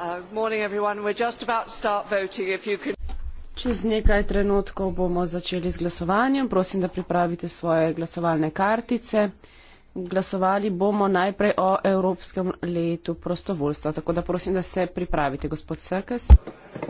Uh, Čez nekaj trenutkov bomo začeli z glasovanjem. Prosim, da pripravite svoje glasovalne kartice. Glasovali bomo najprej o Evropskem letu prostovoljstva. Tako da prosim, da se pripravite, gospod Sekes. Hvala.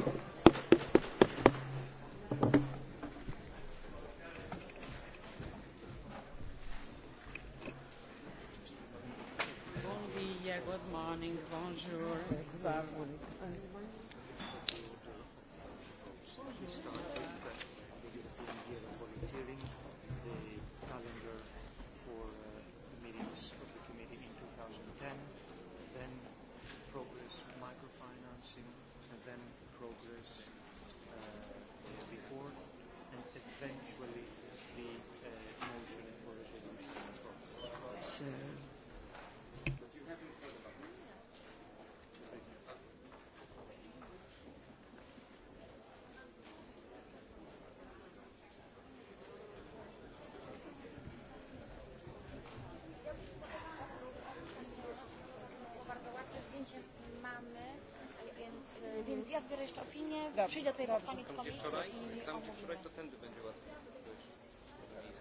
koniec komisji. Tam, gdzie wczoraj, i tam, gdzie wczoraj, to tędy będzie łatwiej.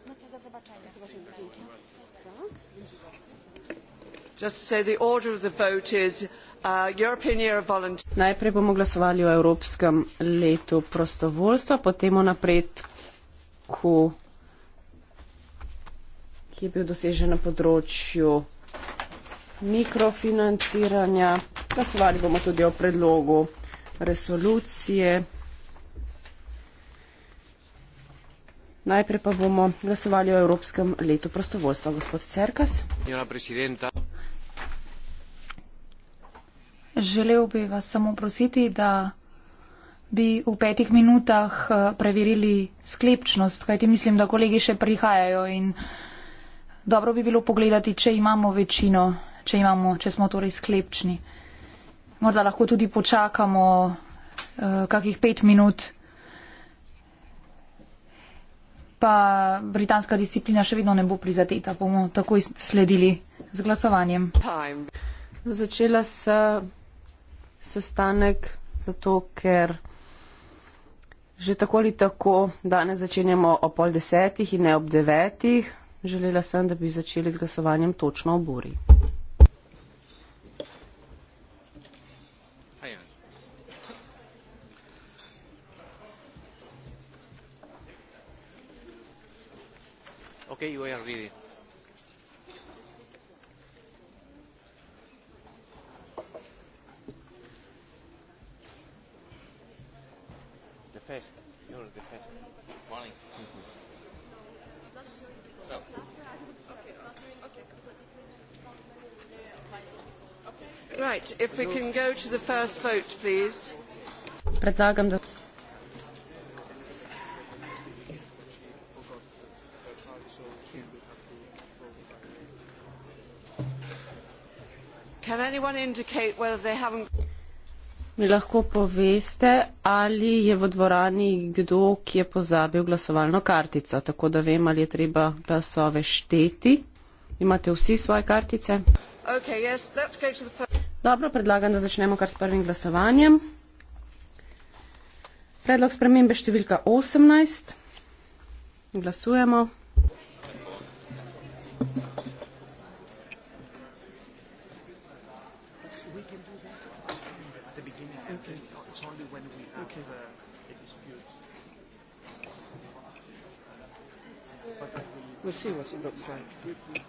No to do zobaczenia. Do zobaczenia. Dzięki. Uh, Najprej bomo glasovali o Evropskem letu prostovoljstva, potem o napredku, ki je bil dosežen na področju mikrofinanciranja. Glasovali bomo tudi o predlogu resolucije. Najprej pa bomo glasovali o Evropskem letu prostovoljstva. Gospod Cerkas. Želel bi vas samo prositi, da bi v petih minutah eh, preverili sklepčnost, kajti mislim, da kolegi še prihajajo in dobro bi bilo pogledati, če imamo večino, če, imamo, če smo torej sklepčni. Morda lahko tudi počakamo uh, kakih pet minut pa britanska disciplina še vedno ne bo prizadeta. Bomo takoj sledili z glasovanjem. Time. Začela se sestanek zato, ker že tako ali tako danes začenjamo o pol desetih in ne ob devetih. Želela sem, da bi začeli z glasovanjem točno ob uri. Ok, you are ready. The first. You're the first. Morning. Right, if we can go to the first vote, please. Predlagam, da Mi lahko poveste, ali je v dvorani kdo, ki je pozabil glasovalno kartico, tako da vem, ali je treba glasove šteti. Imate vsi svoje kartice? Okay, yes, Dobro, predlagam, da začnemo kar s prvim glasovanjem. Predlog spremembe številka 18. Glasujemo. we'll see what it looks like.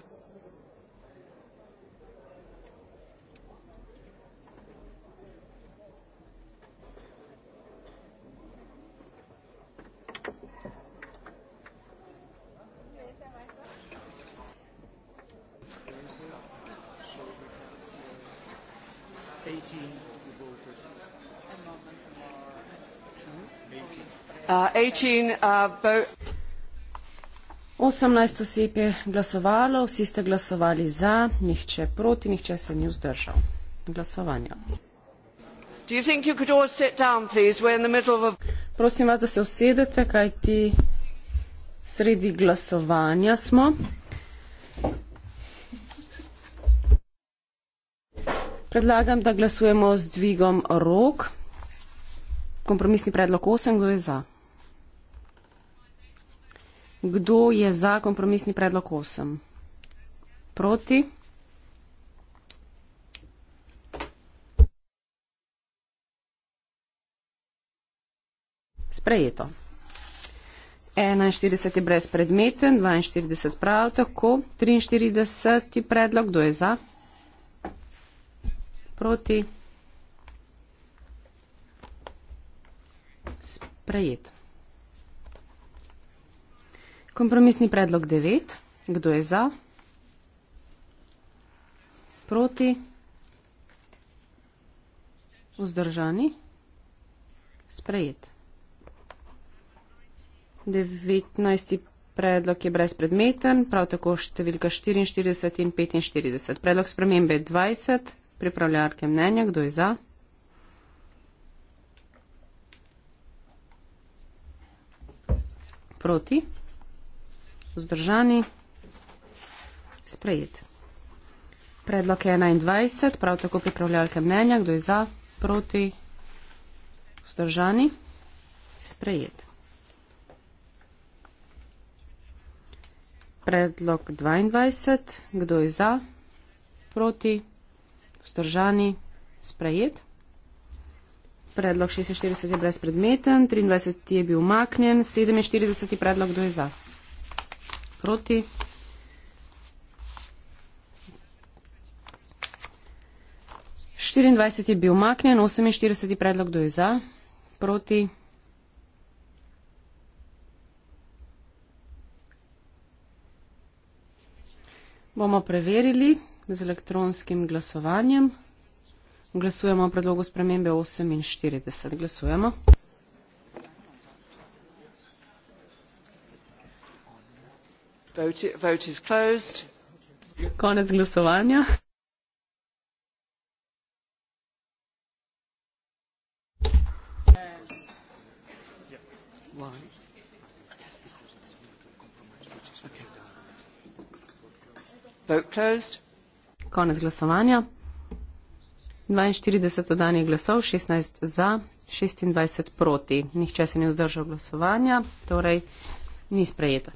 18 voted. 18 vote- 18 oseb je glasovalo, vsi ste glasovali za, nihče proti, nihče se ni vzdržal glasovanja. Down, Prosim vas, da se usedete, kajti sredi glasovanja smo. Predlagam, da glasujemo z dvigom rok. Kompromisni predlog 8 je za. Kdo je za kompromisni predlog 8? Proti? Sprejeto. 41 je brezpredmeten, 42 prav tako, 43 je predlog, kdo je za? Proti? Sprejeto. Kompromisni predlog 9. Kdo je za? Proti? Vzdržani? Sprejet. 19. predlog je brezpredmeten, prav tako številka 44 in 45. Predlog spremembe je 20. Pripravljarke mnenja, kdo je za? Proti? vzdržani. Sprejet. Predlog 21, prav tako pripravljalke mnenja, kdo je za, proti, vzdržani. Sprejet. Predlog 22, kdo je za, proti, vzdržani, sprejet. Predlog 46 je brezpredmeten, 23 je bil umaknjen, 47 predlog, kdo je za proti. Štiriindvajset je bil umaknjen, oseminštirideset predlog do je za, proti. Bomo preverili z elektronskim glasovanjem. Glasujemo o predlogu spremembe 48. Glasujemo. Konec glasovanja. Konec glasovanja. 42 odanih glasov, 16 za, 26 proti. Nihče se ni vzdržal glasovanja, torej ni sprejeta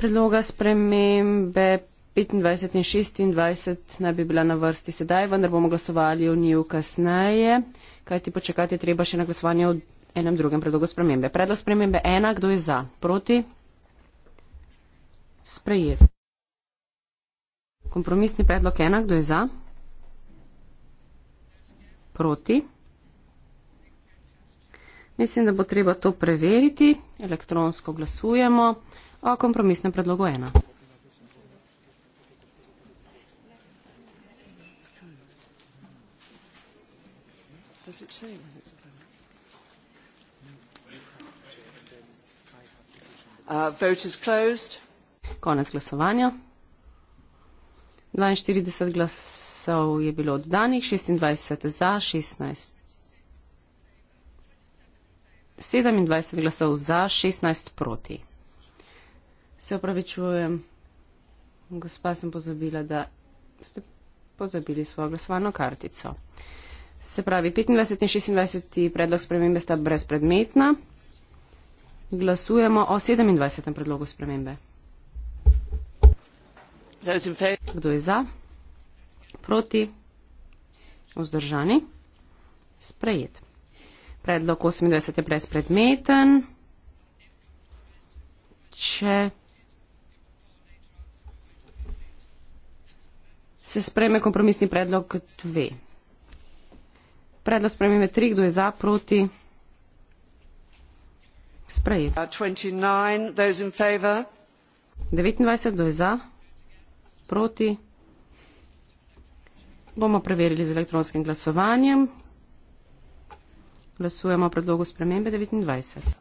predloga spremembe 25 in 26 naj bi bila na vrsti sedaj, vendar bomo glasovali o njih kasneje, kajti počakati treba še na glasovanje o enem drugem predlogu spremembe. Predlog spremembe 1, kdo je za? Proti? Sprejet. Kompromisni predlog 1, kdo je za? Proti? Mislim, da bo treba to preveriti. Elektronsko glasujemo o kompromisnem predlogu ena. Uh, Konec glasovanja. 42 glasov je bilo oddanih, 26 za, 16. 27 glasov za, 16 proti. Se opravičujem, gospa sem pozabila, da ste pozabili svojo glasovalno kartico. Se pravi, 25 in 26 predlog spremembe sta brezpredmetna. Glasujemo o 27. predlogu spremembe. Kdo je za? Proti? Vzdržani? Sprejet. Predlog 28 je brezpredmeten. Če Se sprejme kompromisni predlog dve. Predlog sprejme tri, kdo je za, proti? Sprejet. 29, uh, kdo je za, proti? Bomo preverili z elektronskim glasovanjem. Glasujemo o predlogu spremembe 29.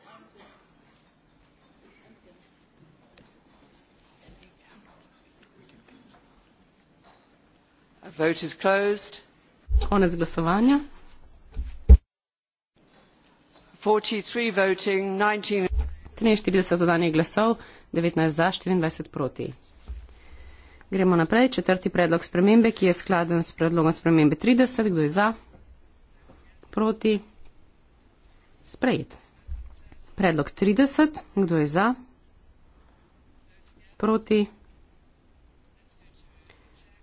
konec glasovanja triinštirideset oddanih glasov devetnajst za štiriindvajset proti gremo naprej četrti predlog spremembe ki je skladen s predlogom spremembe trideset kdo je za proti sprejet predlog trideset kdo je za proti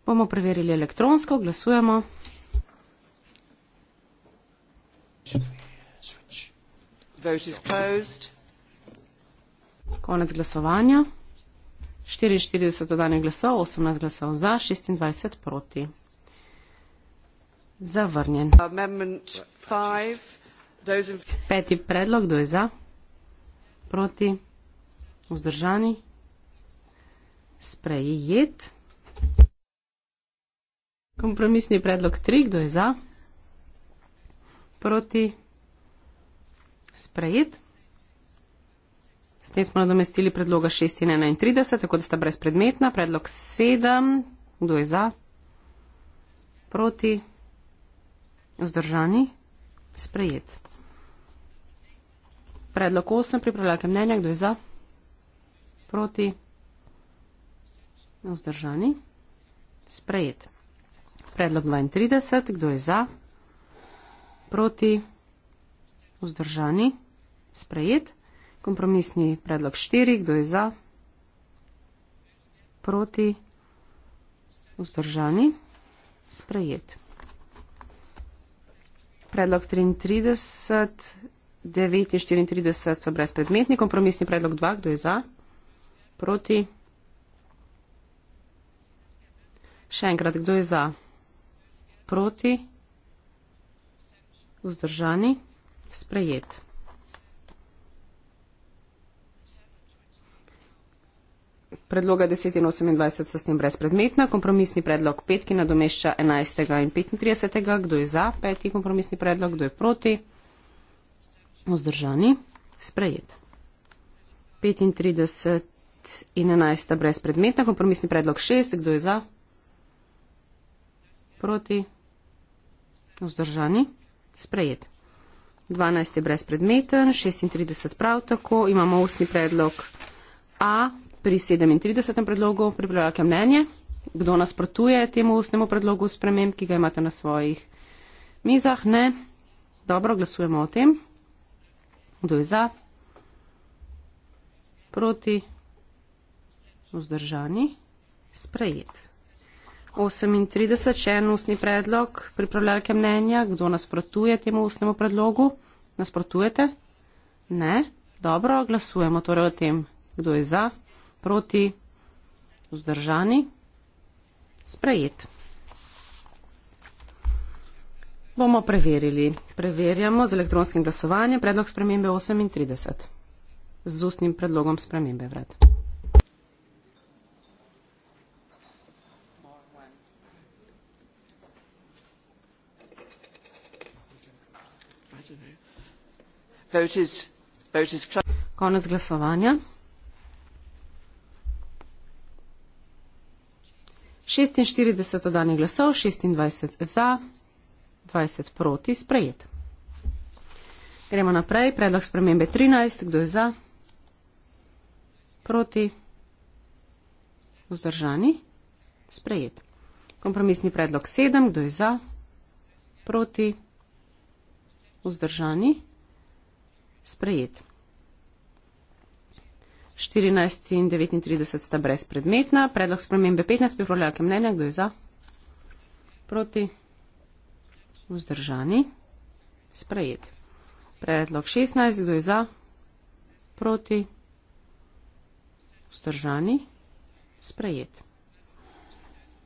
Bomo preverili elektronsko, glasujemo. Konec glasovanja. 44 dodanih glasov, 18 glasov za, 26 proti. Zavrnjen. Peti predlog, kdo je za? Proti? Vzdržani? Sprejet. Kompromisni predlog 3, kdo je za? Proti? Sprejet. S tem smo nadomestili predloga 6 in 31, tako da sta brezpredmetna. Predlog 7, kdo je za? Proti? Vzdržani? Sprejet. Predlog 8, pripravljate mnenja, kdo je za? Proti? Vzdržani? Sprejet. Predlog 32. Kdo je za? Proti? Vzdržani? Sprejet. Kompromisni predlog 4. Kdo je za? Proti? Vzdržani? Sprejet. Predlog 33. 9 in 34 so brezpredmetni. Kompromisni predlog 2. Kdo je za? Proti? Še enkrat, kdo je za? proti, vzdržani, sprejet. Predloga 10 in 28 so s tem brezpredmetna. Kompromisni predlog 5, ki nadomešča 11 in 35. Kdo je za 5. kompromisni predlog, kdo je proti? Vzdržani. Sprejet. 35 in 11 brezpredmetna. Kompromisni predlog 6. Kdo je za? Proti. Vzdržani. Sprejet. 12 je brezpredmeten, 36 prav tako, imamo ustni predlog A pri 37. predlogu pripravljake mnenje. Kdo nasprotuje temu ustnemu predlogu sprememb, ki ga imate na svojih mizah? Ne. Dobro, glasujemo o tem. Kdo je za? Proti? Vzdržani. Sprejet. 38, še en ustni predlog pripravljalke mnenja. Kdo nasprotuje temu ustnemu predlogu? Nasprotujete? Ne? Dobro, glasujemo torej o tem, kdo je za, proti, vzdržani. Sprejet. Bomo preverili. Preverjamo z elektronskim glasovanjem predlog spremembe 38. Z ustnim predlogom spremembe vred. konec glasovanja šestinštirideset oddanih glasov šestindvajset za dvajset proti sprejet gremo naprej predlog spremembe trinajst kdo je za proti vzdržani sprejet kompromisni predlog sedem kdo je za proti vzdržani sprejet. 14 in 39 sta brezpredmetna. Predlog spremembe 15 pripravlja kem mnenja, kdo je za, proti, vzdržani, sprejet. Predlog 16, kdo je za, proti, vzdržani, sprejet.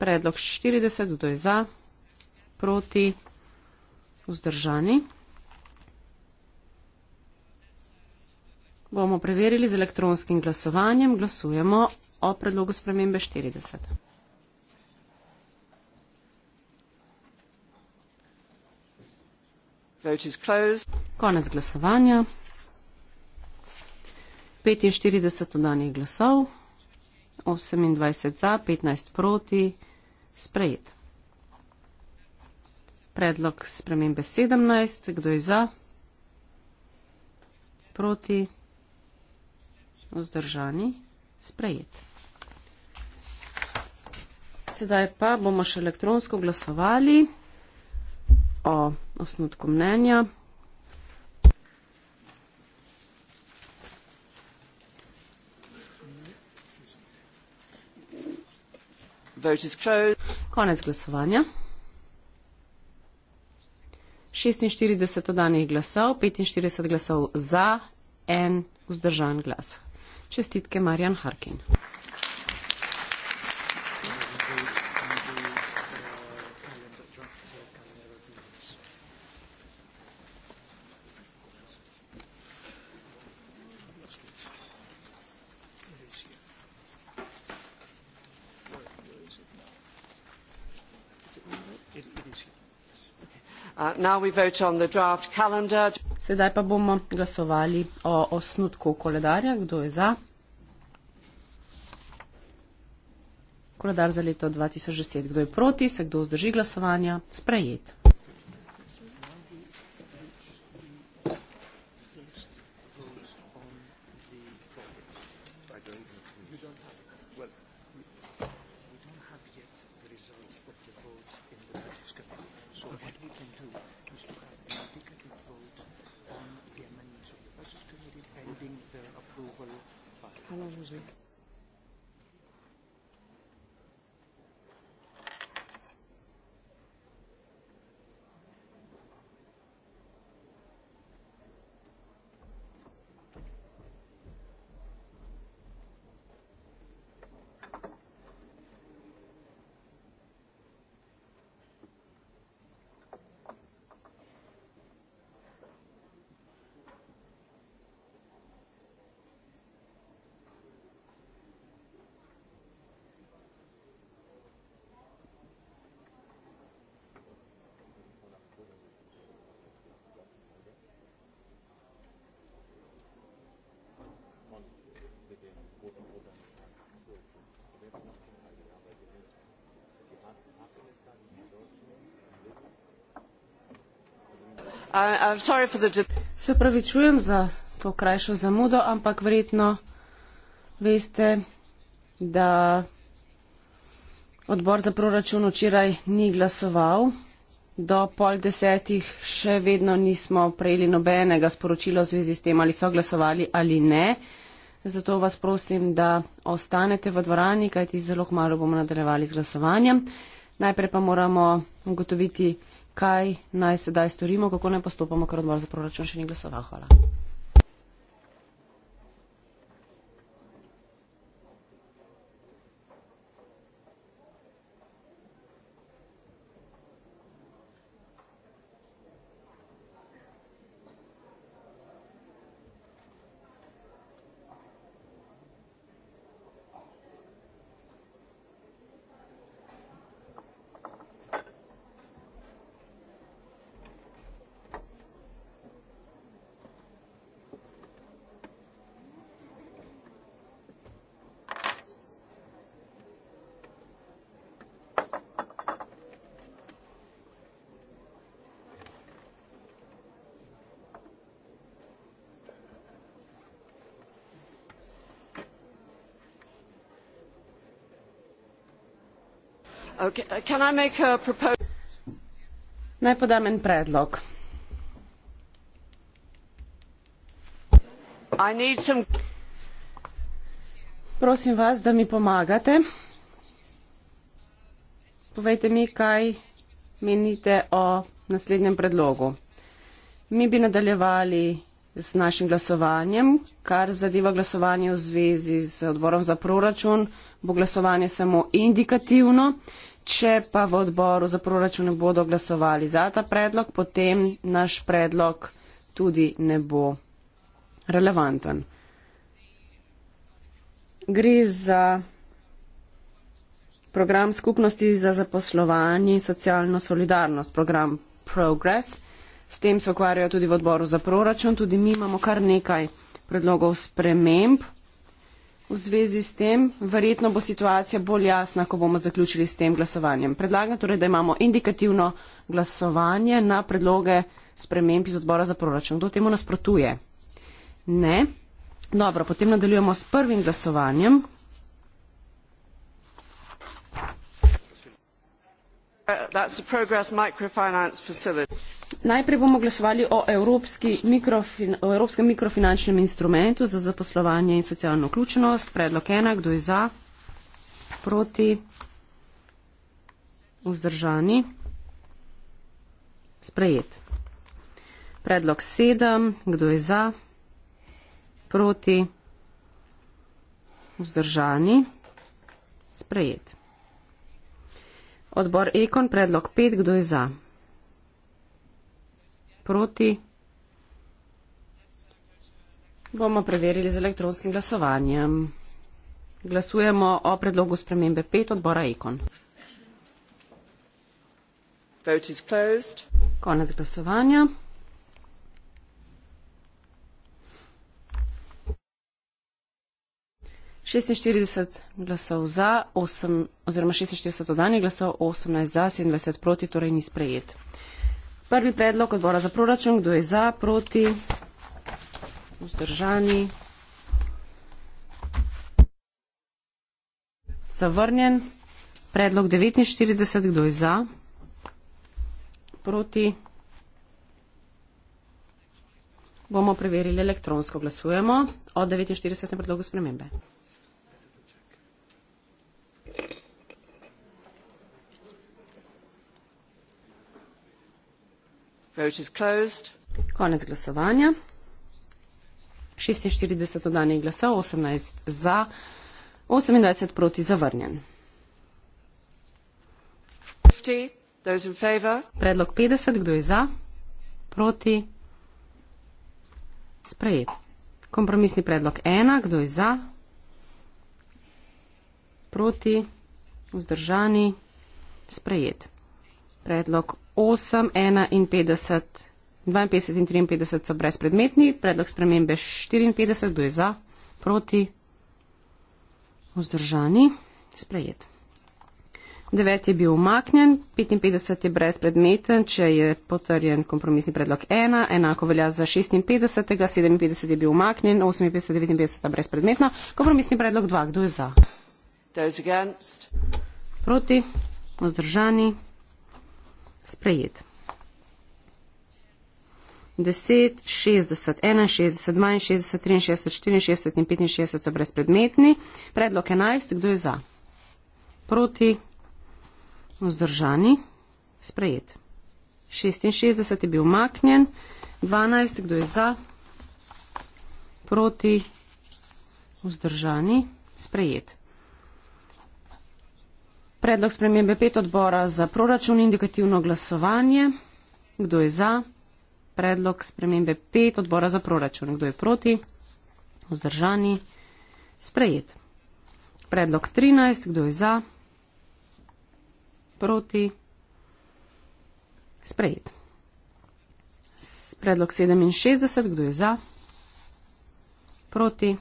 Predlog 40, kdo je za, proti, vzdržani, sprejet. Bomo preverili z elektronskim glasovanjem. Glasujemo o predlogu spremembe 40. Konec glasovanja. 45 odanih glasov, 28 za, 15 proti, sprejet. Predlog spremembe 17. Kdo je za? Proti vzdržani, sprejet. Sedaj pa bomo še elektronsko glasovali o osnutku mnenja. Konec glasovanja. 46 odanih glasov, 45 glasov za, en vzdržan glas. Čestitke, Marjan Harkin. Uh, now we vote on the draft calendar. Sedaj pa bomo glasovali o osnutku koledarja. Kdo je za? Koledar za leto 2010. Kdo je proti? Se kdo vzdrži glasovanja? Sprejet. se opravičujem za to krajšo zamudo ampak verjetno veste da odbor za proračun včeraj ni glasoval do pol desetih še vedno nismo prejeli nobenega sporočila v zvezi s tem ali so glasovali ali ne zato vas prosim da ostanete v dvorani kajti zelo kmalo bomo nadaljevali z glasovanjem najprej pa moramo ugotoviti kaj naj sedaj storimo, kako naj postopamo, ker odbor za proračun še ni glasoval. Hvala. Uh, naj podam en predlog prosim vas da mi pomagate povejte mi kaj menite o naslednjem predlogu mi bi nadaljevali z našim glasovanjem kar zadeva glasovanje v zvezi z odborom za proračun bo glasovanje samo indikativno Če pa v odboru za proračun ne bodo glasovali za ta predlog, potem naš predlog tudi ne bo relevanten. Gre za program skupnosti za zaposlovanje in socialno solidarnost, program Progress. S tem se ukvarjajo tudi v odboru za proračun. Tudi mi imamo kar nekaj predlogov sprememb. V zvezi s tem, verjetno bo situacija bolj jasna, ko bomo zaključili s tem glasovanjem. Predlagam torej, da imamo indikativno glasovanje na predloge sprememb iz odbora za proračun. Kdo temu nasprotuje? Ne. Dobro, potem nadaljujemo s prvim glasovanjem. Uh, that's a progress microfinance facility. Najprej bomo glasovali o evropskem mikrofin, mikrofinančnem instrumentu za zaposlovanje in socialno vključenost. Predlog ena, kdo je za, proti, vzdržani, sprejet. Predlog sedem, kdo je za, proti, vzdržani, sprejet. Odbor Ekon, predlog pet, kdo je za proti? Bomo preverili z elektronskim glasovanjem. Glasujemo o predlogu spremembe 5 odbora Ekon. Konec glasovanja. šestinštirideset glasov za osem oziroma šestinštirideset oddanih glasov osemnajst za sedemindvajset proti torej ni sprejet Prvi predlog odbora za proračun, kdo je za, proti, vzdržani, zavrnjen. Predlog 49, kdo je za, proti, bomo preverili elektronsko glasujemo o 49. predlogu spremembe. Vote is closed. Konec glasovanja. 46 oddanih glasov, 18 za, 28 proti zavrnjen. 50, Predlog 50, kdo je za, proti, sprejet. Kompromisni predlog 1, kdo je za, proti, vzdržani, sprejet. Predlog 8, 51, 52 in 53 so brezpredmetni, predlog spremembe 54, kdo je za, proti, vzdržani, sprejet. 9 je bil omaknjen, 55 je brezpredmeten, če je potrjen kompromisni predlog 1, enako velja za 56, 57 je bil omaknjen, 58, 59 je brezpredmetna, kompromisni predlog 2, kdo je za? Proti, vzdržani, sprejet sprejet. 10, 60, 61, 62, 63, 64 in 65 so brezpredmetni. Predlog 11. Kdo je za? Proti? Vzdržani? Sprejet. 66 je bil umaknjen. 12. Kdo je za? Proti? Vzdržani? Sprejet. Predlog spremembe pet odbora za proračun indikativno glasovanje. Kdo je za? Predlog spremembe pet odbora za proračun. Kdo je proti? Vzdržani? Sprejet. Predlog 13. Kdo je za? Proti? Sprejet. Predlog 67. Kdo je za? Proti?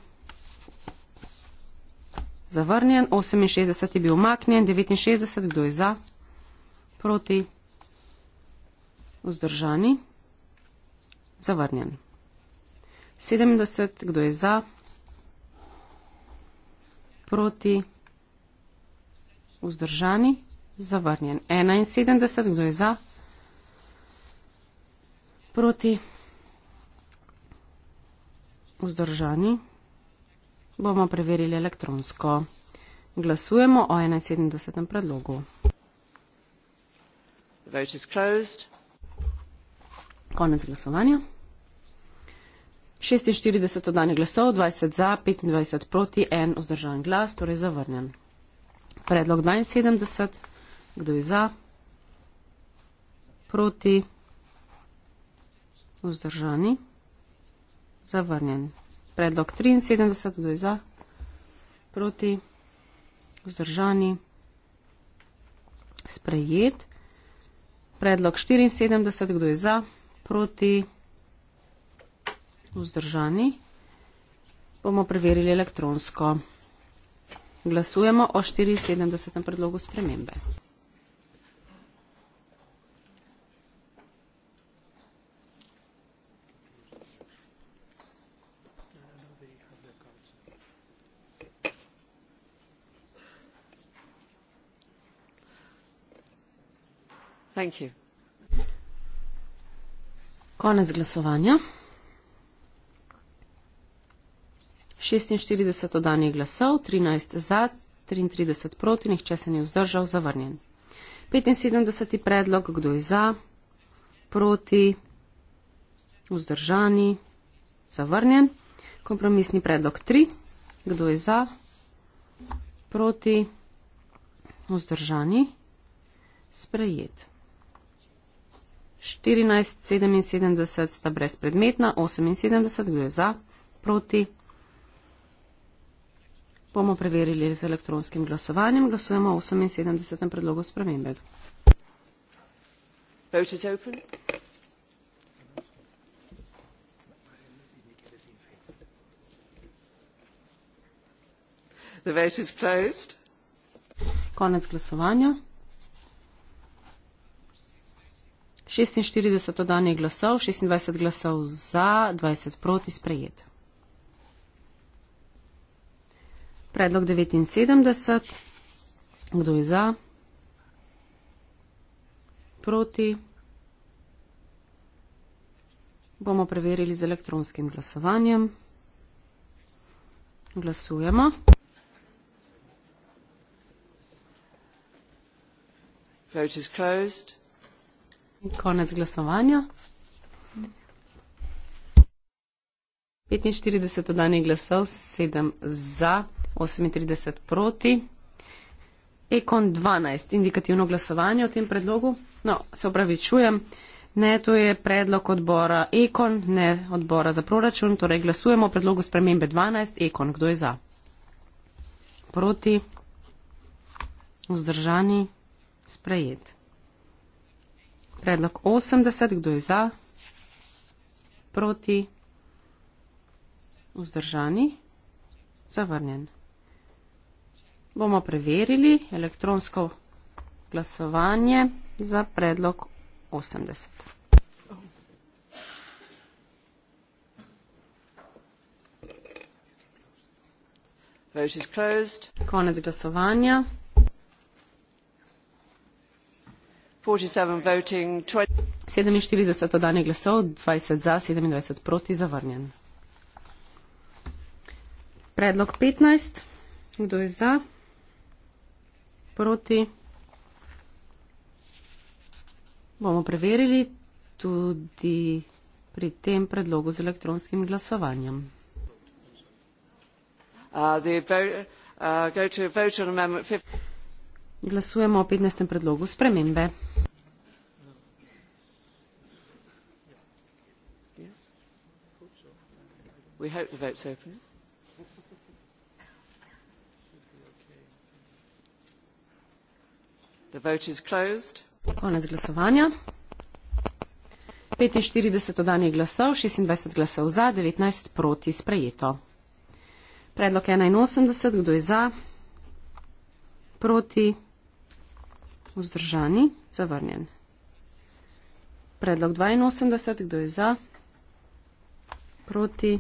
zavrnjen, 68 je bil umaknjen, 69 kdo je za, proti, vzdržani, zavrnjen. 70 kdo je za, proti, vzdržani, zavrnjen. 71 kdo je za, proti, vzdržani, zavrnjen bomo preverili elektronsko. Glasujemo o 71. predlogu. Konec glasovanja. 46 oddanih glasov, 20 za, 25 proti, 1 vzdržan glas, torej zavrnjen. Predlog 72. Kdo je za? Proti? Vzdržani? Zavrnjen predlog 73, kdo je za, proti, vzdržani, sprejet. Predlog 74, kdo je za, proti, vzdržani, bomo preverili elektronsko. Glasujemo o 74. predlogu spremembe. Konec glasovanja. Šestinštirideset oddanih glasov, trinajst za, triintrideset proti, nihče se ni vzdržal, zavrnjen. Petinsedemdeseti predlog, kdo je za, proti, vzdržani, zavrnjen. Kompromisni predlog tri, kdo je za, proti, vzdržani, sprejet. 14, 77 sta brezpredmetna, 78 gre za, proti. Bomo preverili z elektronskim glasovanjem. Glasujemo 78 predlogu spremembe. Konec glasovanja. 46 oddanih glasov, 26 glasov za, 20 proti sprejet. Predlog 79. Kdo je za? Proti? Bomo preverili z elektronskim glasovanjem. Glasujemo. Vote is closed. Konec glasovanja. 45 odanih glasov, 7 za, 38 proti. Ekon 12, indikativno glasovanje o tem predlogu. No, se upravičujem, ne, to je predlog odbora Ekon, ne odbora za proračun, torej glasujemo o predlogu spremembe 12. Ekon, kdo je za? Proti, vzdržani, sprejet. Predlog 80, kdo je za? Proti? Vzdržani? Zavrnjen. Bomo preverili elektronsko glasovanje za predlog 80. Konec glasovanja. sedeminštirideset oddanih glasov dvajset za sedemindvajset proti zavrnjen predlog petnajst kdo je za proti bomo preverili tudi pri tem predlogu z elektronskim glasovanjem uh, uh, glasujemo o petnajstem predlogu spremembe we hope the vote is open. The vote is closed. Konec glasovanja. 45 oddanih glasov, 26 glasov za, 19 proti sprejeto. Predlog 81, kdo je za? Proti? Vzdržani? Zavrnjen. Predlog 82, kdo je za? Proti?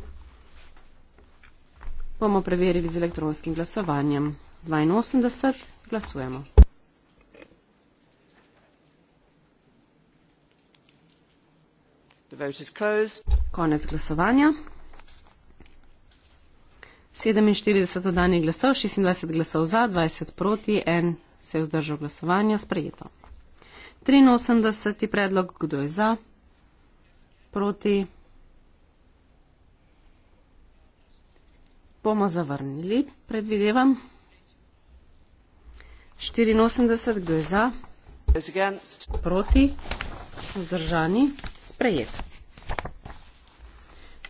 bomo preverili z elektronskim glasovanjem. 82 glasujemo. Konec glasovanja. 47 danih glasov, 26 glasov za, 20 proti, en se je vzdržal glasovanja, sprejeto. 83. predlog, kdo je za, proti. bomo zavrnili, predvidevam. 84, kdo je za? Proti, vzdržani, sprejet.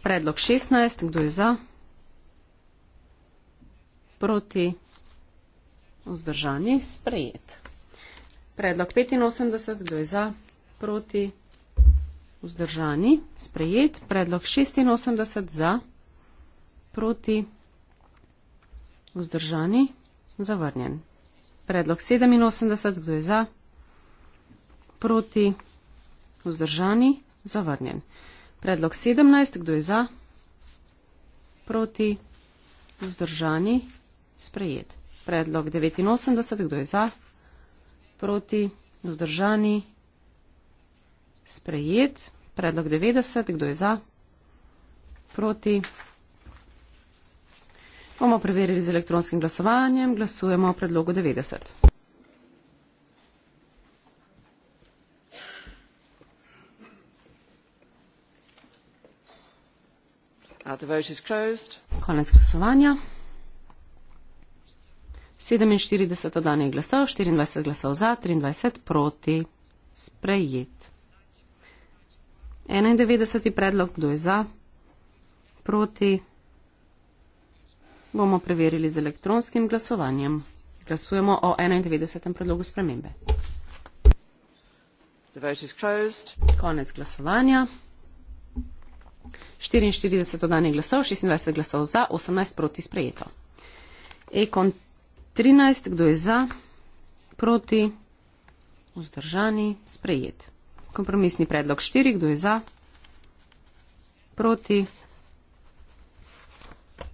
Predlog 16, kdo je za? Proti, vzdržani, sprejet. Predlog 85, kdo je za? Proti, vzdržani, sprejet. Predlog 86, za? Proti, vzdržani, sprejet. Vzdržani? Zavrnjen. Predlog 87, kdo je za? Proti? Vzdržani? Zavrnjen. Predlog 17, kdo je za? Proti? Vzdržani? Sprejet. Predlog 89, kdo je za? Proti? Vzdržani? Sprejet. Predlog 90, kdo je za? Proti? Bomo preverili z elektronskim glasovanjem. Glasujemo o predlogu 90. Konec glasovanja. 47 oddanih glasov, 24 glasov za, 23 proti. Sprejet. 91. predlog, kdo je za? Proti bomo preverili z elektronskim glasovanjem. Glasujemo o 91. predlogu spremembe. Konec glasovanja. 44 oddanih glasov, 26 glasov za, 18 proti sprejeto. Ekon 13, kdo je za, proti, vzdržani, sprejet. Kompromisni predlog 4, kdo je za, proti,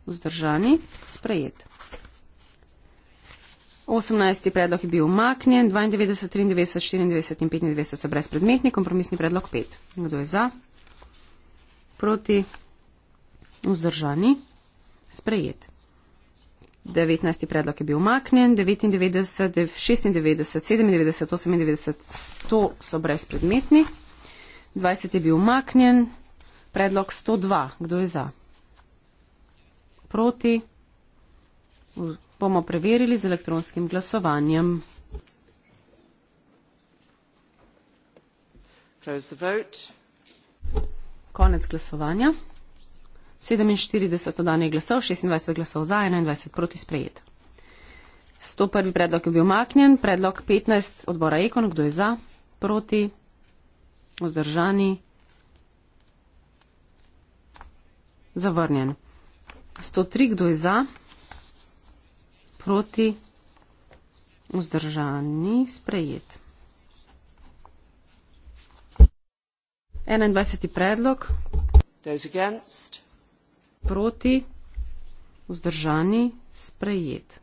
vzdržani, sprejet. 18. predlog je bil umaknjen, 92, 93, 94 in 95 so brezpredmetni, kompromisni predlog 5. Kdo je za? Proti? Vzdržani? Sprejet. 19. predlog je bil umaknjen, 99, 96, 97, 98, 100 so brezpredmetni, 20 je bil umaknjen, predlog 102. Kdo je za? proti, bomo preverili z elektronskim glasovanjem. Konec glasovanja. 47 odanih glasov, 26 glasov za, 21 proti sprejet. 101. predlog je bil maknjen, predlog 15 odbora Ekon, kdo je za, proti, vzdržani, zavrnjen. 103, kdo je za? Proti? Vzdržani? Sprejet. 21. predlog. Proti? Vzdržani? Sprejet.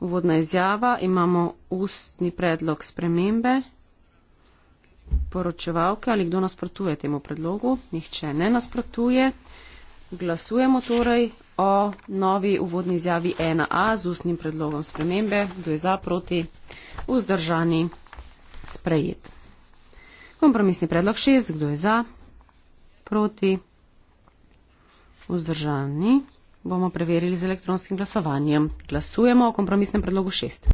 Uvodna izjava, imamo ustni predlog spremembe. Poročevalke ali kdo nasprotuje temu predlogu? Nihče ne nasprotuje. Glasujemo torej o novi uvodni izjavi 1A z ustnim predlogom spremembe, kdo je za, proti, vzdržani, sprejet. Kompromisni predlog 6, kdo je za, proti, vzdržani, bomo preverili z elektronskim glasovanjem. Glasujemo o kompromisnem predlogu 6.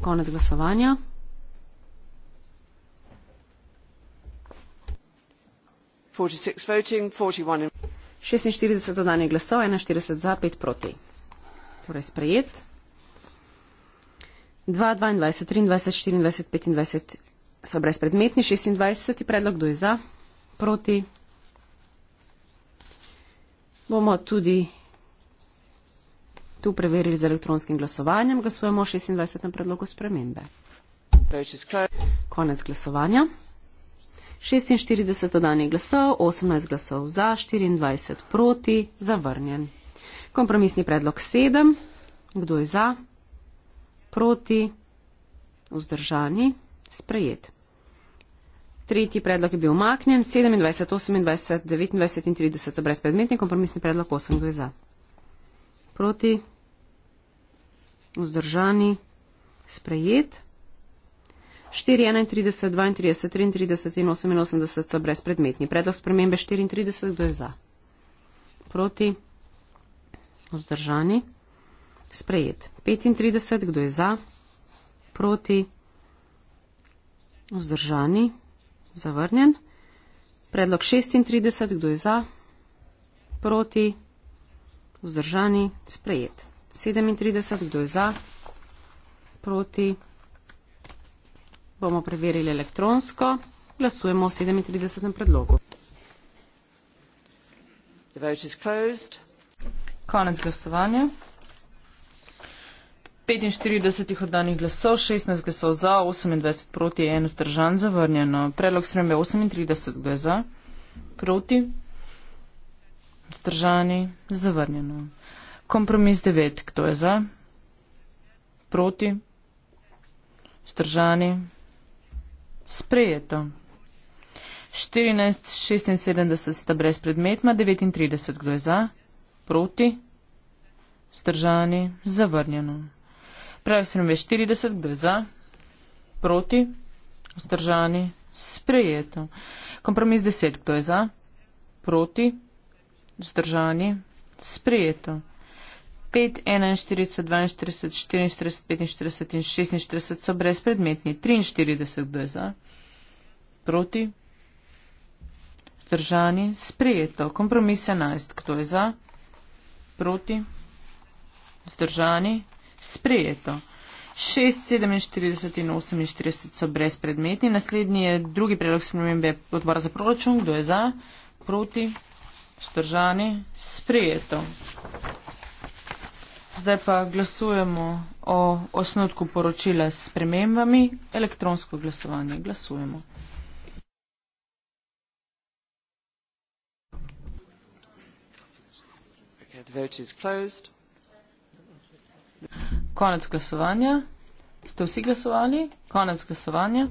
Konec glasovanja. 46 voting, 41 46 dodanih glasov, 41 za, 5 proti. Torej sprejet. 2, 22, 23, 24, 25 so brezpredmetni, 26 predlog, kdo je za, proti. Bomo tudi tu preverili z elektronskim glasovanjem. Glasujemo 26 na predlogu spremembe. Konec glasovanja. 46 dodanih glasov, 18 glasov za, 24 proti, zavrnjen. Kompromisni predlog 7. Kdo je za? Proti? Vzdržani? Sprejet. Tretji predlog je bil umaknjen, 27, 28, 29 in 30 so brezpredmetni, kompromisni predlog 8, kdo je za? Proti? Vzdržani? Sprejet? 4, 31, 32, 33 in 88 so brezpredmetni. Predlog spremembe 34, kdo je za? Proti? Vzdržani? Sprejet. 35, kdo je za? Proti? Vzdržani? Zavrnjen. Predlog 36, kdo je za? Proti? Vzdržani? Sprejet. 37, kdo je za? Proti? bomo preverili elektronsko. Glasujemo o 37. predlogu. The vote is closed. Konec glasovanja. 45 oddanih glasov, 16 glasov za, 28 proti, 1 zdržan, zavrnjeno. Predlog spremembe 38, kdo je za, proti, zdržani, zavrnjeno. Kompromis 9, kdo je za, proti, zdržani, Sprejeto. 14, 76 sta brez predmetma, 39 kdo je za, proti, vzdržani, zavrnjeno. Pravi se nam je 40, kdo je za, proti, vzdržani, sprejeto. Kompromis 10, kdo je za, proti, vzdržani, sprejeto. 5, 41, 42, 44, 45 in 46 so brezpredmetni. 43, kdo je za? Proti? Vzdržani? Sprejeto. Kompromis 11, kdo je za? Proti? Vzdržani? Sprejeto. 6, 47 in 48 so brezpredmetni. Naslednji je drugi predlog spremembe odbora za proračun. Kdo je za? Proti? Vzdržani? Sprejeto zdaj pa glasujemo o osnutku poročila s premembami. Elektronsko glasovanje glasujemo. Konec glasovanja. Ste vsi glasovali? Konec glasovanja.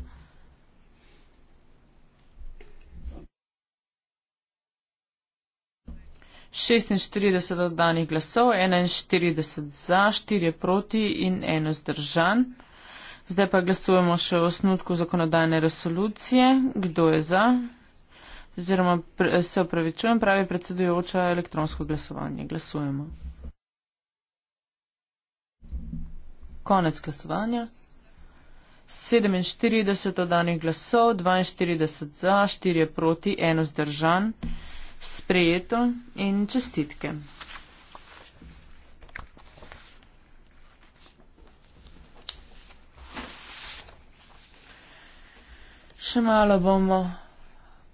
46 oddanih glasov, 41 za, 4 proti in 1 zdržan. Zdaj pa glasujemo še o osnutku zakonodajne resolucije. Kdo je za? Oziroma se opravičujem, pravi predsedujoča elektronsko glasovanje. Glasujemo. Konec glasovanja. 47 oddanih glasov, 42 za, 4 proti, 1 zdržan sprejeto in čestitke. Še malo bomo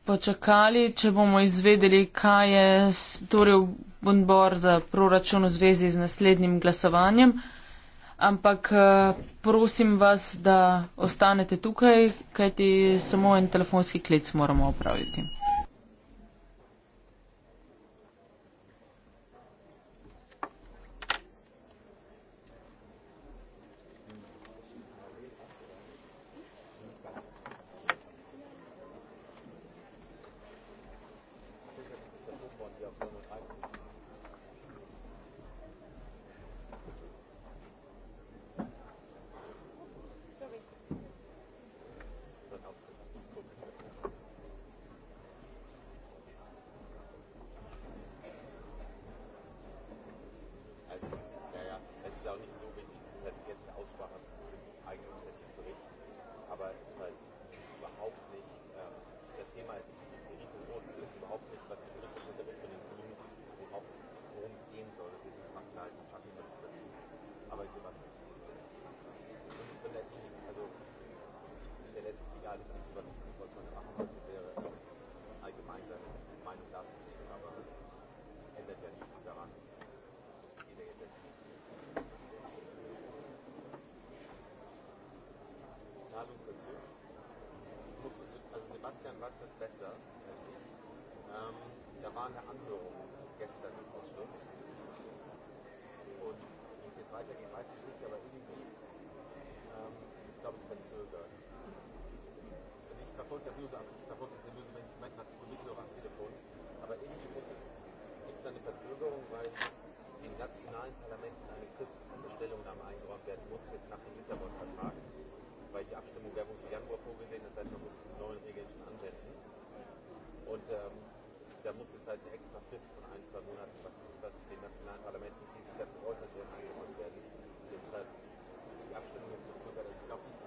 počakali, če bomo izvedeli, kaj je storil odbor za proračun v zvezi z naslednjim glasovanjem. Ampak eh, prosim vas, da ostanete tukaj, kajti samo en telefonski klic moramo opraviti. uns dazu. Das musste, also Sebastian weiß das besser als ich. Ähm, da war eine Anhörung gestern im Ausschuss. Und wie es jetzt weitergeht, weiß ich nicht, aber irgendwie ähm, ist es, glaube ich, verzögert. Also ich verfolge das nur so, ich verfolge das nur so, wenn ich meine, was ist nicht nur am Telefon. Aber irgendwie muss es, gibt es eine Verzögerung, weil den nationalen Parlamenten eine Christen zur Stellungnahme eingeräumt werden muss, jetzt nach dem Lissabon-Vertrag weil die Abstimmung wäre wohl für Januar vorgesehen, das heißt, man muss diese neuen Regeln schon anwenden. Und ähm, da muss jetzt halt eine extra Frist von ein, zwei Monaten, was, was den nationalen Parlamenten dieses Jahr zu äußern werden, eingeräumt werden. Jetzt halt die Abstimmung jetzt verzögert. Also ich glaube, ich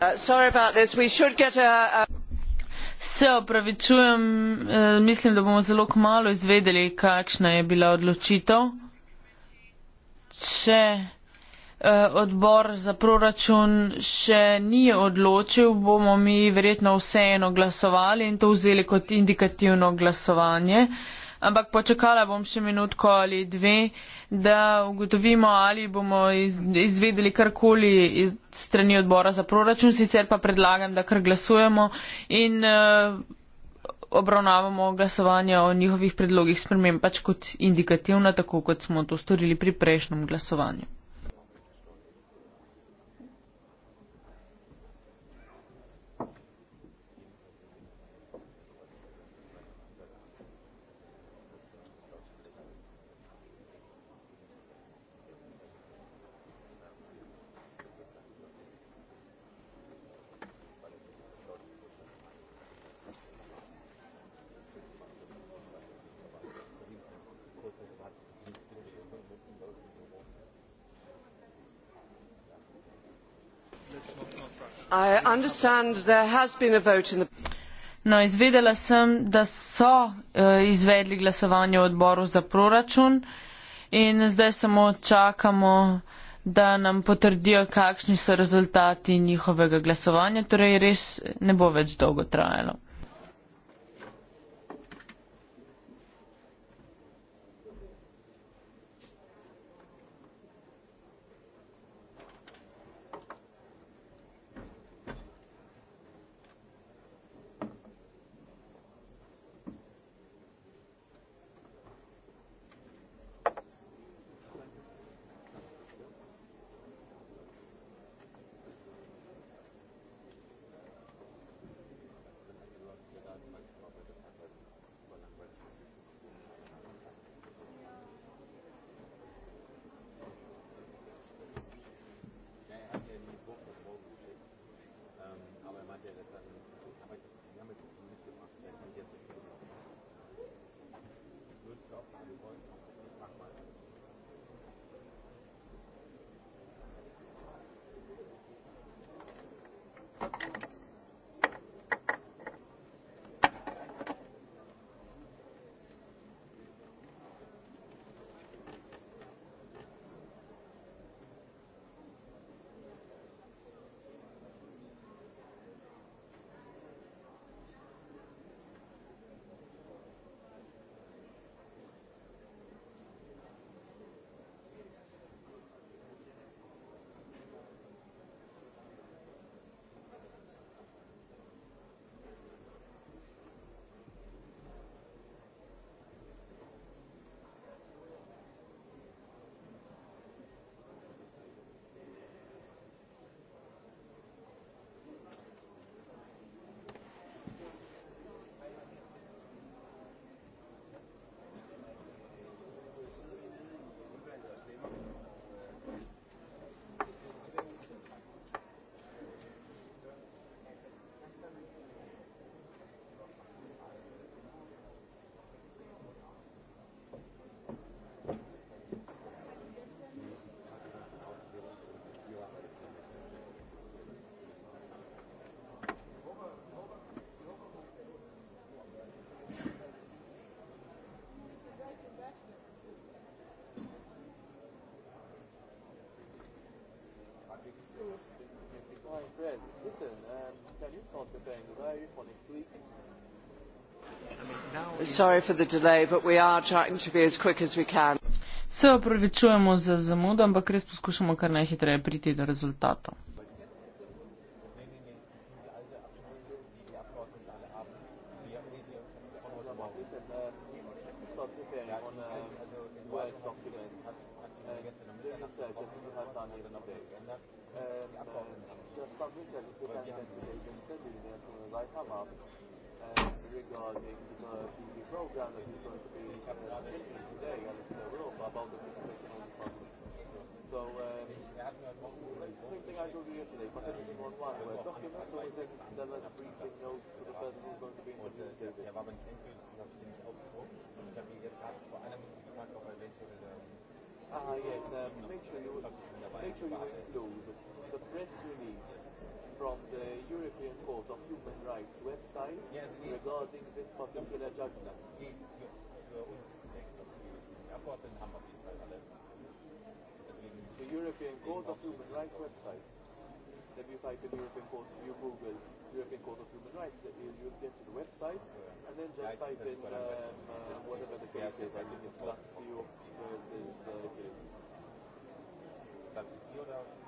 Uh, Se opravičujem, eh, mislim, da bomo zelo kmalo izvedeli, kakšna je bila odločitev. Če eh, odbor za proračun še ni odločil, bomo mi verjetno vseeno glasovali in to vzeli kot indikativno glasovanje ampak počakala bom še minutko ali dve, da ugotovimo, ali bomo izvedeli karkoli iz strani odbora za proračun, sicer pa predlagam, da kar glasujemo in uh, obravnavamo glasovanje o njihovih predlogih sprememb pač kot indikativna, tako kot smo to storili pri prejšnjem glasovanju. No, izvedela sem, da so eh, izvedli glasovanje v odboru za proračun in zdaj samo čakamo, da nam potrdijo, kakšni so rezultati njihovega glasovanja. Torej, res ne bo več dolgo trajalo. Fred, listen, um, can you start preparing the way for next week? Sorry for the delay, but we are trying to be as quick as we can. Se opravičujemo za zamudo, ampak res poskušamo kar najhitreje priti do rezultatov. stuff is that if you can send it, you can send it as soon as I come up. And regarding the TV program that is going to be uh, taking today, and it's in the room about the presentation of the public. So, um, it's the same thing I told you yesterday, but everything on one, where documents always extend as briefing notes to the person who's going to be äh, interviewed. Er ähm, ah, yes, um, make sure you, make sure you include the press release from the European Court of Human Rights website yes, yes. regarding this particular judgment. The European Court of Human Rights website. If you type in European Court, you Google European Court of Human Rights, you get to the website, and then just type in um, uh, whatever the case is. I think it's Lazio versus. Uh, okay. That's it's your now.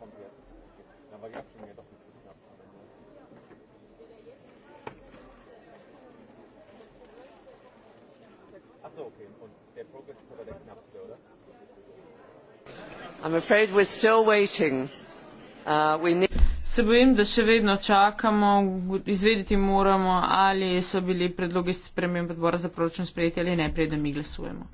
der kommt jetzt. Okay. Aber jetzt sind wir doch nicht so knapp. Achso, okay. Und der Progress ist aber der knappste, oder? I'm afraid we're still waiting. Uh, we need Se bojim, da še vedno čakamo, izvedeti moramo, ali so bili predlogi sprememb odbora za proračun sprejeti ali ne, preden mi glasujemo.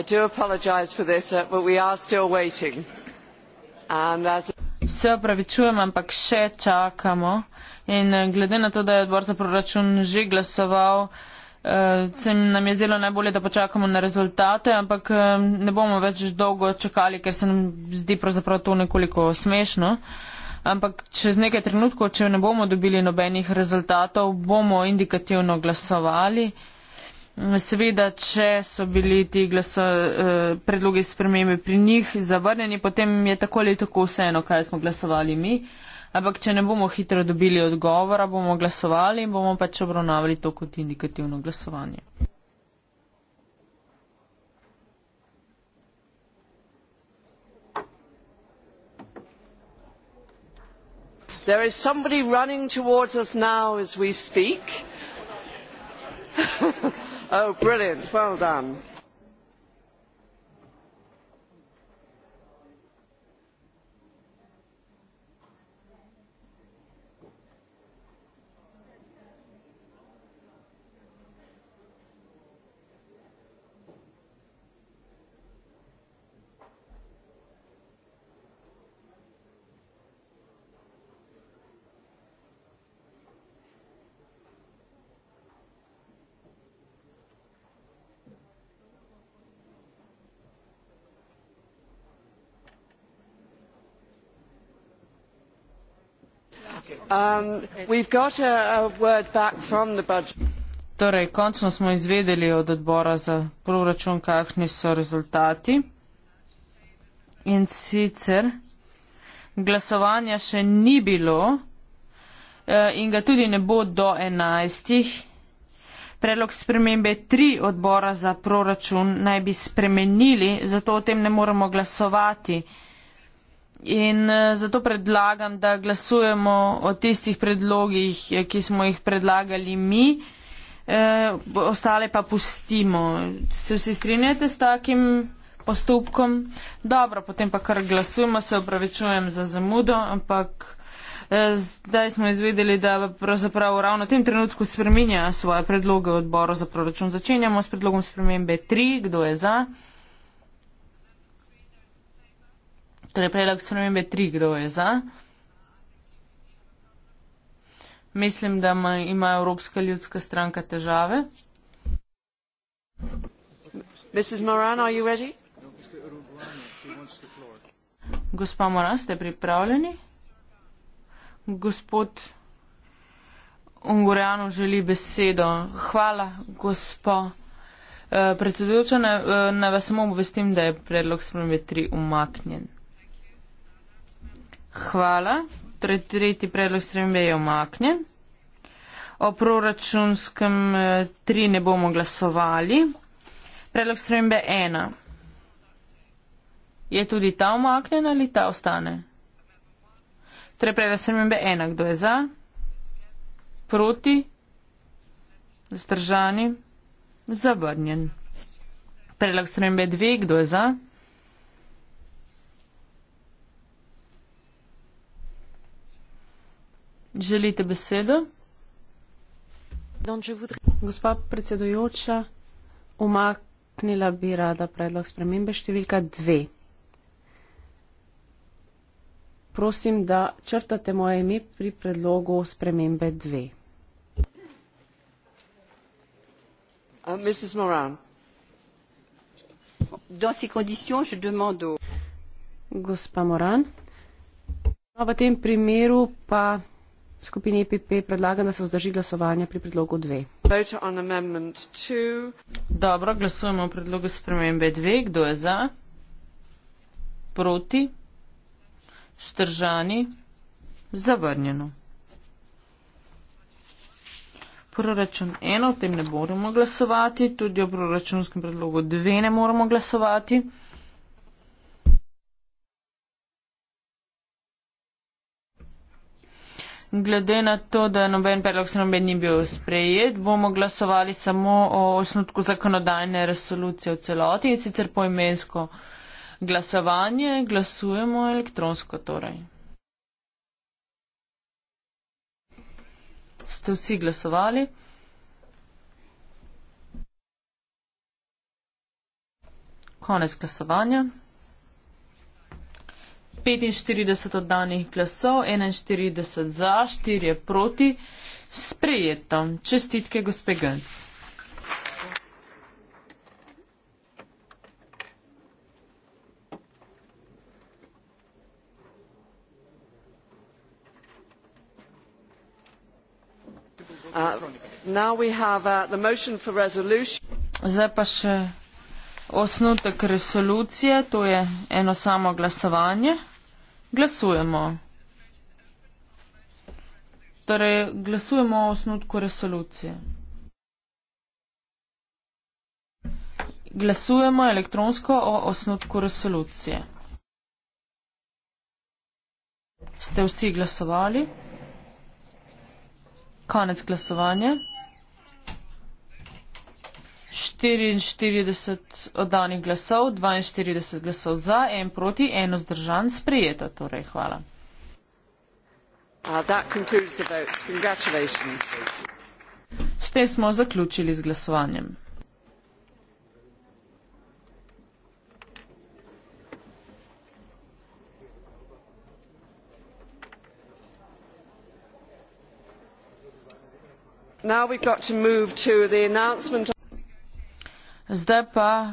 i do apologize for this uh, but we are still waiting and as Se opravičujem, ampak še čakamo. In uh, glede na to, da je odbor za proračun že glasoval, uh, se nam je zdelo najbolje, da počakamo na rezultate, ampak um, ne bomo več dolgo čakali, ker se nam zdi pravzaprav to nekoliko smešno. Ampak čez nekaj trenutkov, če ne bomo dobili nobenih rezultatov, bomo indikativno glasovali. Seveda, če so bili ti glaso, eh, predlogi spremembe pri njih zavrnjeni, potem je tako ali tako vseeno, kaj smo glasovali mi. Ampak, če ne bomo hitro dobili odgovora, bomo glasovali in bomo pač obravnavali to kot indikativno glasovanje. There is somebody running towards us now as we speak. oh brilliant well done. Um, torej, končno smo izvedeli od odbora za proračun, kakšni so rezultati. In sicer glasovanja še ni bilo eh, in ga tudi ne bo do enajstih. Predlog spremembe tri odbora za proračun naj bi spremenili, zato o tem ne moremo glasovati. In eh, zato predlagam, da glasujemo o tistih predlogih, eh, ki smo jih predlagali mi, e, ostale pa pustimo. Se vsi strinjate s takim postopkom? Dobro, potem pa kar glasujemo, se opravičujem za zamudo, ampak e, zdaj smo izvedeli, da pravzaprav ravno v tem trenutku spreminja svoje predloge odboru za proračun. Začenjamo s predlogom spremembe 3, kdo je za. Torej, predlog spremembe 3, kdo je za? Mislim, da ima Evropska ljudska stranka težave. Moran, Gospa Moran, ste pripravljeni? Gospod Ungurjanov želi besedo. Hvala, gospo. Uh, eh, predsedujoča, eh, naj vas samo obvestim, da je predlog spremembe 3 umaknjen. Hvala. Torej, tretji predlog sremembe je omaknjen. O proračunskem eh, tri ne bomo glasovali. Predlog sremembe ena. Je tudi ta omaknjen ali ta ostane? Torej, predlog sremembe ena. Kdo je za? Proti? Zdržani? Zavrnjen. Predlog sremembe dve. Kdo je za? Proti? Želite besedo? Gospa predsedujoča, umaknila bi rada predlog spremembe številka dve. Prosim, da črtate moje ime pri predlogu spremembe dve. Uh, Gospa Moran, no, v tem primeru pa skupini EPP predlagam, da se vzdrži glasovanje pri predlogu 2. Dobro, glasujemo o predlogu spremembe 2. Kdo je za? Proti? Vzdržani? Zavrnjeno. Proračun 1, o tem ne moremo glasovati, tudi o proračunskem predlogu 2 ne moremo glasovati. Glede na to, da noben predlog sprememb ni bil sprejet, bomo glasovali samo o osnutku zakonodajne resolucije v celoti in sicer poimensko glasovanje. Glasujemo elektronsko torej. Ste vsi glasovali? Konec glasovanja. 45 oddanih glasov, 41 za, 4 proti. Sprejeto. Čestitke, gospe Gönc. Uh, have, uh, Zdaj pa še osnutek resolucije, to je eno samo glasovanje. Glasujemo. Torej, glasujemo o osnutku resolucije. Glasujemo elektronsko o osnutku resolucije. Ste vsi glasovali? Konec glasovanja. 44 oddanih glasov, 42 glasov za, en proti, en vzdržan, sprijeta. Torej, hvala. Uh, S tem smo zaključili z glasovanjem. Now we've got to move to the announcement. Zdaj pa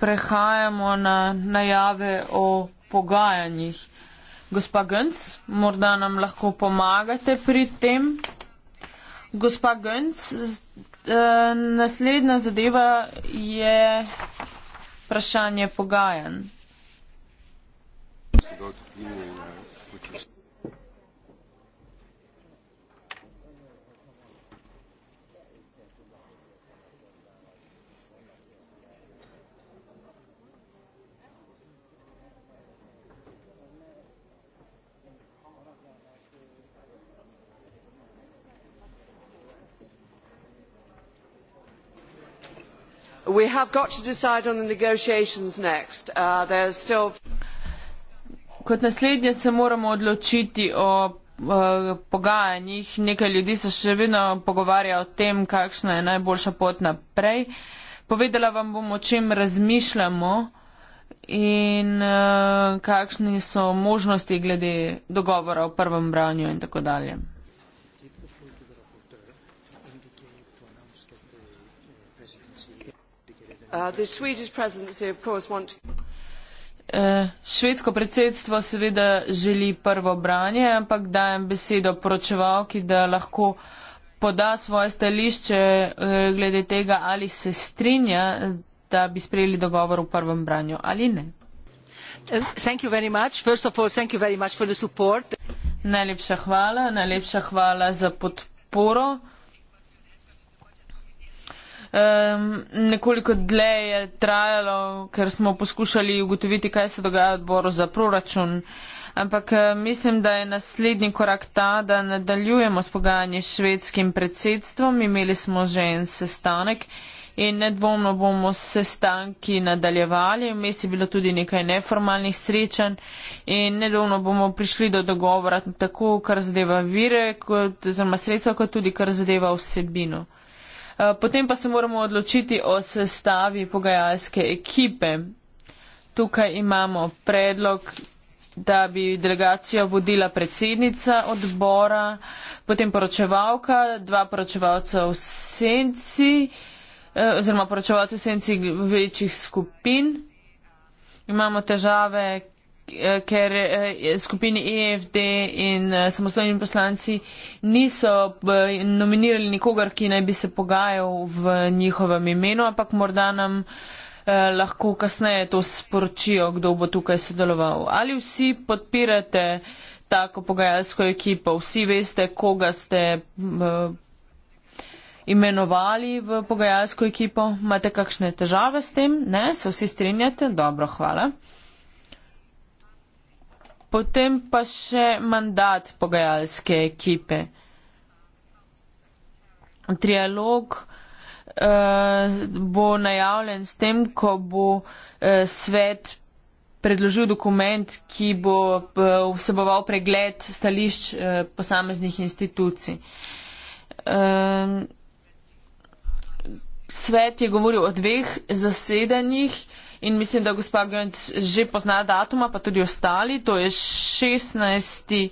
prehajamo na najave o pogajanjih. Gospa Gönc, morda nam lahko pomagate pri tem. Gospa Gönc, eh, naslednja zadeva je vprašanje pogajanj. we have got to decide on the negotiations next. Uh, there is still. Kot naslednje se moramo odločiti o uh, pogajanjih. Nekaj ljudi se še vedno pogovarja o tem, kakšna je najboljša pot naprej. Povedala vam bom, o čem razmišljamo in uh, kakšni so možnosti glede dogovora o prvem branju in tako dalje. Uh, eh, švedsko predsedstvo seveda želi prvo branje, ampak dajem besedo poročevalki, da lahko poda svoje stališče eh, glede tega, ali se strinja, da bi sprejeli dogovor v prvem branju ali ne. Eh, najlepša hvala, najlepša hvala za podporo. Um, nekoliko dlje je trajalo, ker smo poskušali ugotoviti, kaj se dogaja v odboru za proračun. Ampak eh, mislim, da je naslednji korak ta, da nadaljujemo s pogajanji s švedskim predsedstvom. Imeli smo že en sestanek in nedvomno bomo sestanki nadaljevali. Vmes je bilo tudi nekaj neformalnih srečanj in nedvomno bomo prišli do dogovora tako, kar zadeva vire, kot, oziroma sredstva, kot tudi kar zadeva vsebino. Eh, potem pa se moramo odločiti o sestavi pogajalske ekipe. Tukaj imamo predlog, da bi delegacijo vodila predsednica odbora, potem poročevalka, dva poročevalca v senci, eh, oziroma poročevalce v senci večjih skupin. Imamo težave, Eh, ker eh, skupini EFD in eh, samostojni poslanci niso nominirali nikogar, ki naj bi se pogajal v njihovem imenu, ampak morda nam lahko kasneje to sporočijo, kdo bo tukaj sodeloval. Ali vsi podpirate tako pogajalsko ekipo, vsi veste, koga ste imenovali v pogajalsko ekipo, imate kakšne težave s tem, ne, se vsi strinjate, dobro, hvala. Potem pa še mandat pogajalske ekipe. Trialog eh, bo najavljen s tem, ko bo eh, svet predložil dokument, ki bo eh, vseboval pregled stališč eh, posameznih institucij. Eh, svet je govoril o dveh zasedanjih. Eh, in mislim, da gospa Gönc že pozna datuma, pa tudi ostali. To je 16.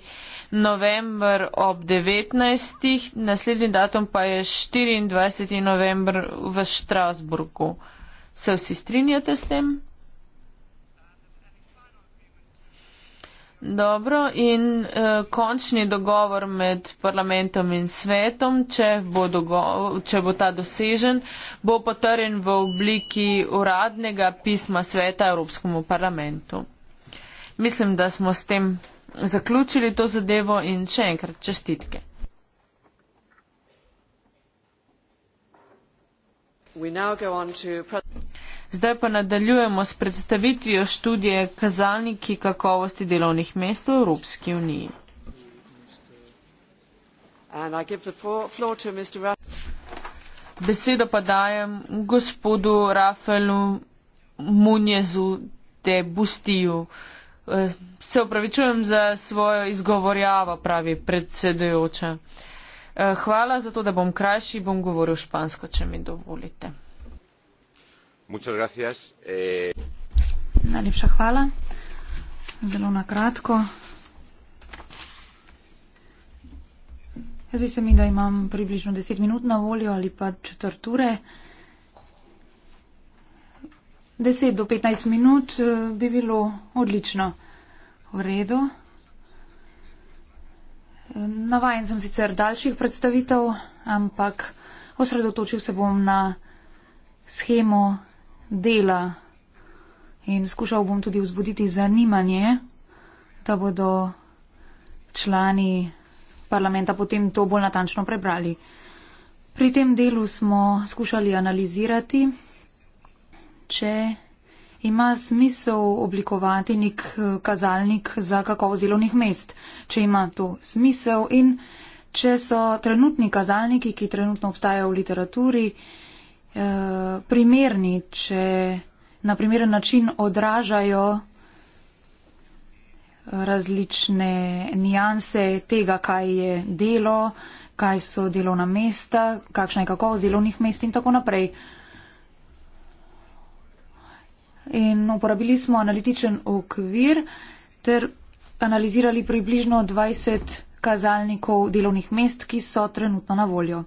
november ob 19. Naslednji datum pa je 24. november v Štrasburgu. Se vsi strinjate s tem? Dobro, in e, končni dogovor med parlamentom in svetom, če bo, dogovor, če bo ta dosežen, bo potrjen v obliki uradnega pisma sveta Evropskemu parlamentu. Mislim, da smo s tem zaključili to zadevo in še enkrat čestitke. Zdaj pa nadaljujemo s predstavitvijo študije Kazalniki kakovosti delovnih mest v Evropski uniji. Besedo pa dajem gospodu Rafaelu Munjezu de Bustiju. Eh, se upravičujem za svojo izgovorjavo, pravi predsedujoča. Eh, hvala za to, da bom krajši, bom govoril špansko, če mi dovolite. Eh, Najlepša hvala. Zelo na kratko. Zdi se mi, da imam približno 10 minut na voljo ali pa četrt ure. 10 do 15 minut eh, bi bilo odlično v redu. Navajen sem sicer daljših predstavitev, ampak osredotočil se bom na schemo dela in skušal bom tudi vzbuditi zanimanje, da bodo člani parlamenta potem to bolj natančno prebrali. Pri tem delu smo skušali analizirati, če ima smisel oblikovati nek eh, kazalnik za kakovost delovnih mest, če ima to smisel in če so trenutni kazalniki, ki trenutno obstajajo v literaturi, Eh, primerni, če na primeren način odražajo eh, različne nijanse tega, kaj je delo, kaj so delovna mesta, kakšna je kakovost delovnih mest in tako naprej. In uporabili smo analitičen okvir ter analizirali približno 20 kazalnikov delovnih mest, ki so trenutno na voljo.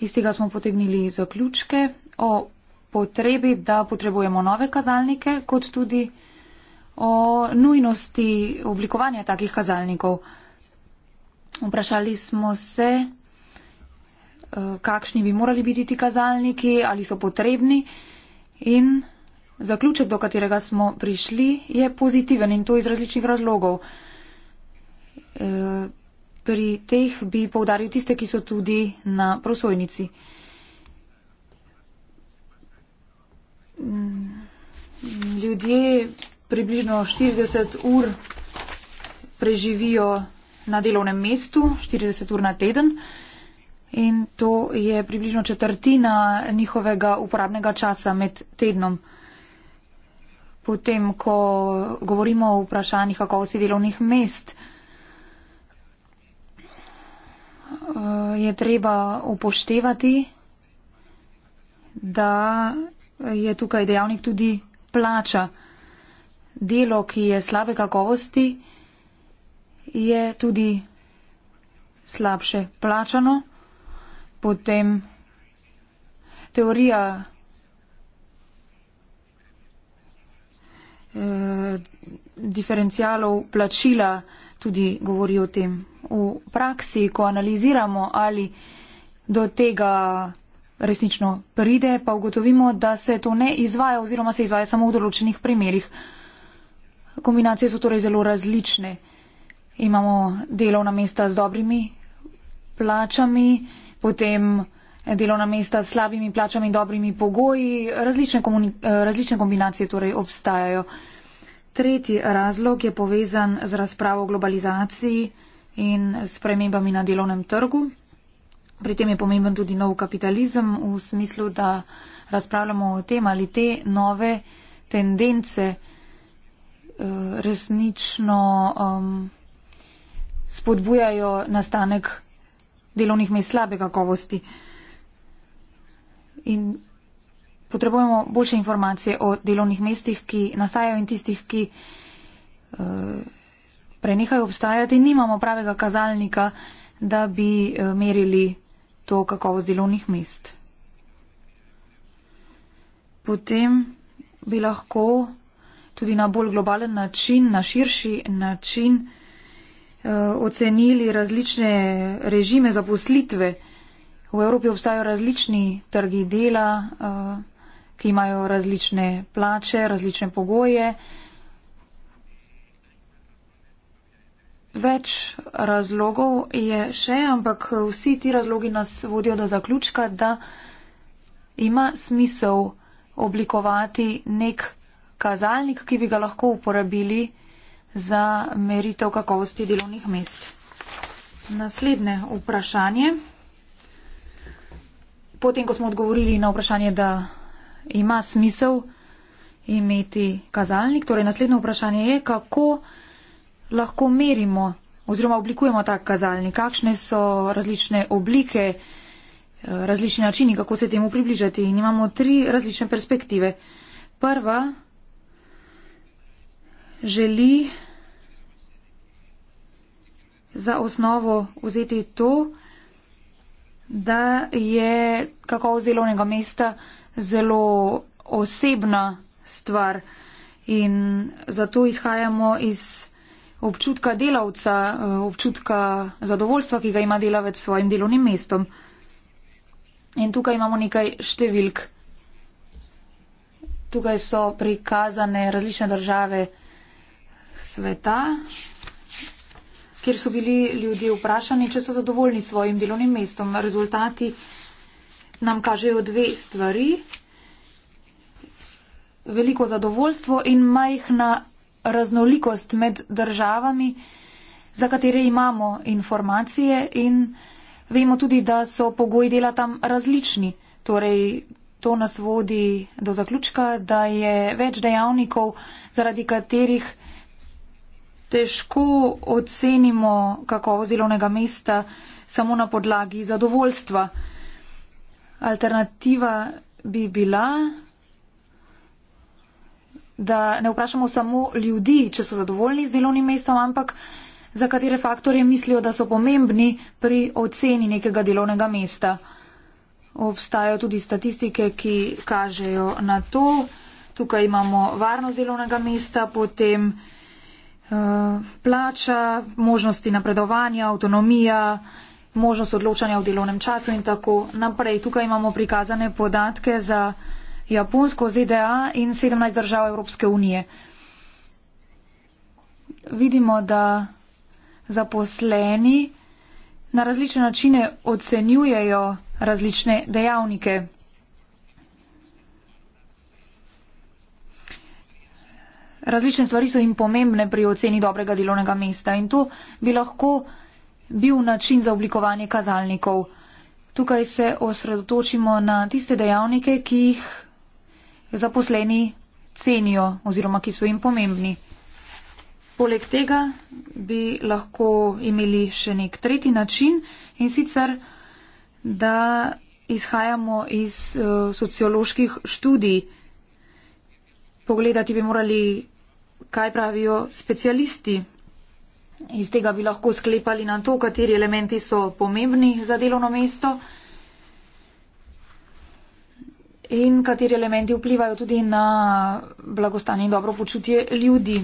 Iz tega smo potegnili zaključke o potrebi, da potrebujemo nove kazalnike, kot tudi o nujnosti oblikovanja takih kazalnikov. Vprašali smo se, eh, kakšni bi morali biti ti kazalniki, ali so potrebni in zaključek, do katerega smo prišli, je pozitiven in to iz različnih razlogov. Eh, pri teh bi povdaril tiste, ki so tudi na prosojnici. Ljudje približno 40 ur preživijo na delovnem mestu, 40 ur na teden in to je približno četrtina njihovega uporabnega časa med tednom. Potem, ko govorimo o vprašanjih kakovosti delovnih mest, je treba upoštevati, da je tukaj dejavnik tudi plača. Delo, ki je slabe kakovosti, je tudi slabše plačano. Potem teorija eh, diferencialov plačila tudi govori o tem v praksi, ko analiziramo, ali do tega resnično pride, pa ugotovimo, da se to ne izvaja oziroma se izvaja samo v določenih primerjih. Kombinacije so torej zelo različne. Imamo delovna mesta z dobrimi plačami, potem delovna mesta s slabimi plačami in dobrimi pogoji. Različne, različne kombinacije torej obstajajo. Tretji razlog je povezan z razpravo o globalizaciji in spremembami na delovnem trgu. Pri tem je pomemben tudi nov kapitalizem v smislu, da razpravljamo o tem, ali te nove tendence eh, resnično um, spodbujajo nastanek delovnih mest slabe kakovosti. In potrebujemo boljše informacije o delovnih mestih, ki nastajajo in tistih, ki uh, prenehajo obstajati, nimamo pravega kazalnika, da bi eh, merili to kakovost delovnih mest. Potem bi lahko tudi na bolj globalen način, na širši način eh, ocenili različne režime zaposlitve. V Evropi obstajajo različni trgi dela, eh, ki imajo različne plače, različne pogoje. Več razlogov je še, ampak vsi ti razlogi nas vodijo do zaključka, da ima smisel oblikovati nek kazalnik, ki bi ga lahko uporabili za meritev kakovosti delovnih mest. Naslednje vprašanje. Potem, ko smo odgovorili na vprašanje, da ima smisel imeti kazalnik, torej naslednje vprašanje je, kako lahko merimo oziroma oblikujemo tak kazalnik? Kakšne so različne oblike, eh, različni načini, kako se temu približati? In imamo tri različne perspektive. Prva želi za osnovo vzeti to, da je kakovost delovnega mesta zelo osebna stvar in zato izhajamo iz občutka delavca, eh, občutka zadovoljstva, ki ga ima delavec s svojim delovnim mestom. In tukaj imamo nekaj številk. Tukaj so prikazane različne države sveta, kjer so bili ljudje vprašani, če so zadovoljni s svojim delovnim mestom. Rezultati nam kažejo dve stvari. Veliko zadovoljstvo in majhna raznolikost med državami, za katere imamo informacije in vemo tudi, da so pogoji dela tam različni. Torej, to nas vodi do zaključka, da je več dejavnikov, zaradi katerih težko ocenimo kakovost delovnega mesta samo na podlagi zadovoljstva. Alternativa bi bila da ne vprašamo samo ljudi, če so zadovoljni z delovnim mestom, ampak za katere faktorje mislijo, da so pomembni pri oceni nekega delovnega mesta. Obstajajo tudi statistike, ki kažejo na to. Tukaj imamo varnost delovnega mesta, potem uh, plača, možnosti napredovanja, avtonomija, možnost odločanja v delovnem času in tako naprej. Tukaj imamo prikazane podatke za. Japonsko, ZDA in 17 držav Evropske unije. Vidimo, da zaposleni na različne načine ocenjujejo različne dejavnike. Različne stvari so jim pomembne pri oceni dobrega delovnega mesta in to bi lahko bil način za oblikovanje kazalnikov. Tukaj se osredotočimo na tiste dejavnike, ki jih zaposleni cenijo oziroma ki so jim pomembni. Poleg tega bi lahko imeli še nek tretji način in sicer, da izhajamo iz uh, socioloških študij. Pogledati bi morali, kaj pravijo specialisti. Iz tega bi lahko sklepali na to, kateri elementi so pomembni za delovno mesto in kateri elementi vplivajo tudi na blagostanje in dobro počutje ljudi.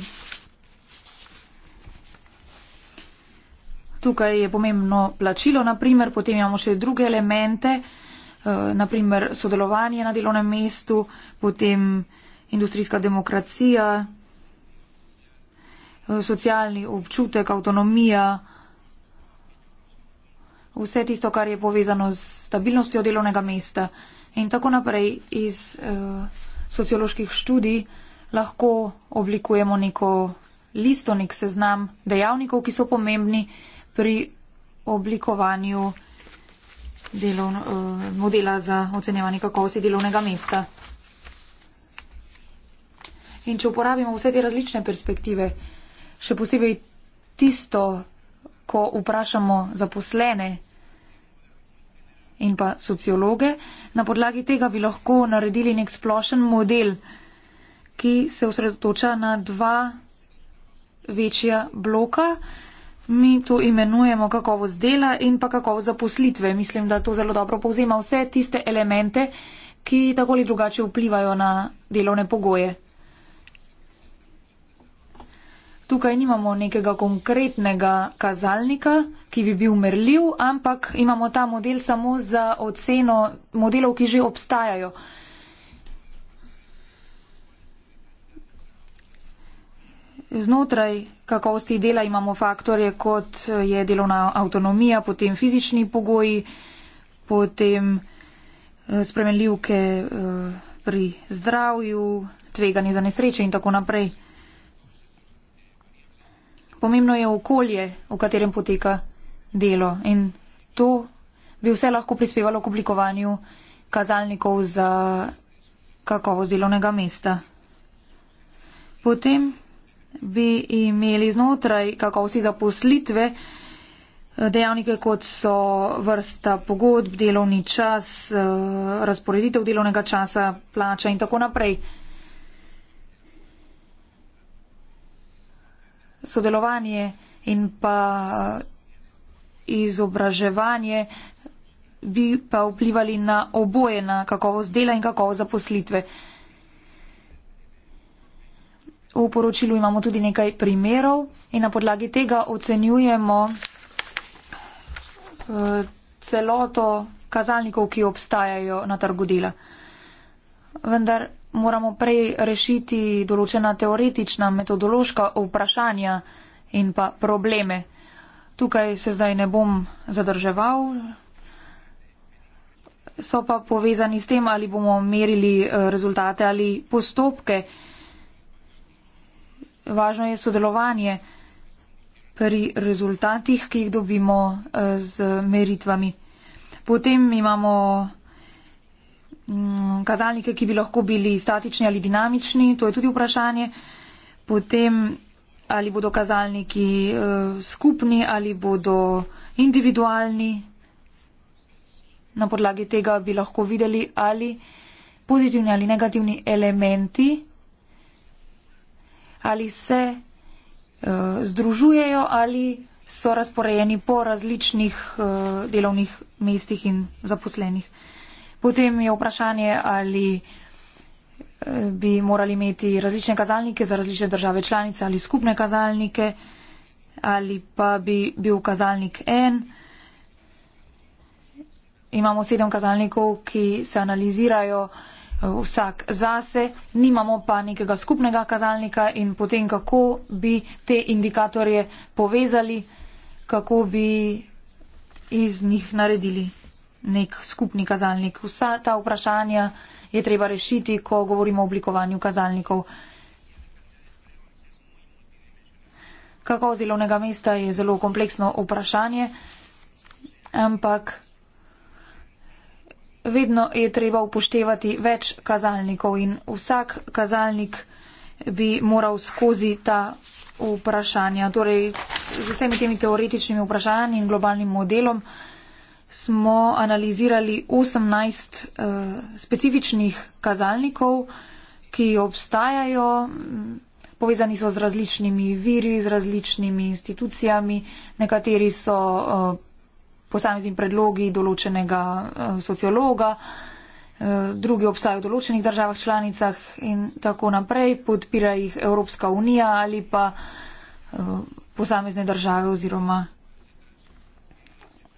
Tukaj je pomembno plačilo, naprimer, potem imamo še druge elemente, eh, naprimer sodelovanje na delovnem mestu, potem industrijska demokracija, eh, socialni občutek, avtonomija, vse tisto, kar je povezano s stabilnostjo delovnega mesta in tako naprej iz uh, socioloških študij lahko oblikujemo neko listo, nek seznam dejavnikov, ki so pomembni pri oblikovanju delov, uh, modela za ocenjevanje kakovosti delovnega mesta. In če uporabimo vse te različne perspektive, še posebej tisto, ko vprašamo zaposlene, in pa sociologe. Na podlagi tega bi lahko naredili nek splošen model, ki se osredotoča na dva večja bloka. Mi to imenujemo kakovost dela in pa kakovost zaposlitve. Mislim, da to zelo dobro povzema vse tiste elemente, ki tako ali drugače vplivajo na delovne pogoje. Tukaj nimamo nekega konkretnega kazalnika, ki bi bil merljiv, ampak imamo ta model samo za oceno modelov, ki že obstajajo. Znotraj kakovosti dela imamo faktorje, kot je delovna avtonomija, potem fizični pogoji, potem eh, spremenljivke eh, pri zdravju, tveganje za nesreče in tako naprej. Pomembno je okolje, v katerem poteka delo in to bi vse lahko prispevalo k oblikovanju kazalnikov za kakovost delovnega mesta. Potem bi imeli znotraj kakovosti zaposlitve eh, dejavnike, kot so vrsta pogodb, delovni čas, eh, razporeditev delovnega časa, plača in tako naprej. sodelovanje in pa eh, izobraževanje bi pa vplivali na oboje, na kakovost dela in kakovost zaposlitve. V poročilu imamo tudi nekaj primerov in na podlagi tega ocenjujemo eh, celoto kazalnikov, ki obstajajo na trgu dela. Vendar moramo prej rešiti določena teoretična metodološka vprašanja in pa probleme. Tukaj se zdaj ne bom zadrževal. So pa povezani s tem, ali bomo merili eh, rezultate ali postopke. Važno je sodelovanje pri rezultatih, ki jih dobimo eh, z meritvami. Potem imamo Mm, kazalnike, ki bi lahko bili statični ali dinamični, to je tudi vprašanje. Potem, ali bodo kazalniki eh, skupni ali bodo individualni. Na podlagi tega bi lahko videli, ali pozitivni ali negativni elementi, ali se eh, združujejo ali so razporejeni po različnih eh, delovnih mestih in zaposlenih. Potem je vprašanje, ali eh, bi morali imeti različne kazalnike za različne države članice ali skupne kazalnike, ali pa bi bil kazalnik en. Imamo sedem kazalnikov, ki se analizirajo eh, vsak zase, nimamo pa nekega skupnega kazalnika in potem kako bi te indikatorje povezali, kako bi iz njih naredili nek skupni kazalnik. Vsa ta vprašanja je treba rešiti, ko govorimo o oblikovanju kazalnikov. Kako od delovnega mesta je zelo kompleksno vprašanje, ampak vedno je treba upoštevati več kazalnikov in vsak kazalnik bi moral skozi ta vprašanja, torej z vsemi temi teoretičnimi vprašanji in globalnim modelom smo analizirali 18 uh, eh, specifičnih kazalnikov, ki obstajajo, mm, povezani so z različnimi viri, z različnimi institucijami, nekateri so uh, posamezni predlogi določenega uh, sociologa, uh, drugi obstajajo v določenih državah članicah in tako naprej, podpira jih Evropska unija ali pa uh, posamezne države oziroma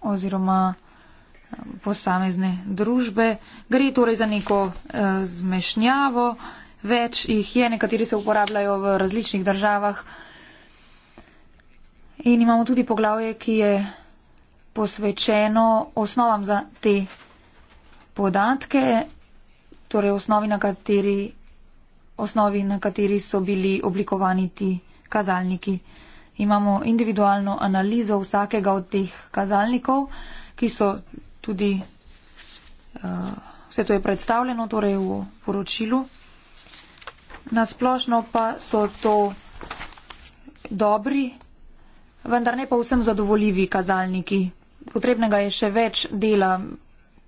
oziroma eh, posamezne družbe. Gre torej za neko uh, zmešnjavo, več jih je, nekateri se uporabljajo v različnih državah. In imamo tudi poglavje, ki je posvečeno osnovam za te podatke, torej osnovi, na kateri, osnovi, na kateri so bili oblikovani ti kazalniki imamo individualno analizo vsakega od teh kazalnikov, ki so tudi eh, vse to je predstavljeno torej v poročilu. Nasplošno pa so to dobri, vendar ne pa vsem zadovoljivi kazalniki. Potrebnega je še več dela,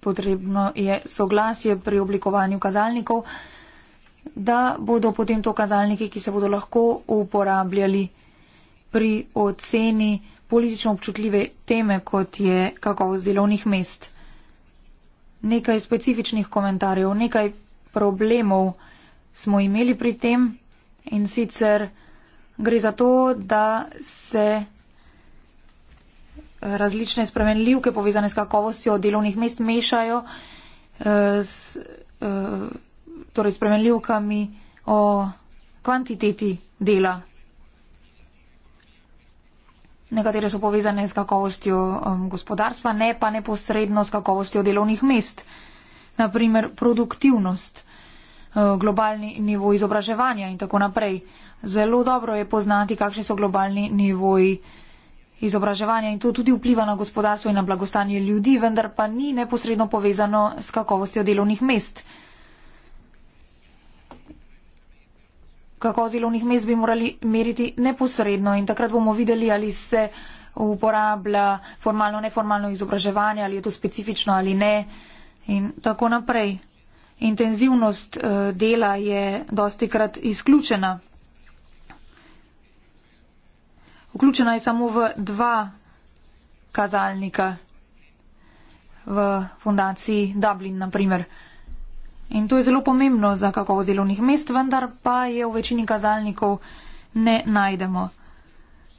potrebno je soglasje pri oblikovanju kazalnikov, da bodo potem to kazalniki, ki se bodo lahko uporabljali pri oceni politično občutljive teme, kot je kakovost delovnih mest. Nekaj specifičnih komentarjev, nekaj problemov smo imeli pri tem in sicer gre za to, da se različne spremenljivke povezane s kakovostjo delovnih mest mešajo eh, s eh, torej spremenljivkami o kvantiteti dela Nekatere so povezane z kakovostjo um, gospodarstva, ne pa neposredno z kakovostjo delovnih mest. Naprimer produktivnost, uh, globalni nivo izobraževanja in tako naprej. Zelo dobro je poznati, kakšni so globalni nivoji izobraževanja in to tudi vpliva na gospodarstvo in na blagostanje ljudi, vendar pa ni neposredno povezano s kakovostjo delovnih mest. kako delovnih mest bi morali meriti neposredno in takrat bomo videli, ali se uporablja formalno, neformalno izobraževanje, ali je to specifično ali ne in tako naprej. Intenzivnost eh, dela je dosti krat izključena. Vključena je samo v dva kazalnika v fundaciji Dublin, naprimer. In to je zelo pomembno za kakovost delovnih mest, vendar pa je v večini kazalnikov ne najdemo.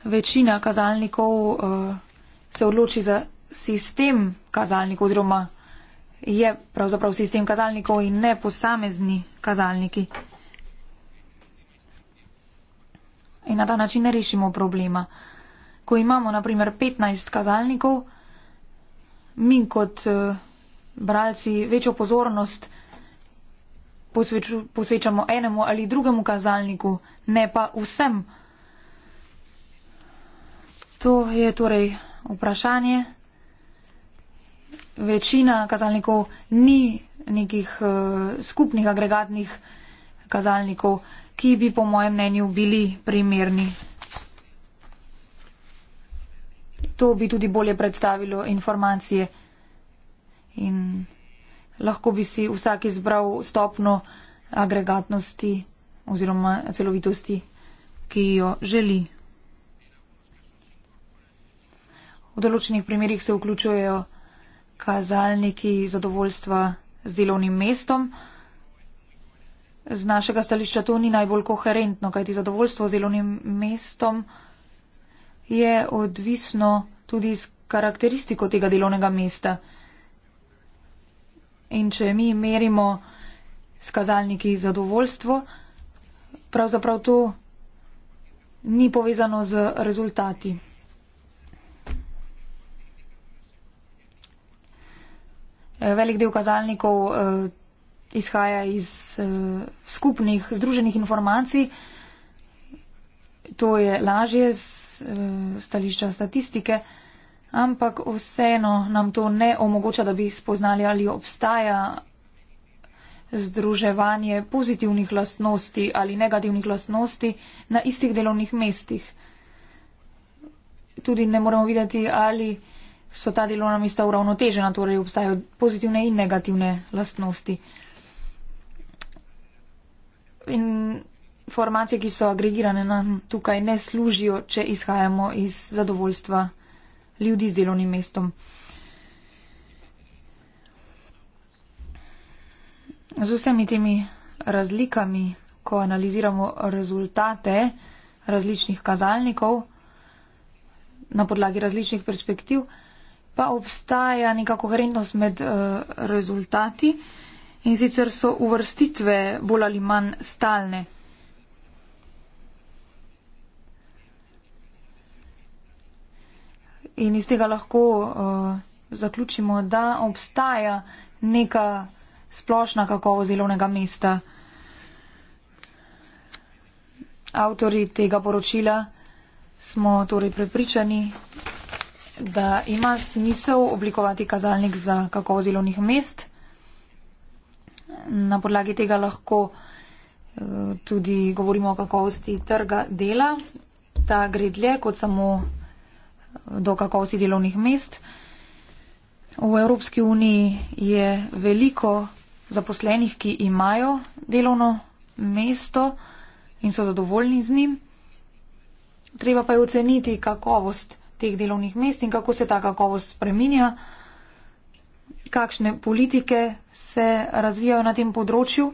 Večina kazalnikov uh, se odloči za sistem kazalnikov, oziroma je pravzaprav sistem kazalnikov in ne posamezni kazalniki. In na ta način ne rešimo problema. Ko imamo naprimer 15 kazalnikov, mi kot uh, bralci večjo pozornost posveču, posvečamo enemu ali drugemu kazalniku, ne pa vsem. To je torej vprašanje. Večina kazalnikov ni nekih uh, skupnih agregatnih kazalnikov, ki bi po mojem mnenju bili primerni. To bi tudi bolje predstavilo informacije. In lahko bi si vsak izbral stopno agregatnosti oziroma celovitosti, ki jo želi. V določenih primerjih se vključujejo kazalniki zadovoljstva z delovnim mestom. Z našega stališča to ni najbolj koherentno, kajti zadovoljstvo z delovnim mestom je odvisno tudi iz karakteristiko tega delovnega mesta in če mi merimo s kazalniki zadovoljstvo, pravzaprav to ni povezano z rezultati. Eh, velik del kazalnikov eh, izhaja iz eh, skupnih združenih informacij. To je lažje z stališča statistike ampak vseeno nam to ne omogoča, da bi spoznali, ali obstaja združevanje pozitivnih lastnosti ali negativnih lastnosti na istih delovnih mestih. Tudi ne moramo videti, ali so ta delovna mesta uravnotežena, torej obstajajo pozitivne in negativne lastnosti. In formacije, ki so agregirane nam tukaj, ne služijo, če izhajamo iz zadovoljstva ljudi z delovnim mestom. Z vsemi temi razlikami, ko analiziramo rezultate različnih kazalnikov na podlagi različnih perspektiv, pa obstaja neka koherentnost med uh, rezultati in sicer so uvrstitve bolj ali manj stalne. in iz tega lahko uh, zaključimo, da obstaja neka splošna kakovost delovnega mesta. Avtori tega poročila smo torej prepričani, da ima smisel oblikovati kazalnik za kakovost delovnih mest. Na podlagi tega lahko eh, tudi govorimo o kakovosti trga dela. Ta gre dlje kot samo do kakovosti delovnih mest. V Evropski uniji je veliko zaposlenih, ki imajo delovno mesto in so zadovoljni z njim. Treba pa je oceniti kakovost teh delovnih mest in kako se ta kakovost spreminja, kakšne politike se razvijajo na tem področju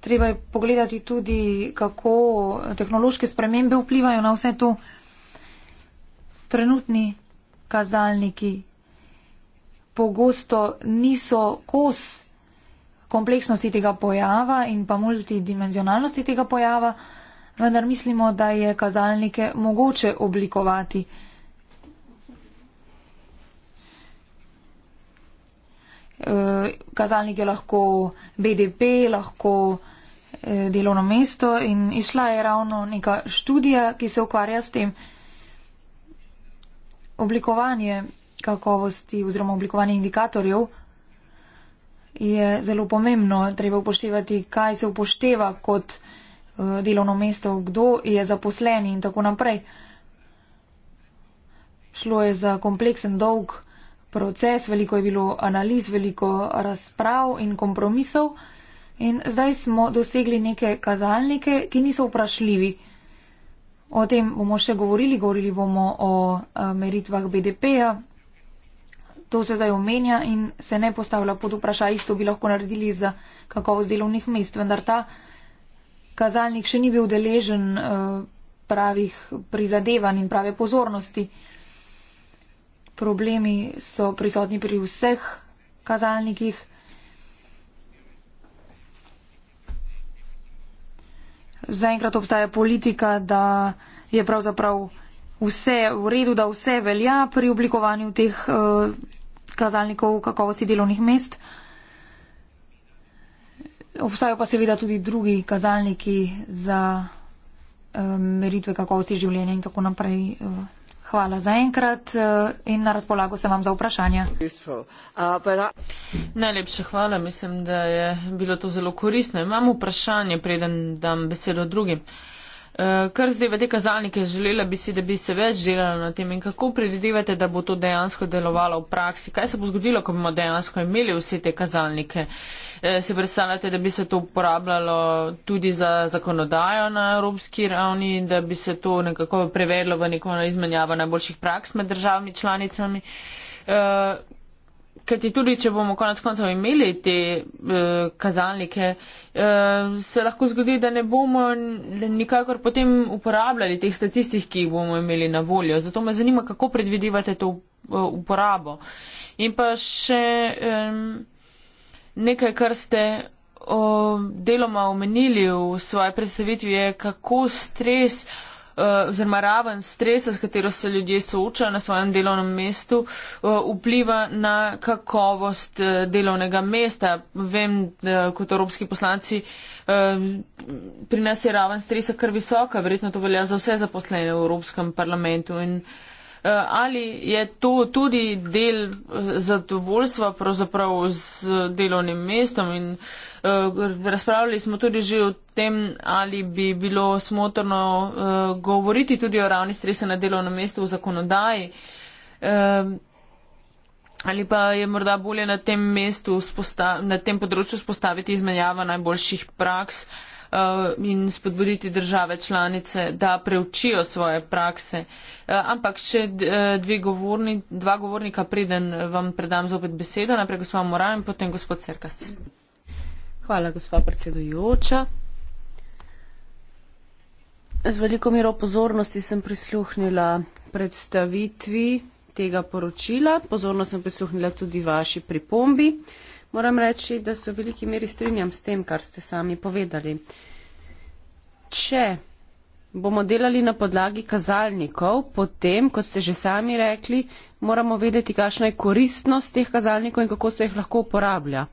treba je pogledati tudi, kako tehnološke spremembe vplivajo na vse to. Trenutni kazalniki pogosto niso kos kompleksnosti tega pojava in pa multidimenzionalnosti tega pojava, vendar mislimo, da je kazalnike mogoče oblikovati. Eh, kazalnike lahko BDP, lahko eh, delovno mesto in išla je ravno neka študija, ki se ukvarja s tem oblikovanje kakovosti oziroma oblikovanje indikatorjev je zelo pomembno. Treba upoštevati, kaj se upošteva kot eh, delovno mesto, kdo je zaposlen in tako naprej. Šlo je za kompleksen dolg proces, veliko je bilo analiz, veliko razprav in kompromisov. In zdaj smo dosegli neke kazalnike, ki niso vprašljivi. O tem bomo še govorili, govorili bomo o eh, meritvah BDP-ja. To se zdaj omenja in se ne postavlja pod vprašaj, isto bi lahko naredili za kakovost delovnih mest, vendar ta kazalnik še ni bil deležen eh, pravih prizadevanj in prave pozornosti problemi so prisotni pri vseh kazalnikih. Zaenkrat obstaja politika, da je pravzaprav vse v redu, da vse velja pri oblikovanju teh uh, kazalnikov kakovosti delovnih mest. Obstajajo pa seveda tudi drugi kazalniki za uh, meritve kakovosti življenja in tako naprej. Uh, Hvala za enkrat eh, in na razpolago se vam za vprašanje. Uh, Najlepša hvala, mislim, da je bilo to zelo koristno. Imam vprašanje, preden dam besedo drugim. Eh, kar zdaj vede kazalnike, želela bi si, da bi se več delalo na tem in kako predvidevate, da bo to dejansko delovalo v praksi? Kaj se bo zgodilo, ko bomo dejansko imeli vse te kazalnike? Eh, se predstavljate, da bi se to uporabljalo tudi za zakonodajo na evropski ravni, da bi se to nekako prevedlo v neko izmenjavo najboljših praks med državami članicami? Eh, Ker ti tudi, če bomo konec koncev imeli te eh, kazalnike, eh, se lahko zgodi, da ne bomo nikakor potem uporabljali teh statistik, ki jih bomo imeli na voljo. Zato me zanima, kako predvidevate to eh, uporabo. In pa še eh, nekaj, kar ste eh, deloma omenili v svoji predstavitvi, je, kako stres eh, Eh, oziroma raven stresa, s katero se ljudje soočajo na svojem delovnem mestu, eh, vpliva na kakovost eh, delovnega mesta. Vem, da kot evropski poslanci pri nas je raven stresa kar visoka, verjetno to velja za vse zaposlene v Evropskem parlamentu. In Ali je to tudi del zadovoljstva pravzaprav z delovnim mestom in uh, Eh, razpravljali smo tudi že o tem, ali bi bilo smotrno eh, govoriti tudi o ravni stresa na delovnem mestu v zakonodaji. Eh, ali pa je morda bolje na tem, mestu, na tem področju spostaviti izmenjava najboljših praks in spodbuditi države članice, da preučijo svoje prakse. Ampak še dve govorni, dva govornika, preden vam predam zopet besedo, najprej gospod Moran in potem gospod Cerkas. Hvala, gospa predsedujoča. Z veliko mero pozornosti sem prisluhnila predstavitvi tega poročila, pozorno sem prisluhnila tudi vaši pripombi. Moram reči, da se v veliki meri strinjam s tem, kar ste sami povedali. Če bomo delali na podlagi kazalnikov, potem, kot ste že sami rekli, moramo vedeti, kakšna je koristnost teh kazalnikov in kako se jih lahko uporablja.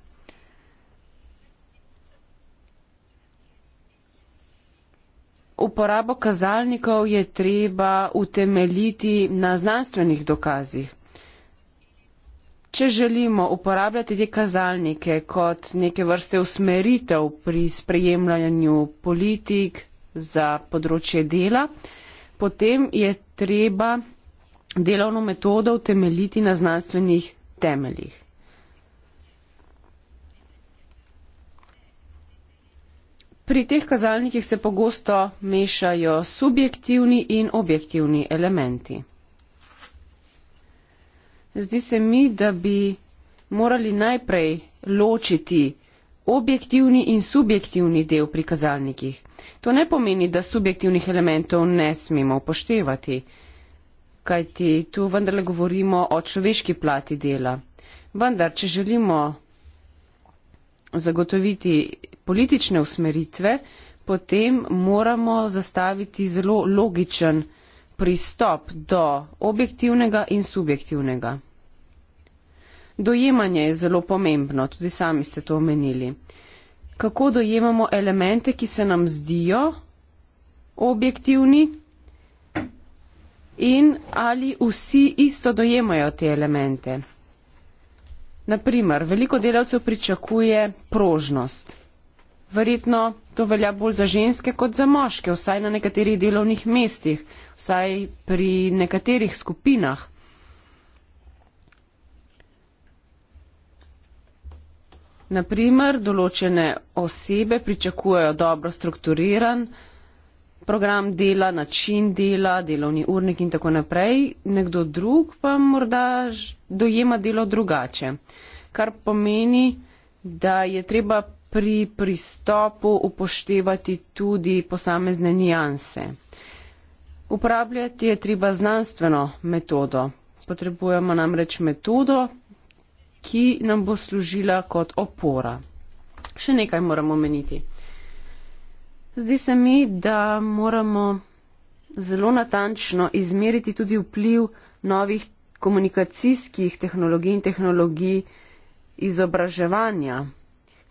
Uporabo kazalnikov je treba utemeljiti na znanstvenih dokazih. Če želimo uporabljati te kazalnike kot neke vrste usmeritev pri sprejemljanju politik za področje dela, potem je treba delovno metodo utemeljiti na znanstvenih temeljih. Pri teh kazalnikih se pogosto mešajo subjektivni in objektivni elementi. Zdi se mi, da bi morali najprej ločiti objektivni in subjektivni del pri kazalnikih. To ne pomeni, da subjektivnih elementov ne smemo upoštevati, kajti tu vendarle govorimo o človeški plati dela. Vendar, če želimo zagotoviti politične usmeritve, potem moramo zastaviti zelo logičen pristop do objektivnega in subjektivnega. Dojemanje je zelo pomembno, tudi sami ste to omenili. Kako dojemamo elemente, ki se nam zdijo objektivni in ali vsi isto dojemajo te elemente? Naprimer, veliko delavcev pričakuje prožnost. Verjetno to velja bolj za ženske kot za moške, vsaj na nekaterih delovnih mestih, vsaj pri nekaterih skupinah. Naprimer, določene osebe pričakujejo dobro strukturiran, program dela, način dela, delovni urnik in tako naprej, nekdo drug pa morda dojema delo drugače. Kar pomeni, da je treba pri pristopu upoštevati tudi posamezne nijanse. Uporabljati je treba znanstveno metodo. Potrebujemo namreč metodo, ki nam bo služila kot opora. Še nekaj moramo meniti. Zdi se mi, da moramo zelo natančno izmeriti tudi vpliv novih komunikacijskih tehnologij in tehnologij izobraževanja.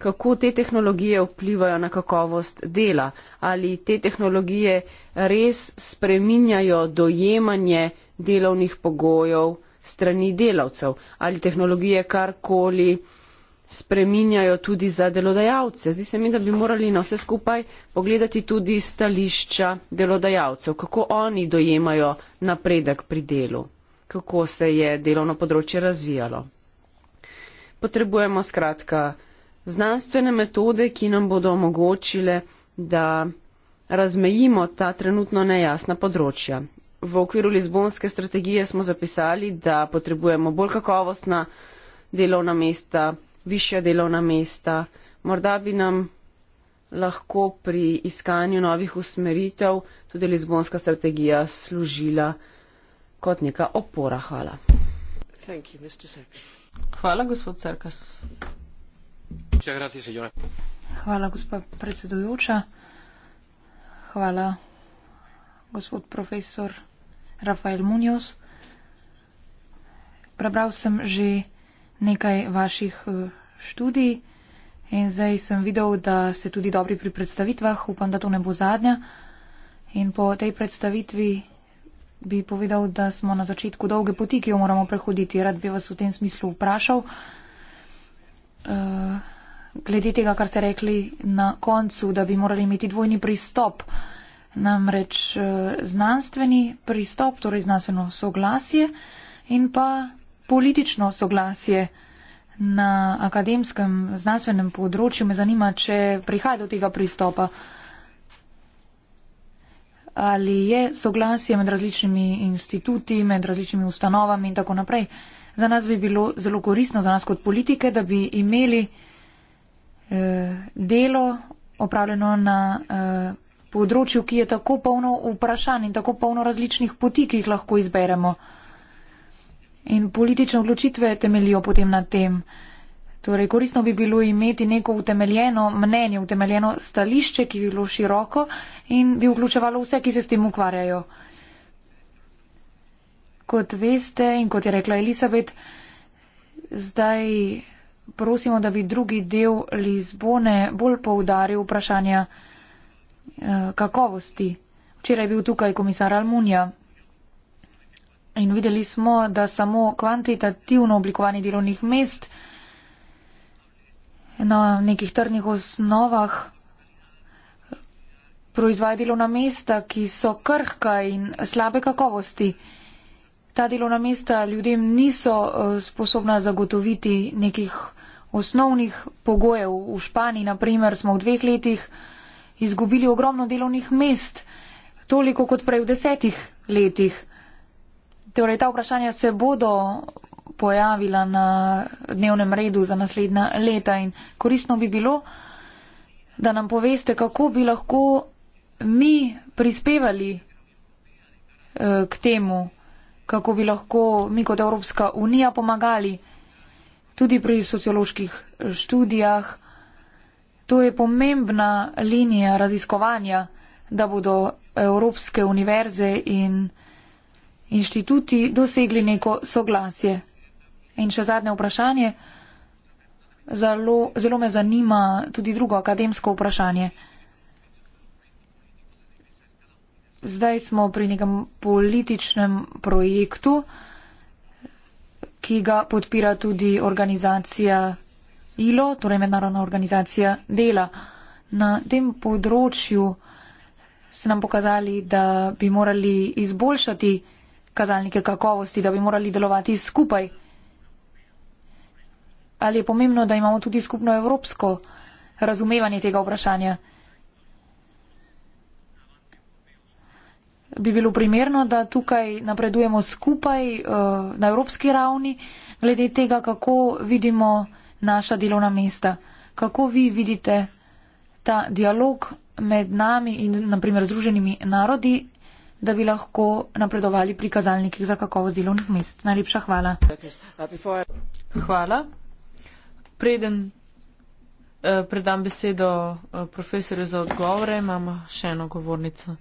Kako te tehnologije vplivajo na kakovost dela? Ali te tehnologije res spreminjajo dojemanje delovnih pogojev strani delavcev? Ali tehnologije karkoli? spreminjajo tudi za delodajalce. Zdi se mi, da bi morali na vse skupaj pogledati tudi stališča delodajalcev, kako oni dojemajo napredek pri delu, kako se je delovno področje razvijalo. Potrebujemo skratka znanstvene metode, ki nam bodo omogočile, da razmejimo ta trenutno nejasna področja. V okviru Lizbonske strategije smo zapisali, da potrebujemo bolj kakovostna delovna mesta, višja delovna mesta. Morda bi nam lahko pri iskanju novih usmeritev tudi Lizbonska strategija služila kot neka opora. Hvala. Hvala, gospod Cerkas. Hvala, gospod predsedujoča. Hvala, gospod profesor Rafael Munoz. Prebral sem že nekaj vaših eh, študij in zdaj sem videl, da ste tudi dobri pri predstavitvah. Upam, da to ne bo zadnja. In po tej predstavitvi bi povedal, da smo na začetku dolge poti, ki jo moramo prehoditi. Rad bi vas v tem smislu vprašal. Eh, glede tega, kar ste rekli na koncu, da bi morali imeti dvojni pristop, namreč eh, znanstveni pristop, torej znanstveno soglasje in pa politično soglasje na akademskem znanstvenem področju. Me zanima, če prihaja do tega pristopa. Ali je soglasje med različnimi instituti, med različnimi ustanovami in tako naprej. Za nas bi bilo zelo koristno, za nas kot politike, da bi imeli eh, delo opravljeno na eh, področju, ki je tako polno vprašanj in tako polno različnih poti, ki jih lahko izberemo. In politične odločitve temelijo potem na tem. Torej, korisno bi bilo imeti neko utemeljeno mnenje, utemeljeno stališče, ki bi bilo široko in bi vključevalo vse, ki se s tem ukvarjajo. Kot veste in kot je rekla Elizabet, zdaj prosimo, da bi drugi del Lizbone bolj poudaril vprašanja eh, kakovosti. Včeraj je bil tukaj komisar Almunija, In videli smo, da samo kvantitativno oblikovanje delovnih mest na nekih trdnih osnovah proizvaja delovna mesta, ki so krhka in slabe kakovosti. Ta delovna mesta ljudem niso eh, sposobna zagotoviti nekih osnovnih pogojev. V Španiji, na primer, smo v dveh letih izgubili ogromno delovnih mest, toliko kot prej v desetih letih. Torej, ta vprašanja se bodo pojavila na dnevnem redu za naslednja leta in koristno bi bilo, da nam poveste, kako bi lahko mi prispevali eh, k temu, kako bi lahko mi kot Evropska unija pomagali tudi pri socioloških študijah. To je pomembna linija raziskovanja, da bodo evropske univerze in inštituti dosegli neko soglasje. In še zadnje vprašanje. Zelo, zelo me zanima tudi drugo akademsko vprašanje. Zdaj smo pri nekem političnem projektu, ki ga podpira tudi organizacija ILO, torej mednarodna organizacija dela. Na tem področju ste nam pokazali, da bi morali izboljšati kazalnike kakovosti, da bi morali delovati skupaj? Ali je pomembno, da imamo tudi skupno evropsko razumevanje tega vprašanja? Bi bilo primerno, da tukaj napredujemo skupaj eh, na evropski ravni, glede tega, kako vidimo naša delovna mesta? Kako vi vidite ta dialog med nami in naprimer Združenimi narodi da bi lahko napredovali pri kazalnikih za kakovost delovnih mest. Najlepša hvala. Hvala. Preden eh, predam besedo eh, profesorju za odgovore, imamo še eno govornico.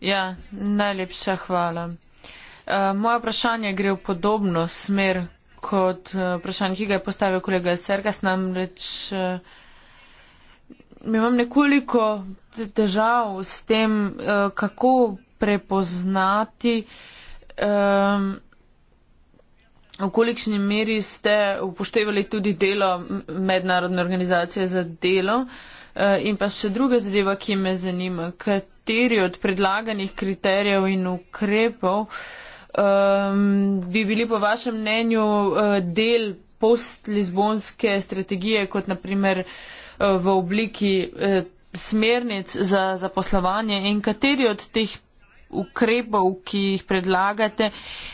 Ja, najlepša hvala. Eh, moja vprašanje gre v podobno smer kot eh, vprašanje, ki ga je postavil kolega Sergas, namreč eh, imam nekoliko težav s tem, eh, kako prepoznati, um, v kolikšni meri ste upoštevali tudi delo Mednarodne organizacije za delo. Eh, in pa še druga zadeva, ki me zanima, kateri od predlaganih kriterijev in ukrepov um, bi bili po vašem mnenju eh, del post-Lizbonske strategije, kot naprimer eh, v obliki smernic za zaposlovanje in kateri od teh ukrepov, ki jih predlagate,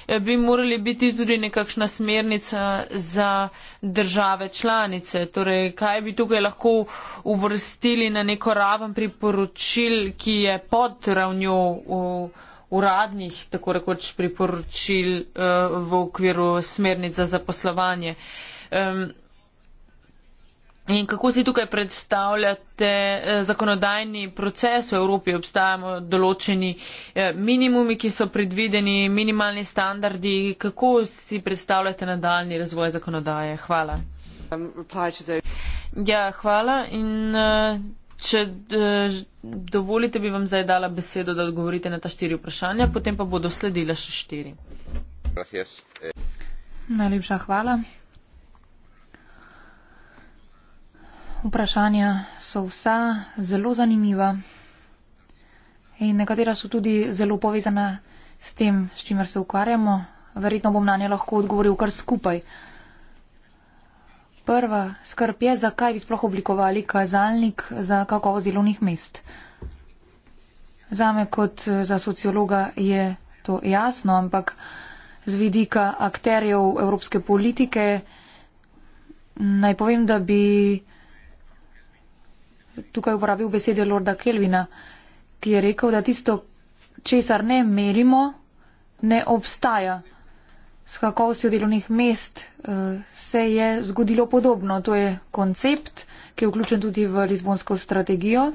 eh, bi morali biti tudi nekakšna smernica za države članice. Torej, kaj bi tukaj lahko uvrstili na neko raven priporočil, ki je pod ravnjo uradnih, tako rekoč, priporočil eh, v okviru smernica za poslovanje. In kako si tukaj predstavljate eh, zakonodajni proces v Evropi? Obstajamo določeni eh, minimumi, ki so predvideni, minimalni standardi. Kako si predstavljate nadaljni razvoj zakonodaje? Hvala. Ja, hvala. In eh, če dovolite, bi vam zdaj dala besedo, da odgovorite na ta štiri vprašanja, potem pa bodo sledila še štiri. Najlepša hvala. vprašanja so vsa zelo zanimiva in nekatera so tudi zelo povezana s tem, s čimer se ukvarjamo. Verjetno bom na nje lahko odgovoril kar skupaj. Prva skrb je, zakaj bi sploh oblikovali kazalnik za kakovost delovnih mest. Zame kot za sociologa je to jasno, ampak z vidika akterjev evropske politike naj povem, da bi tukaj uporabil besede Lorda Kelvina, ki je rekel, da tisto, česar ne merimo, ne obstaja. S kakovostjo delovnih mest eh, se je zgodilo podobno. To je koncept, ki je vključen tudi v Lizbonsko strategijo.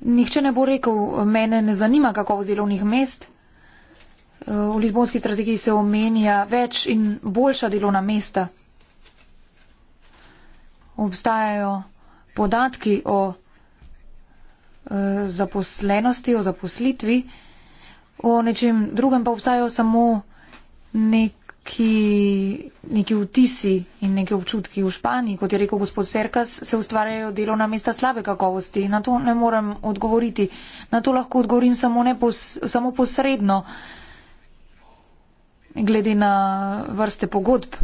Nihče ne bo rekel, mene ne zanima kakovost delovnih mest. Eh, v Lizbonski strategiji se omenja več in boljša delovna mesta obstajajo podatki o e, zaposlenosti, o zaposlitvi, o nečem drugem pa obstajajo samo neki, neki vtisi in neki občutki v Španiji. Kot je rekel gospod Serkas, se ustvarjajo delovna mesta slabe kakovosti. Na to ne morem odgovoriti. Na to lahko odgovorim samo, pos, samo posredno. Glede na vrste pogodb,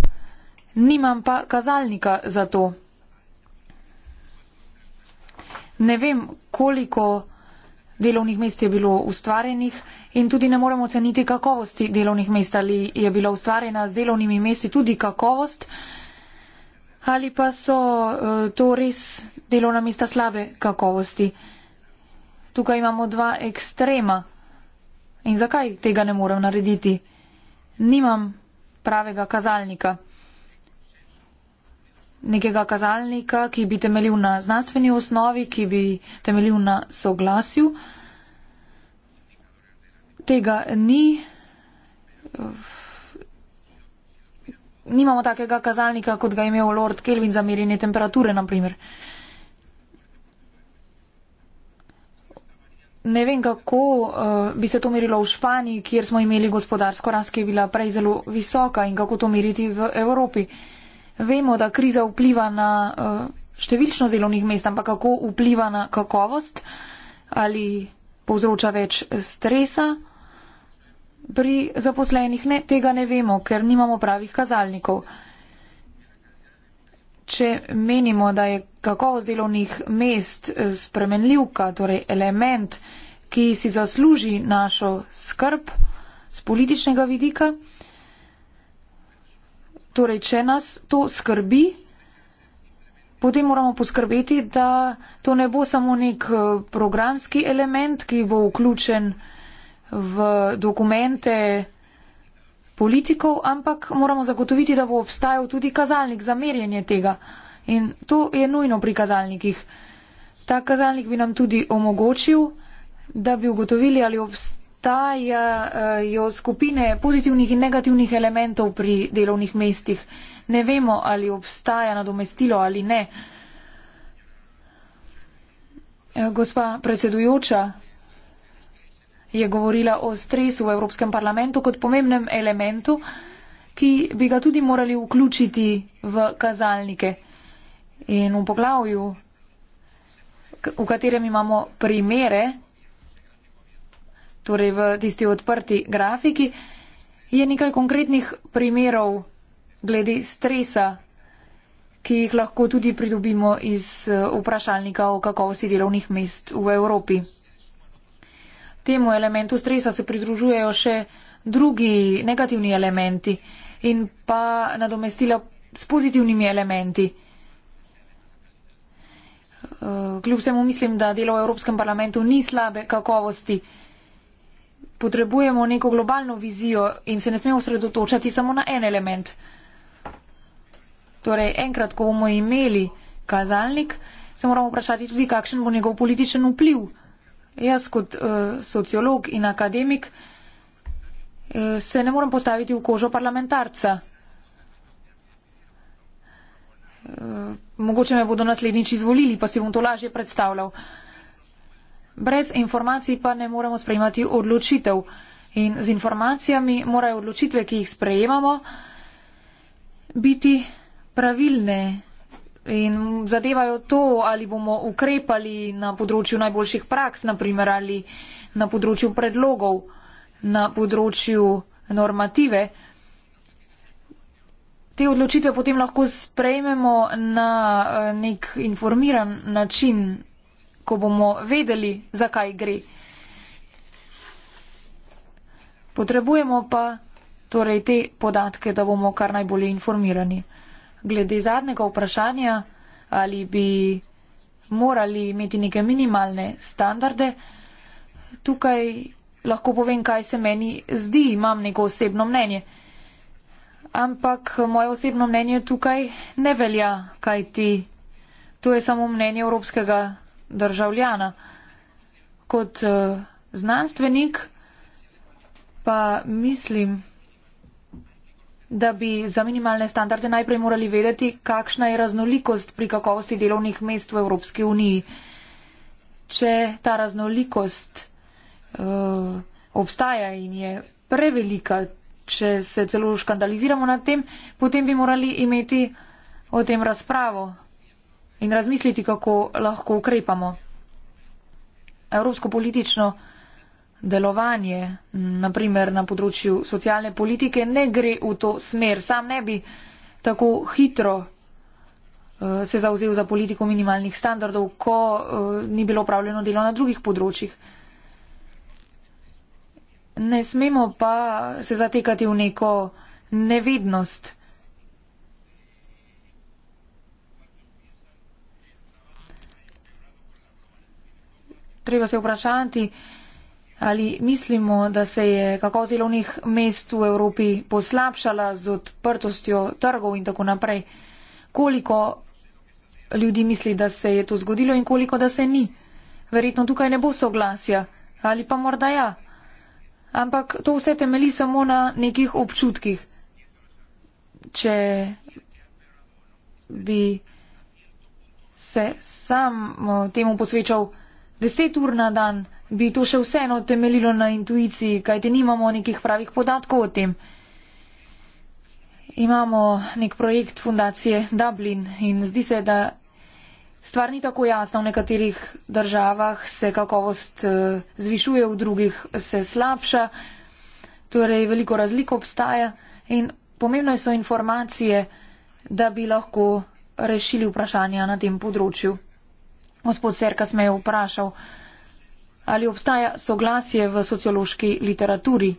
nimam pa kazalnika za to ne vem, koliko delovnih mest je bilo ustvarjenih in tudi ne moremo oceniti kakovosti delovnih mest, ali je bila ustvarjena z delovnimi mesti tudi kakovost, ali pa so eh, to res delovna mesta slabe kakovosti. Tukaj imamo dva ekstrema. In zakaj tega ne morem narediti? Nimam pravega kazalnika nekega kazalnika, ki bi temeljil na znanstveni osnovi, ki bi temeljil na soglasju. Tega ni. Nimamo takega kazalnika, kot ga je imel Lord Kelvin za merjenje temperature, naprimer. Ne vem, kako uh, bi se to merilo v Španiji, kjer smo imeli gospodarsko rast, ki je bila prej zelo visoka in kako to meriti v Evropi. Uh, Vemo, da kriza vpliva na eh, številčno delovnih mest, ampak kako vpliva na kakovost ali povzroča več stresa pri zaposlenih, ne, tega ne vemo, ker nimamo pravih kazalnikov. Če menimo, da je kakovost delovnih mest eh, spremenljivka, torej element, ki si zasluži našo skrb z političnega vidika, Torej, če nas to skrbi, potem moramo poskrbeti, da to ne bo samo nek eh, programski element, ki bo vključen v dokumente politikov, ampak moramo zagotoviti, da bo obstajal tudi kazalnik za merjenje tega. In to je nujno pri kazalnikih. Ta kazalnik bi nam tudi omogočil, da bi ugotovili, ali obstaja obstajajo eh, skupine pozitivnih in negativnih elementov pri delovnih mestih. Ne vemo, ali obstaja nadomestilo ali ne. Eh, gospa predsedujoča je govorila o stresu v Evropskem parlamentu kot pomembnem elementu, ki bi ga tudi morali vključiti v kazalnike. In v poglavju, v katerem imamo primere, torej v tisti odprti grafiki, je nekaj konkretnih primerov glede stresa, ki jih lahko tudi pridobimo iz eh, vprašalnika o kakovosti delovnih mest v Evropi. Temu elementu stresa se pridružujejo še drugi negativni elementi in pa nadomestila s pozitivnimi elementi. Eh, kljub vsemu mislim, da delo v Evropskem parlamentu ni slabe kakovosti potrebujemo neko globalno vizijo in se ne smemo osredotočati samo na en element. Torej, enkrat, ko bomo imeli kazalnik, se moramo vprašati tudi, kakšen bo njegov političen vpliv. Jaz kot uh, sociolog in akademik uh, se ne morem postaviti v kožo parlamentarca. Uh, mogoče me bodo naslednjič izvolili, pa si bom to lažje predstavljal. Uh, brez informacij pa ne moremo sprejemati odločitev. In z informacijami morajo odločitve, ki jih sprejemamo, biti pravilne in zadevajo to, ali bomo ukrepali na področju najboljših praks, naprimer, ali na področju predlogov, na področju normative. Te odločitve potem lahko sprejmemo na eh, nek informiran način, ko bomo vedeli, zakaj gre. Potrebujemo pa torej te podatke, da bomo kar najbolje informirani. Glede zadnjega vprašanja, ali bi morali imeti neke minimalne standarde, tukaj lahko povem, kaj se meni zdi, imam neko osebno mnenje. Ampak moje osebno mnenje tukaj ne velja, kaj ti. To je samo mnenje Evropskega državljana. Kot eh, znanstvenik pa mislim, da bi za minimalne standarde najprej morali vedeti, kakšna je raznolikost pri kakovosti delovnih mest v Evropski uniji. Če ta raznolikost uh, obstaja in je prevelika, če se celo škandaliziramo nad tem, potem bi morali imeti o tem razpravo in razmisliti, kako lahko ukrepamo. Evropsko politično delovanje, naprimer na področju socialne politike, ne gre v to smer. Sam ne bi tako hitro uh, se zauzel za politiko minimalnih standardov, ko uh, ni bilo upravljeno delo na drugih področjih. Ne smemo pa se zatekati v neko nevednost. Uh, treba se vprašati, ali mislimo, da se je kakovost delovnih mest v Evropi poslabšala z odprtostjo trgov in tako naprej. Koliko ljudi misli, da se je to zgodilo in koliko, da se ni. Verjetno tukaj ne bo soglasja ali pa morda ja. Ampak to vse temeli samo na nekih občutkih. Če bi se sam eh, temu posvečal, deset ur na dan, bi to še vseeno temeljilo na intuiciji, kajti nimamo nekih pravih podatkov o tem. Imamo nek projekt fundacije Dublin in zdi se, da stvar ni tako jasna. V nekaterih državah se kakovost eh, zvišuje, v drugih se slabša. Torej, veliko razlik obstaja in pomembno so informacije, da bi lahko rešili vprašanja na tem področju. Gospod Serkas me je vprašal, ali obstaja soglasje v sociološki literaturi.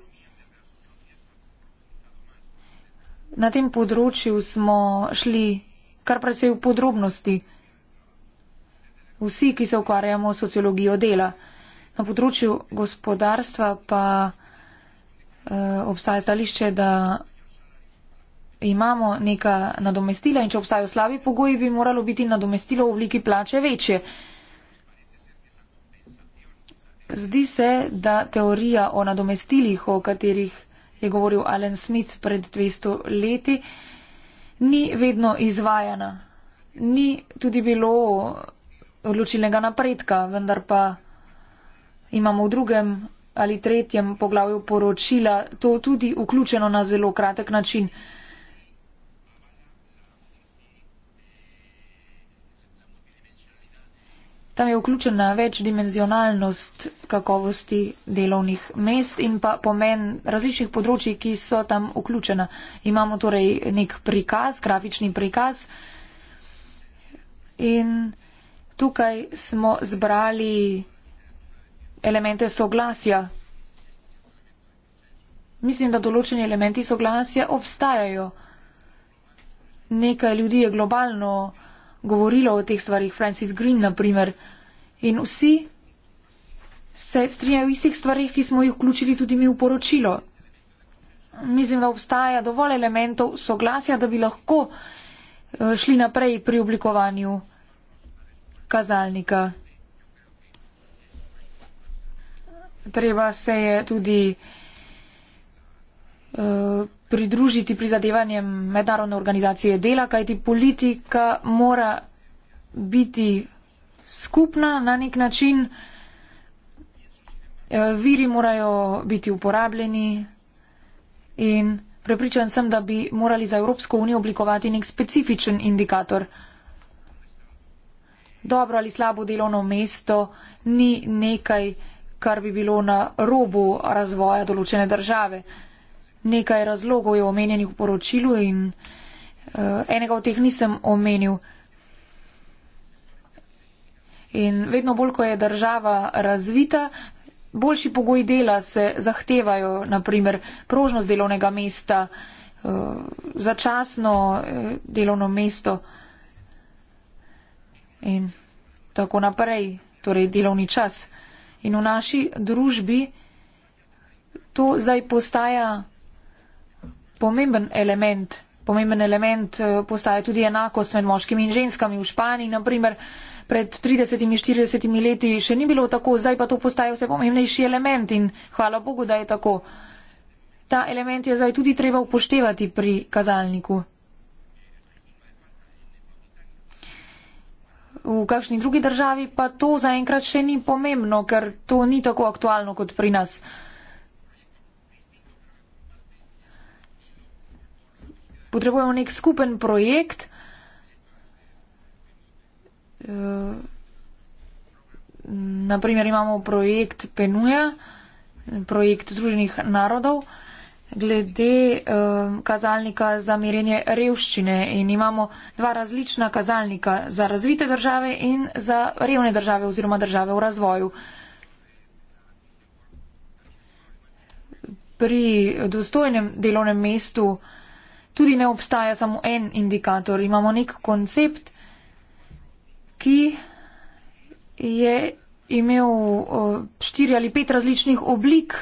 Na tem področju smo šli kar precej v podrobnosti. Vsi, ki se ukvarjamo sociologijo dela. Na področju gospodarstva pa eh, obstaja stališče, da imamo neka nadomestila in če obstajajo slabi pogoji, bi moralo biti nadomestilo v obliki plače večje. Zdi se, da teorija o nadomestilih, o katerih je govoril Alan Smith pred 200 leti, ni vedno izvajana. Ni tudi bilo odločilnega napredka, vendar pa imamo v drugem ali tretjem poglavju poročila to tudi vključeno na zelo kratek način. Tam je vključena večdimenzionalnost kakovosti delovnih mest in pa pomen različnih področji, ki so tam vključena. Imamo torej nek prikaz, grafični prikaz. In tukaj smo zbrali elemente soglasja. Mislim, da določeni elementi soglasja obstajajo. Nekaj ljudi je globalno govorilo o teh stvarih, Francis Green, naprimer, in vsi se strinjajo v istih stvarih, ki smo jih vključili tudi mi v poročilo. Mislim, da obstaja dovolj elementov soglasja, da bi lahko eh, šli naprej pri oblikovanju kazalnika. Treba se je tudi. Uh, pridružiti prizadevanjem mednarodne organizacije dela, kajti politika mora biti skupna na nek način, eh, viri morajo biti uporabljeni in prepričan sem, da bi morali za Evropsko unijo oblikovati nek specifičen indikator. Dobro ali slabo delovno mesto ni nekaj, kar bi bilo na robu razvoja določene države nekaj razlogov je omenjenih v poročilu in uh, enega od teh nisem omenil. In vedno bolj, ko je država razvita, boljši pogoji dela se zahtevajo, naprimer prožnost delovnega mesta, uh, začasno uh, delovno mesto in tako naprej, torej delovni čas. In v naši družbi to zdaj postaja pomemben element. Pomemben element eh, postaja tudi enakost med moškimi in ženskami v Španiji. Naprimer, pred 30-40 leti še ni bilo tako, zdaj pa to postaja vse pomembnejši element in hvala Bogu, da je tako. Ta element je zdaj tudi treba upoštevati pri kazalniku. V kakšni drugi državi pa to zaenkrat še ni pomembno, ker to ni tako aktualno kot pri nas. potrebujemo nek skupen projekt, eh, naprimer imamo projekt Penuja, projekt Združenih narodov, glede eh, kazalnika za merjenje revščine in imamo dva različna kazalnika za razvite države in za revne države oziroma države v razvoju. Pri dostojnem delovnem mestu tudi ne obstaja samo en indikator. Imamo nek koncept, ki je imel štiri ali pet različnih oblik.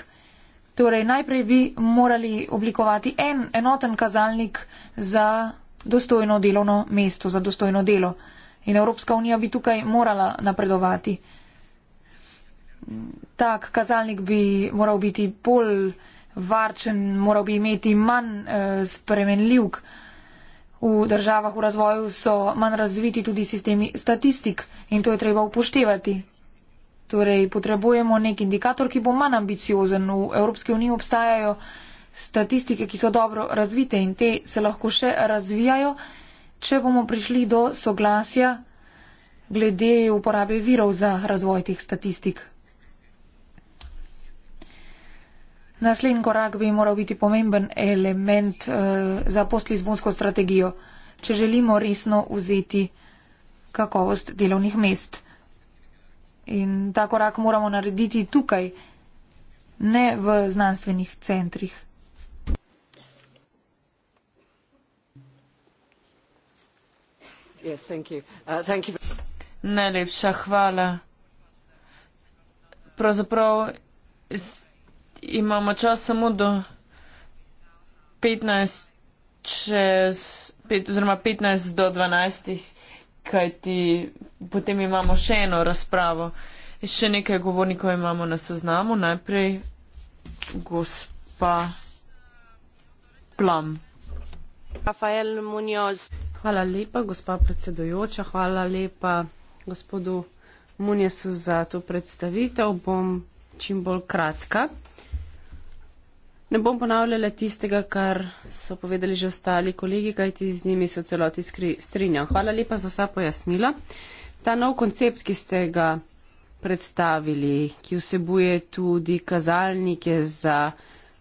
Torej, najprej bi morali oblikovati en enoten kazalnik za dostojno delovno mesto, za dostojno delo. In Evropska unija bi tukaj morala napredovati. Tak kazalnik bi moral biti bolj varčen, moral bi imeti manj eh, spremenljiv. V državah v razvoju so manj razviti tudi sistemi statistik in to je treba upoštevati. Torej, potrebujemo nek indikator, ki bo manj ambiciozen. V Evropski uniji obstajajo statistike, ki so dobro razvite in te se lahko še razvijajo, če bomo prišli do soglasja glede uporabe virov za razvoj teh statistik. Naslednji korak bi moral biti pomemben element eh, za postlizbonsko strategijo, če želimo resno vzeti kakovost delovnih mest. In ta korak moramo narediti tukaj, ne v znanstvenih centrih. Yes, thank you. Uh, thank you for... Najlepša hvala. Pravzaprav. Is imamo čas samo do 15, čez, 5, oziroma 15 do 12, kajti potem imamo še eno razpravo. Še nekaj govornikov imamo na seznamu. Najprej gospa Plam. Rafael Munoz. Hvala lepa, gospa predsedujoča. Hvala lepa gospodu Munjesu za to predstavitev. Bom čim bolj kratka. Ne bom ponavljala tistega, kar so povedali že ostali kolegi, kajti z njimi se v celoti strinjam. Hvala lepa za vsa pojasnila. Ta nov koncept, ki ste ga predstavili, ki vsebuje tudi kazalnike za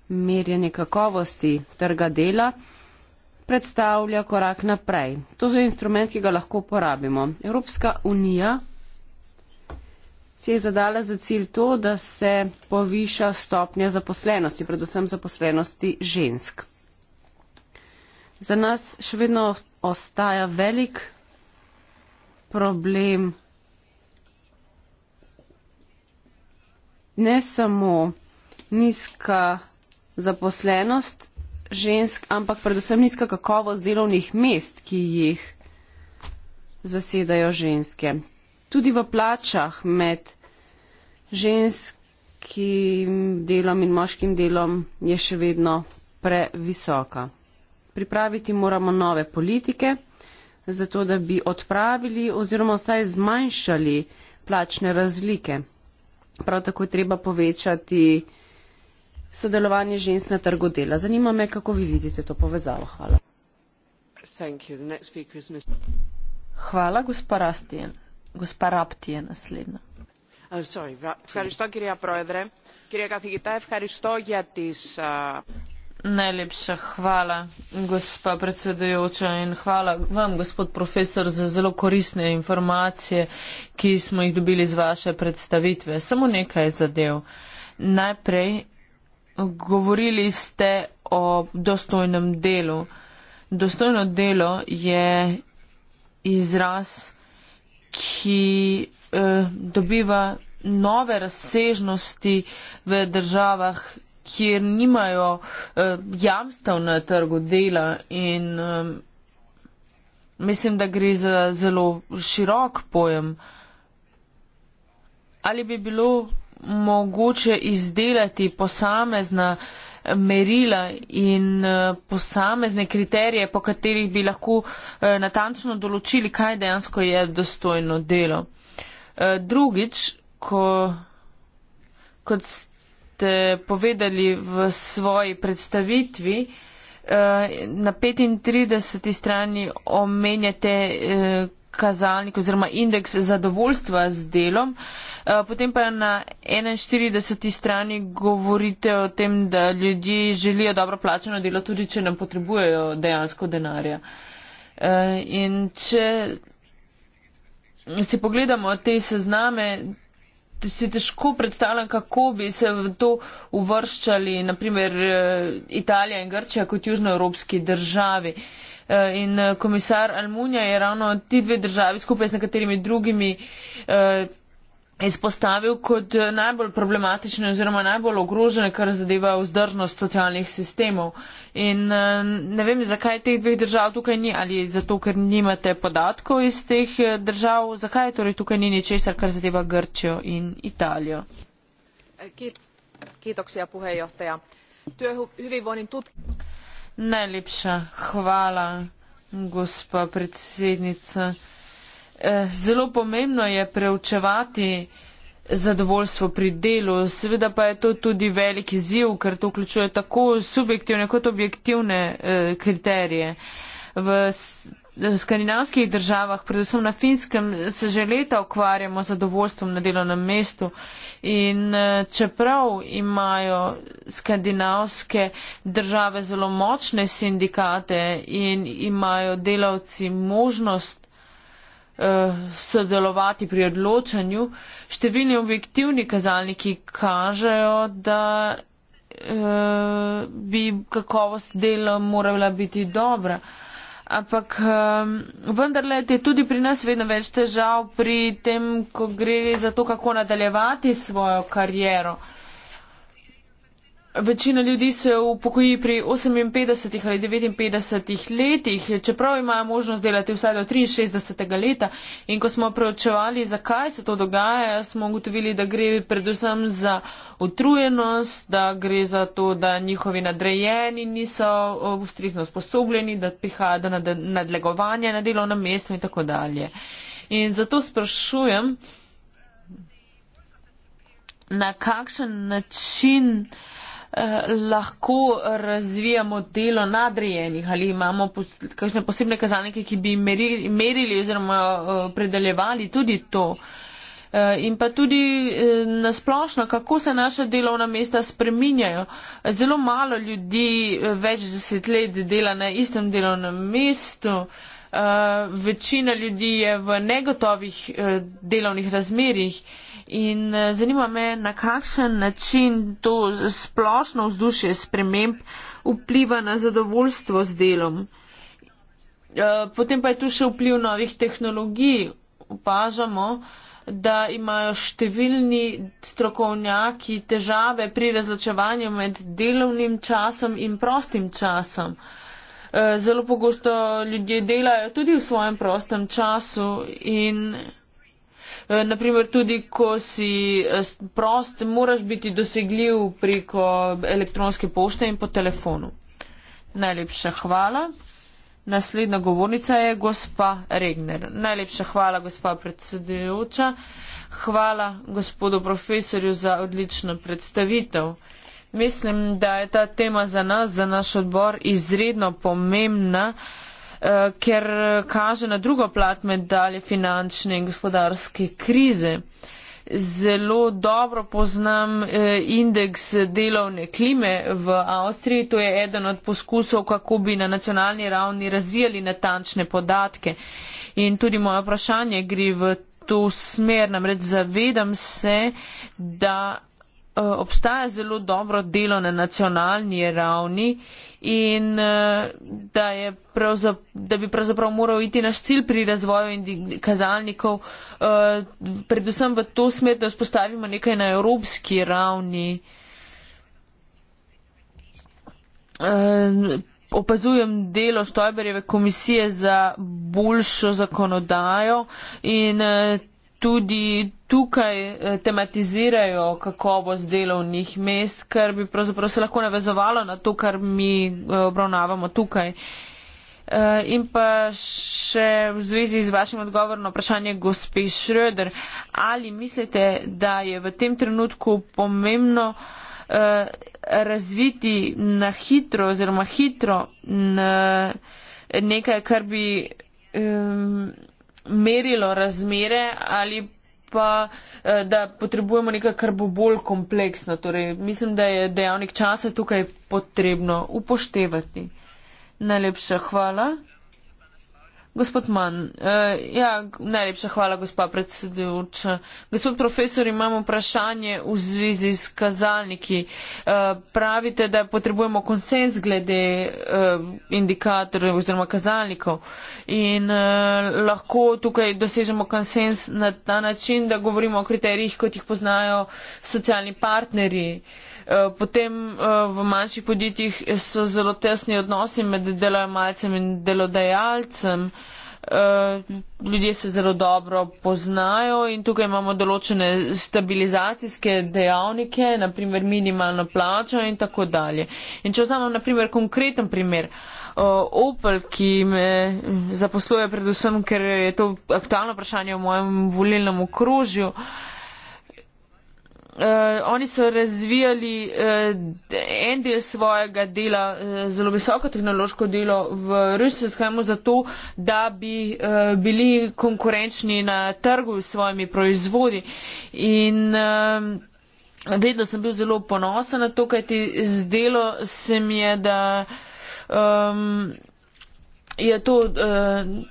merjanje kakovosti trga dela, predstavlja korak naprej. To je instrument, ki ga lahko uporabimo. Evropska unija si je zadala za cilj to, da se poviša stopnja zaposlenosti, predvsem zaposlenosti žensk. Za nas še vedno ostaja velik problem ne samo nizka zaposlenost žensk, ampak predvsem nizka kakovost delovnih mest, ki jih zasedajo ženske tudi v plačah med ženskim delom in moškim delom je še vedno previsoka. Pripraviti moramo nove politike, zato da bi odpravili oziroma vsaj zmanjšali plačne razlike. Prav tako je treba povečati sodelovanje žensk na trgu dela. Zanima me, kako vi vidite to povezavo. Hvala. Hvala, gospod Rastijan. Uh, uh, Najlepša hvala, gospa predsedujoča, in hvala vam, gospod profesor, za zelo koristne informacije, ki smo jih dobili z vaše predstavitve. Samo nekaj zadev. Najprej govorili ste o dostojnem delu. Dostojno delo je izraz, ki ki eh, dobiva nove razsežnosti v državah, kjer nimajo eh, jamstev na trgu dela in eh, mislim, da gre za zelo širok pojem. Ali bi bilo mogoče izdelati posamezna eh, merila in eh, posamezne kriterije, po katerih bi lahko eh, natančno določili, kaj dejansko je dostojno delo. Eh, drugič, ko, kot ste povedali v svoji predstavitvi, na 35. strani omenjate, kazalnik oziroma indeks zadovoljstva z delom. Eh, potem pa na 41. strani govorite o tem, da ljudje želijo dobro plačeno delo, tudi če ne potrebujejo dejansko denarja. Eh, in če si pogledamo te sezname, si težko predstavljam, kako bi se v to uvrščali, naprimer eh, Italija in Grčija kot južnoevropski državi. Eh, in eh, komisar Almunja je ravno ti dve državi skupaj z nekaterimi drugimi eh, izpostavil kot najbolj problematične oziroma najbolj ogrožene, kar zadeva vzdržnost socialnih sistemov. In ne vem, zakaj teh dveh držav tukaj ni, ali zato, ker nimate podatkov iz teh držav, zakaj torej tukaj ni ničesar, kar zadeva Grčijo in Italijo. Kiitoksia puheenjohtaja. Työhyvinvoinnin tutkimus. Najlepša hvala, gospa predsednica. Eh, zelo pomembno je preučevati zadovoljstvo pri delu. Seveda pa je to tudi velik izziv, ker to vključuje tako subjektivne kot objektivne eh, kriterije. V v skandinavskih državah, predvsem na finskem, se že leta ukvarjamo z zadovoljstvom na delovnem mestu. In eh, čeprav imajo skandinavske države zelo močne sindikate in imajo delavci možnost eh, sodelovati pri odločanju, številni objektivni kazalniki kažejo, da eh, bi kakovost dela morala biti dobra ampak um, vendarle je tudi pri nas vedno več težav pri tem, ko gre za to, kako nadaljevati svojo kariero. Večina ljudi se upokoji pri 58 ali 59 letih, čeprav imajo možnost delati vsaj do 63 leta. In ko smo preučevali, zakaj se to dogaja, smo ugotovili, da gre predvsem za utrujenost, da gre za to, da njihovi nadrejeni niso ustrezno sposobljeni, da prihaja do nadlegovanja na delovnem mestu in tako dalje. In zato sprašujem, na kakšen način Eh, lahko razvijamo delo nadrejenih ali imamo pos kakšne posebne kazalnike, ki bi merili, merili oziroma eh, predeljevali tudi to. Eh, in pa tudi nasplošno, kako se naša delovna mesta spreminjajo. Zelo malo ljudi več desetletij dela na istem delovnem mestu. Večina ljudi je v negotovih delovnih razmerjih. In eh, zanima me, na kakšen način to splošno vzdušje sprememb vpliva na zadovoljstvo z delom. Eh, potem pa je tu še vpliv novih tehnologij. Upažamo, da imajo številni strokovnjaki težave pri razločevanju med delovnim časom in prostim časom. Eh, zelo pogosto ljudje delajo tudi v svojem prostem času in Eh, Naprimer, tudi ko si eh, prost, moraš biti dosegljiv preko elektronske pošte in po telefonu. Najlepša hvala. Naslednja govornica je gospa Regner. Najlepša hvala, gospa predsedujoča. Hvala gospodu profesorju za odlično predstavitev. Mislim, da je ta tema za nas, za naš odbor, izredno pomembna. Uh, Eh, ker kaže na drugo plat medalje finančne in gospodarske krize. Zelo dobro poznam eh, indeks delovne klime v Avstriji. To je eden od poskusov, kako bi na nacionalni ravni razvijali natančne podatke. In tudi moje vprašanje gre v to smer. Namreč zavedam se, da Eh, obstaja zelo dobro delo na nacionalni ravni in eh, da, da bi pravzaprav moral iti naš cilj pri razvoju kazalnikov, eh, predvsem v to smer, da vzpostavimo nekaj na evropski ravni. Opazujem delo Štojberjeve komisije za boljšo zakonodajo in tudi tukaj eh, tematizirajo kakovost delovnih mest, kar bi pravzaprav se lahko navezovalo na to, kar mi eh, obravnavamo tukaj. Eh, in pa še v zvezi z vašim odgovorom na vprašanje gospe Šröder, ali mislite, da je v tem trenutku pomembno razviti na hitro oziroma hitro nekaj, kar bi merilo razmere ali pa eh, da potrebujemo nekaj, kar bo bolj kompleksno. Torej, mislim, da je dejavnik časa tukaj potrebno upoštevati. Najlepša hvala. Gospod Mann, uh, ja, najlepša hvala, gospa predsedujoča. Gospod profesor, imam vprašanje v zvezi s kazalniki. Uh, pravite, da potrebujemo konsens glede uh, indikatorjev oziroma kazalnikov in uh, lahko tukaj dosežemo konsens na ta način, da govorimo o kriterijih, kot jih poznajo socialni partnerji. Uh, Eh, potem eh, v manjših podjetjih so zelo tesni odnosi med delojemalcem in delodajalcem. Eh, ljudje se zelo dobro poznajo in tukaj imamo določene stabilizacijske dejavnike, naprimer minimalno plačo in tako dalje. In če vzamem naprimer konkreten primer, Opel, ki me zaposluje predvsem, ker je to aktualno vprašanje v mojem volilnem okrožju, Uh, oni so razvijali uh, en del svojega dela, uh, zelo visoko tehnološko delo v Rusijo, zato, da bi uh, bili konkurenčni na trgu s svojimi proizvodi. In uh, vedno sem bil zelo ponosen na to, kaj ti zdelo se mi je, da. Um, je to uh,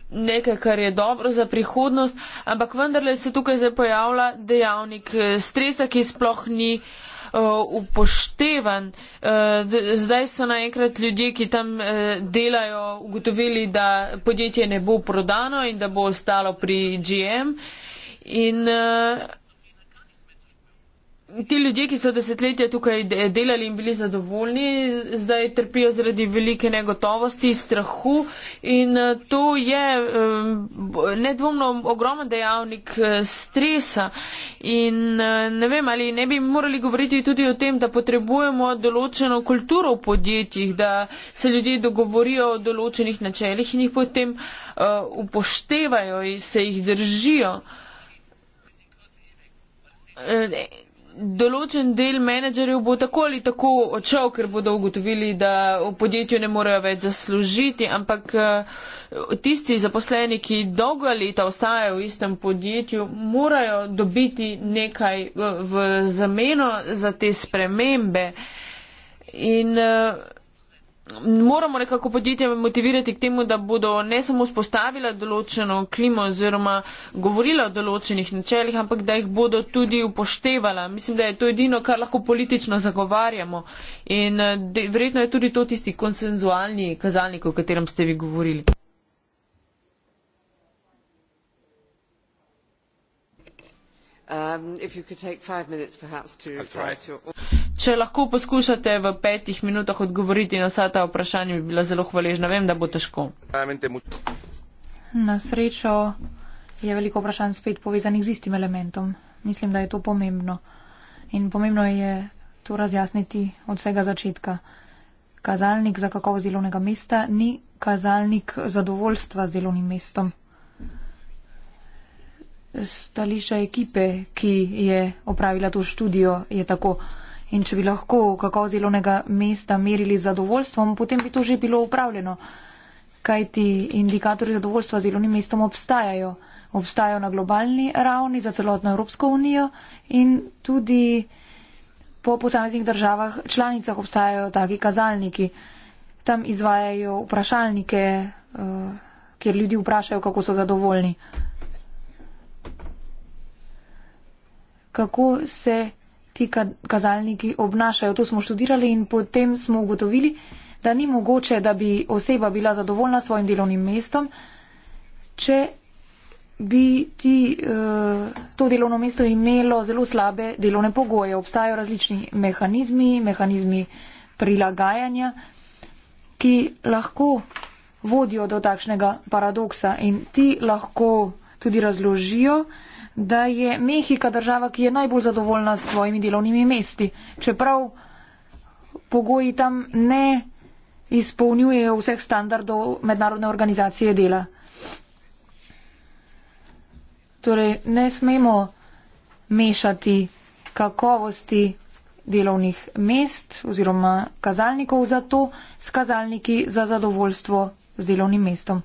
nekaj, kar je dobro za prihodnost, ampak vendarle se tukaj zdaj pojavlja dejavnik eh, stresa, ki sploh ni eh, upoštevan. Zdaj so naenkrat ljudje, ki tam delajo, ugotovili, da podjetje ne bo prodano in da bo ostalo pri GM. In ti ljudje, ki so desetletja tukaj delali in bili zadovoljni, zdaj trpijo zaradi velike negotovosti, strahu in eh, to je eh, nedvomno ogromen dejavnik eh, stresa. In ne vem, ali ne bi morali govoriti tudi o tem, da potrebujemo določeno kulturo v podjetjih, da se ljudje dogovorijo o določenih načelih in jih potem upoštevajo in se jih držijo določen del menedžerjev bo tako ali tako odšel, ker bodo ugotovili, da v podjetju ne morejo več zaslužiti, ampak eh, tisti zaposleni, ki dolgo leta ostajajo v istem podjetju, morajo dobiti nekaj eh, v zameno za te spremembe. In uh, moramo nekako podjetja motivirati k temu, da bodo ne samo spostavila določeno klimo oziroma govorila o določenih načeljih, ampak da jih bodo tudi upoštevala. Mislim, da je to edino, kar lahko politično zagovarjamo. In eh, verjetno je tudi to tisti konsenzualni kazalnik, o katerem ste vi govorili. Um, to če lahko poskušate v petih minutah odgovoriti na vsa ta vprašanja, bi bila zelo hvaležna. Vem, da bo težko. Na srečo je veliko vprašanj spet povezanih z istim elementom. Mislim, da je to pomembno. In pomembno je to razjasniti od vsega začetka. Kazalnik za kakovost delovnega mesta ni kazalnik zadovoljstva z delovnim mestom. Stališče ekipe, ki je opravila to študijo, je tako. In če bi lahko kakovost delovnega mesta merili zadovoljstvom, potem bi to že bilo upravljeno. Kaj ti indikatorji zadovoljstva z delovnim mestom obstajajo? Obstajajo na globalni ravni za celotno Evropsko unijo in tudi po posameznih državah članicah obstajajo taki kazalniki. Tam izvajajo vprašalnike, eh, kjer ljudi vprašajo, kako so zadovoljni. Kako se ti kazalniki obnašajo. To smo študirali in potem smo ugotovili, da ni mogoče, da bi oseba bila zadovoljna s svojim delovnim mestom, če bi ti eh, to delovno mesto imelo zelo slabe delovne pogoje. Obstajajo različni mehanizmi, mehanizmi prilagajanja, ki lahko vodijo do takšnega paradoksa in ti lahko tudi razložijo, da je Mehika država, ki je najbolj zadovoljna s svojimi delovnimi mesti, čeprav pogoji tam ne izpolnjujejo vseh standardov mednarodne organizacije dela. Torej, ne smemo mešati kakovosti delovnih mest oziroma kazalnikov za to s kazalniki za zadovoljstvo z delovnim mestom.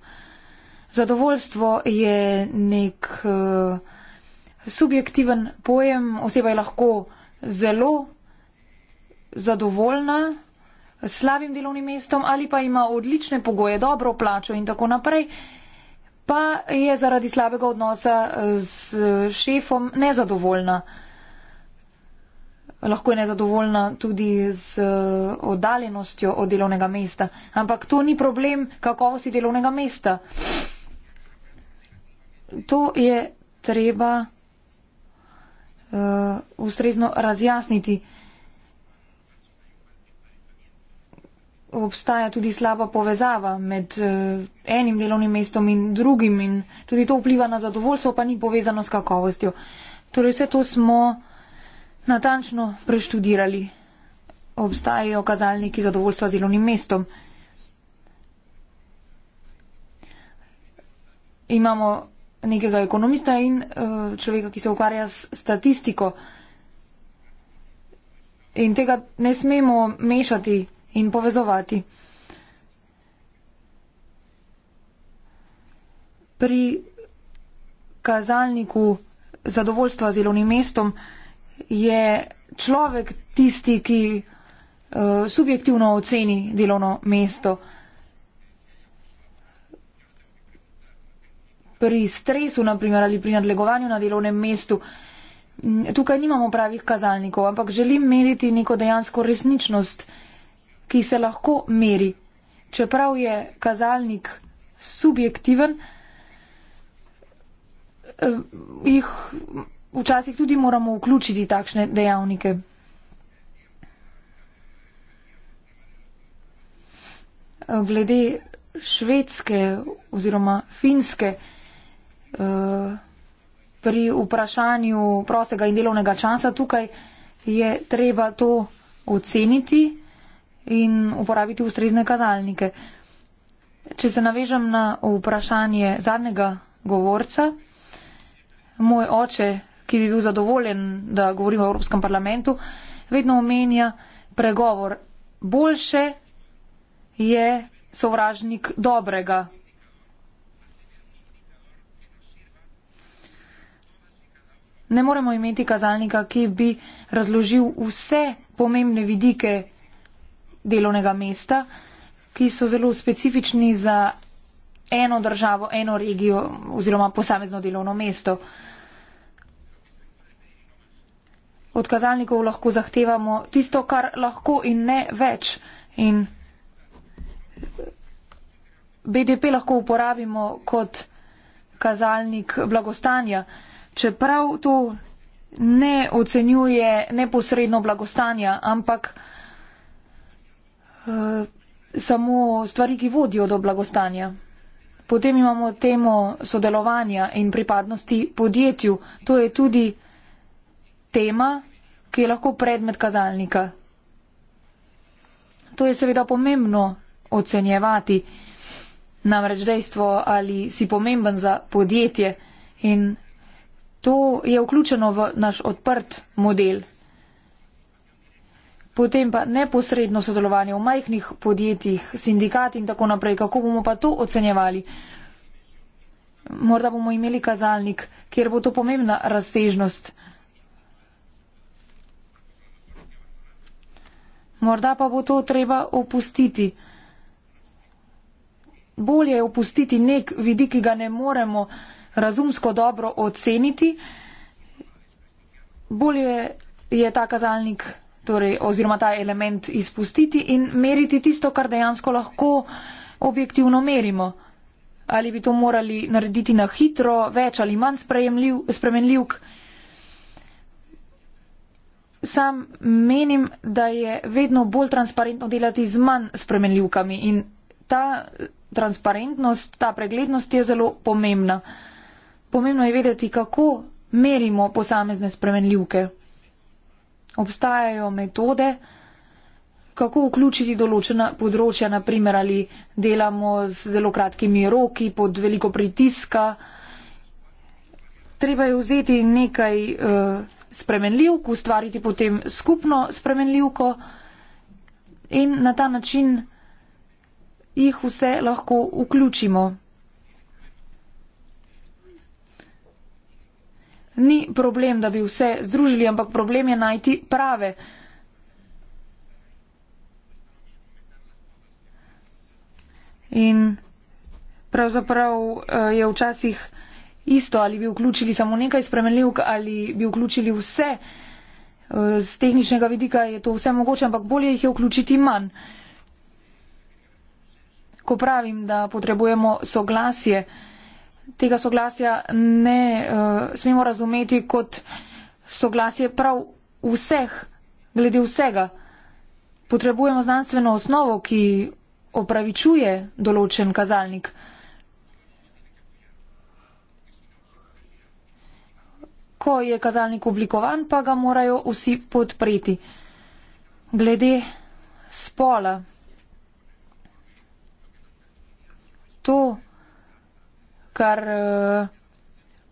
Zadovoljstvo je nek. Uh, subjektiven pojem, oseba je lahko zelo zadovoljna s slabim delovnim mestom ali pa ima odlične pogoje, dobro plačo in tako naprej, pa je zaradi slabega odnosa s šefom nezadovoljna. Lahko je nezadovoljna tudi z eh, oddaljenostjo od delovnega mesta, ampak to ni problem kakovosti delovnega mesta. To je treba uh, ustrezno razjasniti. Obstaja tudi slaba povezava med uh, enim delovnim mestom in drugim in tudi to vpliva na zadovoljstvo, pa ni povezano s kakovostjo. Torej vse to smo natančno preštudirali. Obstajajo kazalniki zadovoljstva z delovnim mestom. Imamo nekega ekonomista in uh, človeka, ki se ukvarja s statistiko. In tega ne smemo mešati in povezovati. Pri kazalniku zadovoljstva z zelenim mestom je človek tisti, ki uh, subjektivno oceni delovno mesto. Uh, pri stresu naprimer, ali pri nadlegovanju na delovnem mestu. Mm, tukaj nimamo pravih kazalnikov, ampak želim meriti neko dejansko resničnost, ki se lahko meri. Čeprav je kazalnik subjektiven, eh, jih včasih tudi moramo vključiti takšne dejavnike. Glede švedske oziroma finske. Eh, pri vprašanju prostega in delovnega časa tukaj je treba to oceniti in uporabiti ustrezne kazalnike. Če se navežem na vprašanje zadnjega govorca, moj oče, ki bi bil zadovoljen, da govorim v Evropskem parlamentu, vedno omenja pregovor. Boljše je sovražnik dobrega, ne moremo imeti kazalnika, ki bi razložil vse pomembne vidike delovnega mesta, ki so zelo specifični za eno državo, eno regijo oziroma posamezno delovno mesto. Od kazalnikov lahko zahtevamo tisto, kar lahko in ne več. In BDP lahko uporabimo kot kazalnik blagostanja čeprav to ne ocenjuje neposredno blagostanja, ampak uh, samo stvari, ki vodijo do blagostanja. Potem imamo temo sodelovanja in pripadnosti podjetju. To je tudi tema, ki je lahko predmet kazalnika. To je seveda pomembno ocenjevati, namreč dejstvo, ali si pomemben za podjetje in To je vključeno v naš odprt model. Potem pa neposredno sodelovanje v majhnih podjetjih, sindikati in tako naprej. Kako bomo pa to ocenjevali? Morda bomo imeli kazalnik, kjer bo to pomembna razsežnost. Morda pa bo to treba opustiti. Bolje je opustiti nek vidik, ki ga ne moremo razumsko dobro oceniti, bolje je ta kazalnik torej, oziroma ta element izpustiti in meriti tisto, kar dejansko lahko objektivno merimo. Ali bi to morali narediti na hitro, več ali manj spremenljivk. Sam menim, da je vedno bolj transparentno delati z manj spremenljivkami in ta transparentnost, ta preglednost je zelo pomembna. Pomembno je vedeti, kako merimo posamezne spremenljivke. Obstajajo metode, kako vključiti določena področja, naprimer ali delamo z zelo kratkimi roki pod veliko pritiska. Treba je vzeti nekaj uh, spremenljivk, ustvariti potem skupno spremenljivko in na ta način jih vse lahko vključimo. ni problem, da bi vse združili, ampak problem je najti prave. In pravzaprav eh, je včasih isto, ali bi vključili samo nekaj spremenljivk, ali bi vključili vse. Z eh, tehničnega vidika je to vse mogoče, ampak bolje jih je vključiti manj. Ko pravim, da potrebujemo soglasje, tega soglasja ne uh, smemo razumeti kot soglasje prav vseh, glede vsega. Potrebujemo znanstveno osnovo, ki opravičuje določen kazalnik. Ko je kazalnik oblikovan, pa ga morajo vsi podpreti. Glede spola. To kar eh,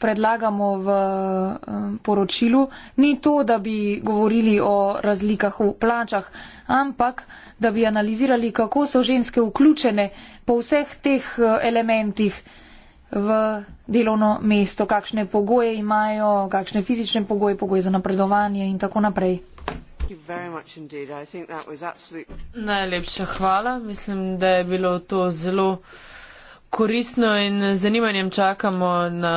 predlagamo v eh, poročilu, ni to, da bi govorili o razlikah v plačah, ampak da bi analizirali, kako so ženske vključene po vseh teh eh, elementih v delovno mesto, kakšne pogoje imajo, kakšne fizične pogoje, pogoje za napredovanje in tako naprej. Najlepša hvala. Mislim, da je bilo to zelo koristno in zanimanjem čakamo na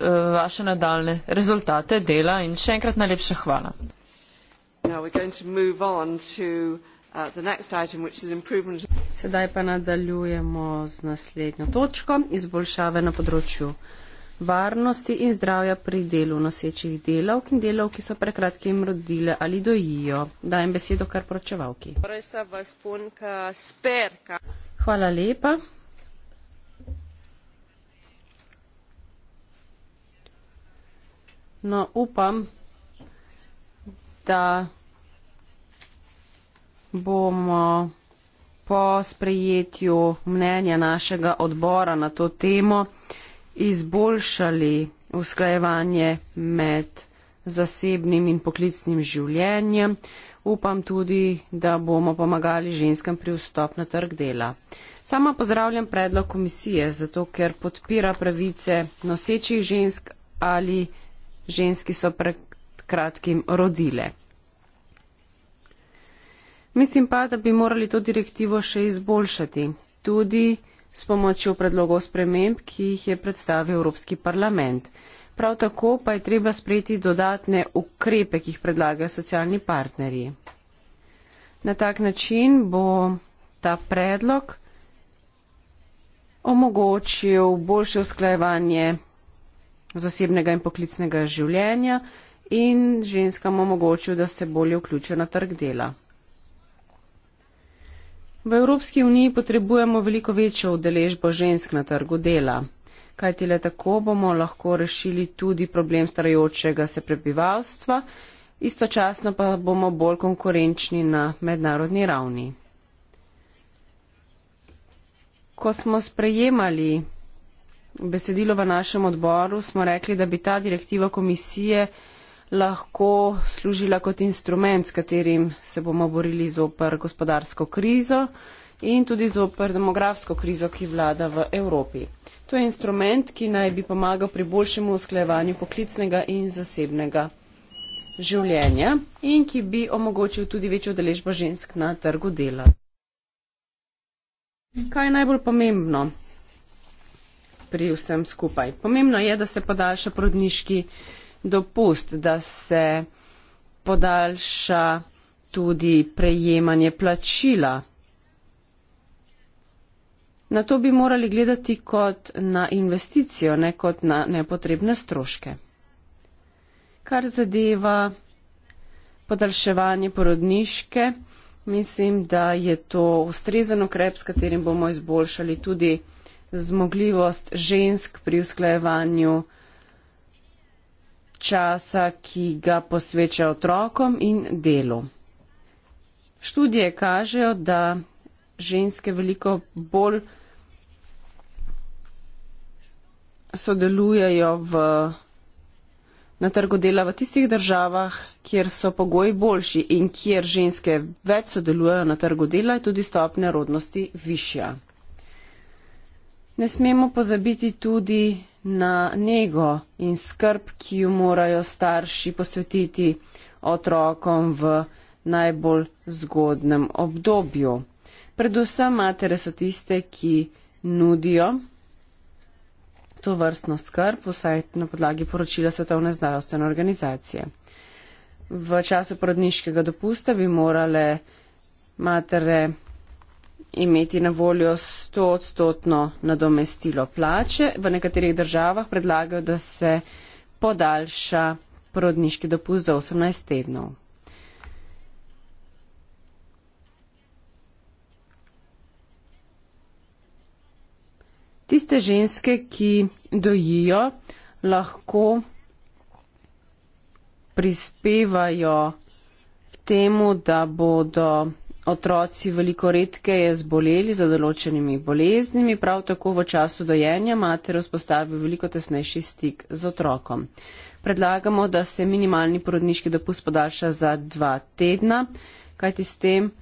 uh, vaše nadaljne rezultate dela in še enkrat najlepša hvala. Uh, Sedaj pa nadaljujemo z naslednjo točko, izboljšave na področju varnosti in zdravja pri delu nosečih delavk in delav, ki so prekratke jim rodile ali dojijo. Dajem besedo kar poročevalki. Hvala lepa. No, upam, da bomo po sprejetju mnenja našega odbora na to temo izboljšali usklajevanje med zasebnim in poklicnim življenjem. Upam tudi, da bomo pomagali ženskam pri vstop na trg dela. Sama pozdravljam predlog komisije, zato ker podpira pravice nosečih žensk ali žensk ženski so pred kratkim rodile. Mislim pa, da bi morali to direktivo še izboljšati, tudi s pomočjo predlogov sprememb, ki jih je predstavil Evropski parlament. Prav tako pa je treba sprejeti dodatne ukrepe, ki jih predlagajo socialni partnerji. Na tak način bo ta predlog omogočil boljše usklajevanje zasebnega in poklicnega življenja in ženskam omogočil, da se bolje vključijo na trg dela. V Evropski uniji potrebujemo veliko večjo udeležbo žensk na trgu dela, kajti le tako bomo lahko rešili tudi problem starajočega se prebivalstva, istočasno pa bomo bolj konkurenčni na mednarodni ravni. Ko smo sprejemali besedilo v našem odboru, smo rekli, da bi ta direktiva komisije lahko služila kot instrument, s katerim se bomo borili zopr gospodarsko krizo in tudi zopr demografsko krizo, ki vlada v Evropi. To je instrument, ki naj bi pomagal pri boljšemu usklejevanju poklicnega in zasebnega življenja in ki bi omogočil tudi večjo deležbo žensk na trgu dela. Kaj je najbolj pomembno pri vsem skupaj. Pomembno je, da se podaljša prodniški dopust, da se podaljša tudi prejemanje plačila. Na to bi morali gledati kot na investicijo, ne kot na nepotrebne stroške. Kar zadeva podaljševanje porodniške, mislim, da je to ustrezen ukrep, s katerim bomo izboljšali tudi zmogljivost žensk pri usklajevanju časa, ki ga posveča otrokom in delu. Študije kažejo, da ženske veliko bolj sodelujejo v, na trgu dela v tistih državah, kjer so pogoji boljši in kjer ženske več sodelujejo na trgu dela, je tudi stopnja rodnosti višja. Ne smemo pozabiti tudi na nego in skrb, ki jo morajo starši posvetiti otrokom v najbolj zgodnem obdobju. Predvsem matere so tiste, ki nudijo to vrstno skrb, vsaj na podlagi poročila Svetovne zdravstvene organizacije. V času porodniškega dopusta bi morale matere imeti na voljo 100 odstotno nadomestilo plače. V nekaterih državah predlagajo, da se podaljša porodniški dopust za 18 tednov. Tiste ženske, ki dojijo, lahko prispevajo temu, da bodo otroci veliko redkeje zboleli za določenimi boleznimi, prav tako v času dojenja mater vzpostavi veliko tesnejši stik z otrokom. Predlagamo, da se minimalni porodniški dopust podaljša za dva tedna, kajti s tem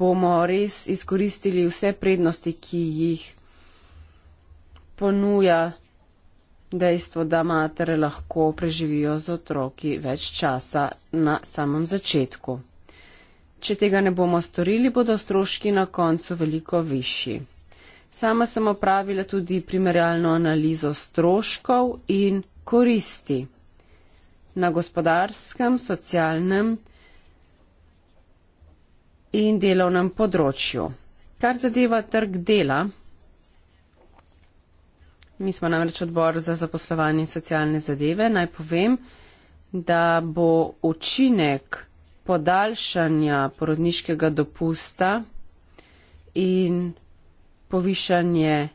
bomo res izkoristili vse prednosti, ki jih ponuja dejstvo, da matere lahko preživijo z otroki več časa na samem začetku. Če tega ne bomo storili, bodo stroški na koncu veliko višji. Sama sem opravila tudi primerjalno analizo stroškov in koristi na gospodarskem, socialnem in delovnem področju. Kar zadeva trg dela, mi smo namreč odbor za zaposlovanje in socialne zadeve, naj povem, da bo učinek podaljšanja porodniškega dopusta in povišanje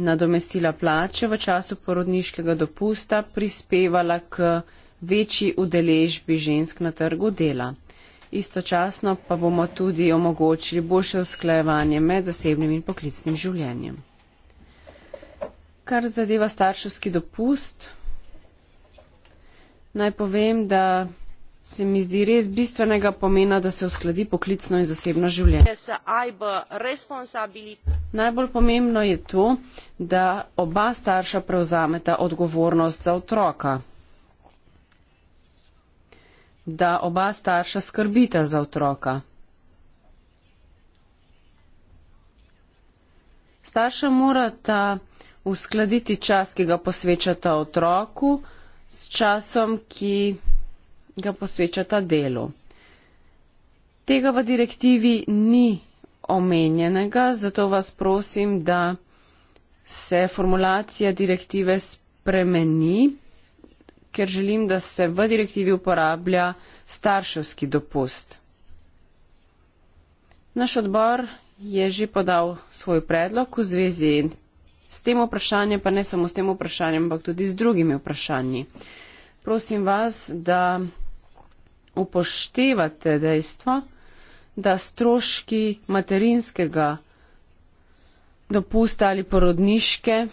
nadomestila plače v času porodniškega dopusta prispevala k večji udeležbi žensk na trgu dela. Istočasno pa bomo tudi omogočili boljše usklajevanje med zasebnim in poklicnim življenjem. Kar zadeva starševski dopust, naj povem, da se mi zdi res bistvenega pomena, da se uskladi poklicno in zasebno življenje. Najbolj pomembno je to, da oba starša prevzameta odgovornost za otroka, da oba starša skrbita za otroka. Starša morata uskladiti čas, ki ga posvečata otroku, s časom, ki ga posvečata delu. Tega v direktivi ni omenjenega, zato vas prosim, da se formulacija direktive spremeni, ker želim, da se v direktivi uporablja starševski dopust. Naš odbor je že podal svoj predlog v zvezi s tem vprašanjem, pa ne samo s tem vprašanjem, ampak tudi z drugimi vprašanji. Prosim vas, da upoštevate dejstvo, da stroški materinskega dopusta ali porodniške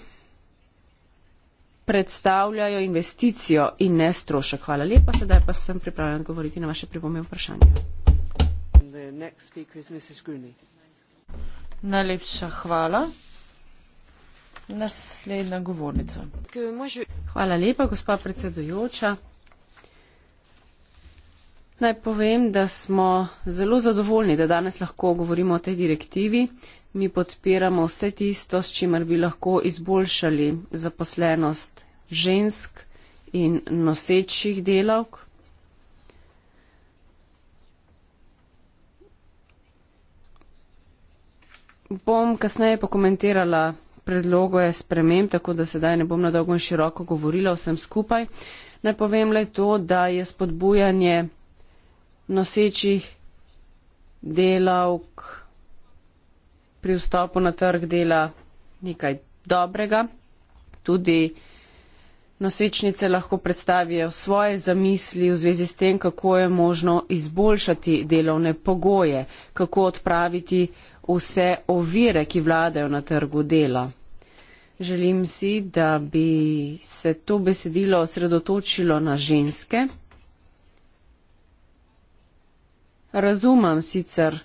predstavljajo investicijo in ne strošek. Hvala lepa, sedaj pa sem pripravljen odgovoriti na vaše pripombe in vprašanje. Najlepša hvala. Naslednja govornica. Hvala lepa, gospa predsedujoča. Naj povem, da smo zelo zadovoljni, da danes lahko govorimo o tej direktivi. Mi podpiramo vse tisto, s čimer bi lahko izboljšali zaposlenost žensk in nosečih delavk. Bom kasneje pokomentirala predlogo je spremem, tako da sedaj ne bom na dolgo in široko govorila vsem skupaj. Naj povem le to, da je spodbujanje nosečih delavk pri vstopu na trg dela nekaj dobrega. Tudi nosečnice lahko predstavijo svoje zamisli v zvezi s tem, kako je možno izboljšati delovne pogoje, kako odpraviti vse ovire, ki vladajo na trgu dela. Želim si, da bi se to besedilo osredotočilo na ženske. razumem sicer,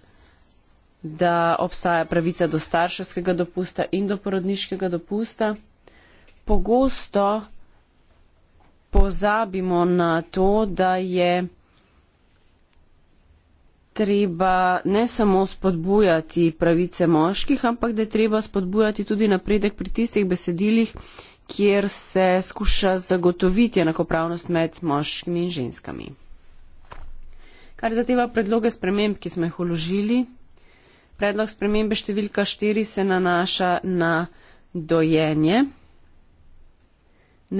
da obstaja pravica do starševskega dopusta in do porodniškega dopusta, pogosto pozabimo na to, da je treba ne samo spodbujati pravice moških, ampak da je treba spodbujati tudi napredek pri tistih besedilih, kjer se skuša zagotoviti enakopravnost med moškimi in ženskami. Kar zadeva predloge sprememb, ki smo jih uložili, predlog spremembe številka 4 se nanaša na dojenje.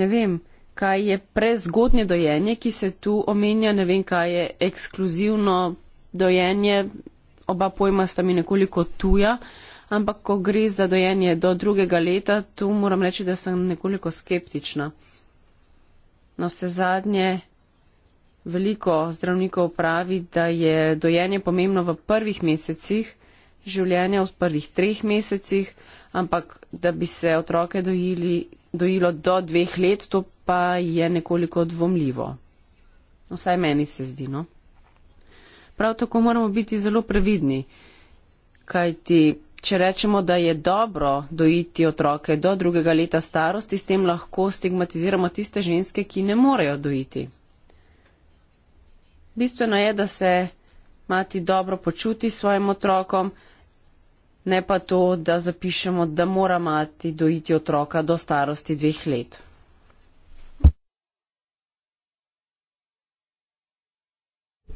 Ne vem, kaj je prezgodnje dojenje, ki se tu omenja, ne vem, kaj je ekskluzivno dojenje, oba pojma sta mi nekoliko tuja, ampak ko gre za dojenje do drugega leta, tu moram reči, da sem nekoliko skeptična. No, vse zadnje. Veliko zdravnikov pravi, da je dojenje pomembno v prvih mesecih življenja, v prvih treh mesecih, ampak da bi se otroke dojili, dojilo do dveh let, to pa je nekoliko dvomljivo. Vsaj meni se zdi. No? Prav tako moramo biti zelo previdni, kajti če rečemo, da je dobro dojiti otroke do drugega leta starosti, s tem lahko stigmatiziramo tiste ženske, ki ne morejo dojiti bistveno je, da se mati dobro počuti svojim otrokom, ne pa to, da zapišemo, da mora mati dojiti otroka do starosti dveh let.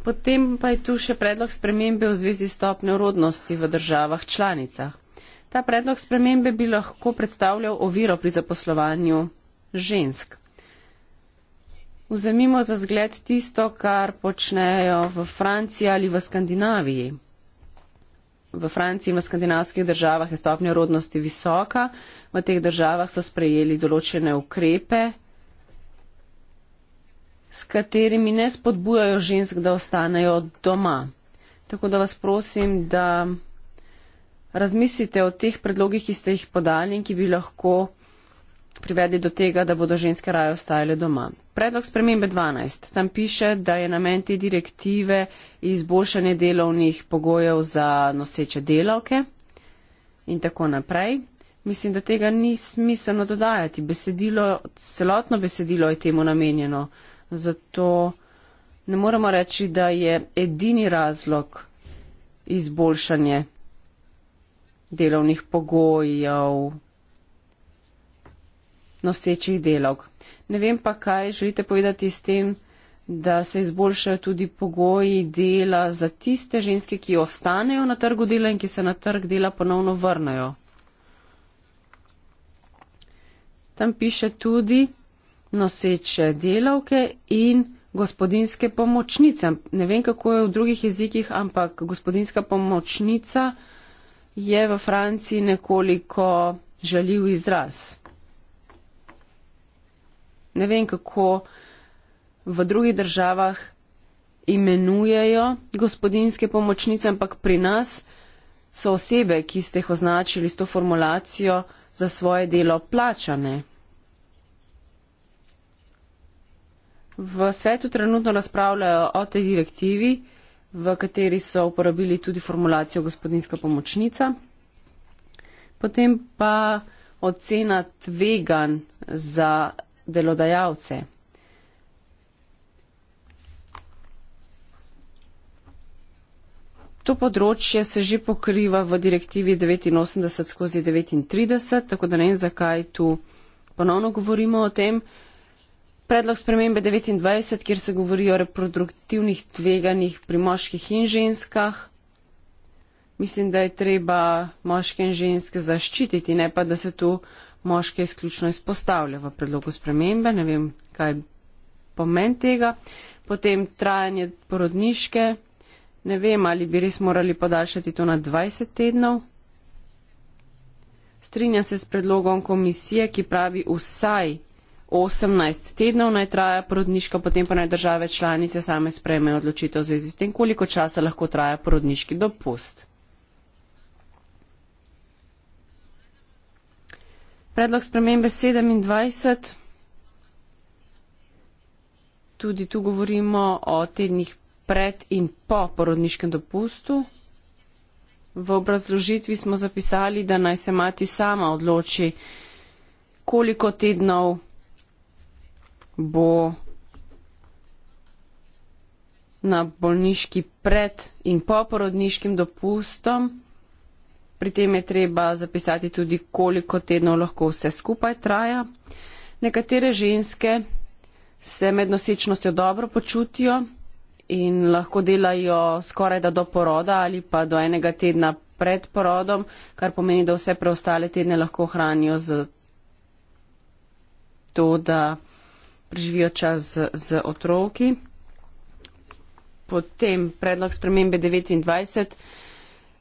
Potem pa je tu še predlog spremembe v zvezi stopne urodnosti v državah članicah. Ta predlog spremembe bi lahko predstavljal oviro pri zaposlovanju žensk. Vzemimo za zgled tisto, kar počnejo v Franciji ali v Skandinaviji. V Franciji in v skandinavskih državah je stopnja rodnosti visoka, v teh državah so sprejeli določene ukrepe, s katerimi ne spodbujajo žensk, da ostanejo doma. Tako da vas prosim, da razmislite o teh predlogih, ki ste jih podali in ki bi lahko privedli do tega, da bodo ženske raje ostajale doma. Predlog spremembe 12. Tam piše, da je namen te direktive izboljšanje delovnih pogojev za noseče delavke in tako naprej. Mislim, da tega ni smiselno dodajati. Besedilo, celotno besedilo je temu namenjeno. Zato ne moremo reči, da je edini razlog izboljšanje delovnih pogojev nosečih delov. Ne vem pa, kaj želite povedati s tem, da se izboljšajo tudi pogoji dela za tiste ženske, ki ostanejo na trgu dela in ki se na trg dela ponovno vrnajo. Tam piše tudi noseče delavke in gospodinske pomočnice. Ne vem, kako je v drugih jezikih, ampak gospodinska pomočnica je v Franciji nekoliko žaljiv izraz ne vem, kako v drugih državah imenujejo gospodinske pomočnice, ampak pri nas so osebe, ki ste jih označili s to formulacijo, za svoje delo plačane. V svetu trenutno razpravljajo o tej direktivi, v kateri so uporabili tudi formulacijo gospodinska pomočnica. Potem pa ocena tvegan za delodajalce. To področje se že pokriva v direktivi 89 skozi 39, tako da ne vem, zakaj tu ponovno govorimo o tem. Predlog spremembe 29, kjer se govori o reproduktivnih tveganjih pri moških in ženskah. Mislim, da je treba moške in ženske zaščititi, ne pa da se tu uh, moške izključno izpostavlja v predlogu spremembe, ne vem, kaj pomen tega. Potem trajanje porodniške, ne vem, ali bi res morali podaljšati to na 20 tednov. Strinja se s predlogom komisije, ki pravi vsaj 18 tednov naj traja porodniška, potem pa naj države članice same sprejme odločitev v zvezi s tem, koliko časa lahko traja porodniški dopust. Predlog spremembe 27. Tudi tu govorimo o tednih pred in po porodniškem dopustu. V obrazložitvi smo zapisali, da naj se mati sama odloči, koliko tednov bo na bolniški pred in po porodniškem dopustu. Pri tem je treba zapisati tudi, koliko tednov lahko vse skupaj traja. Nekatere ženske se med nosečnostjo dobro počutijo in lahko delajo skoraj da do poroda ali pa do enega tedna pred porodom, kar pomeni, da vse preostale tedne lahko hranijo z to, da preživijo čas z, z otroki. Potem predlog spremembe 29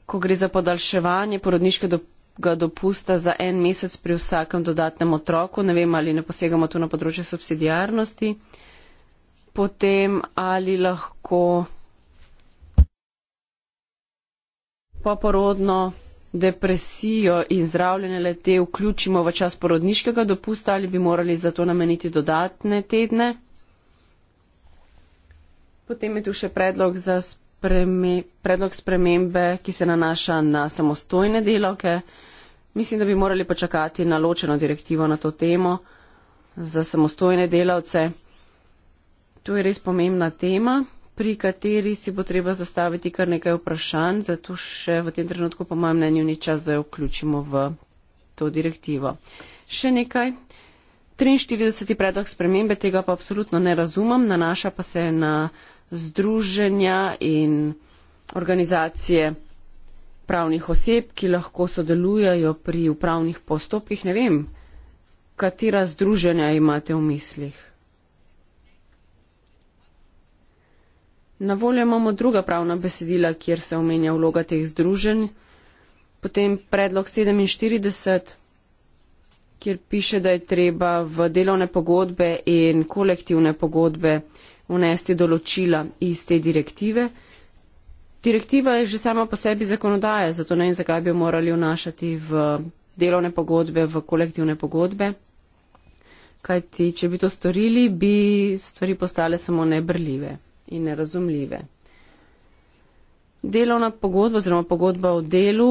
ko gre za podaljševanje porodniške dopustnosti. Ga dopusta za en mesec pri vsakem dodatnem otroku, ne vem ali ne posegamo tu na področje subsidijarnosti, potem ali lahko poporodno depresijo in zdravljenje lete vključimo v čas porodniškega dopusta ali bi morali za to nameniti dodatne tedne. Potem je tu še predlog za spremljanje predlog spremembe, ki se nanaša na samostojne delavke. Mislim, da bi morali počakati na ločeno direktivo na to temo za samostojne delavce. To je res pomembna tema, pri kateri si bo treba zastaviti kar nekaj vprašanj, zato še v tem trenutku, po mojem mnenju, ni čas, da jo vključimo v to direktivo. Še nekaj. 43. predlog spremembe tega pa absolutno ne razumem, nanaša pa se na združenja in organizacije pravnih oseb, ki lahko sodelujajo pri upravnih postopkih. Ne vem, katera združenja imate v mislih. Na voljo imamo druga pravna besedila, kjer se omenja vloga teh združenj. Potem predlog 47, kjer piše, da je treba v delovne pogodbe in kolektivne pogodbe unesti določila iz te direktive. Direktiva je že sama po sebi zakonodaja, zato ne in zakaj bi jo morali vnašati v delovne pogodbe, v kolektivne pogodbe. Kajti, če bi to storili, bi stvari postale samo nebrljive in nerazumljive. Delovna pogodba oziroma pogodba o delu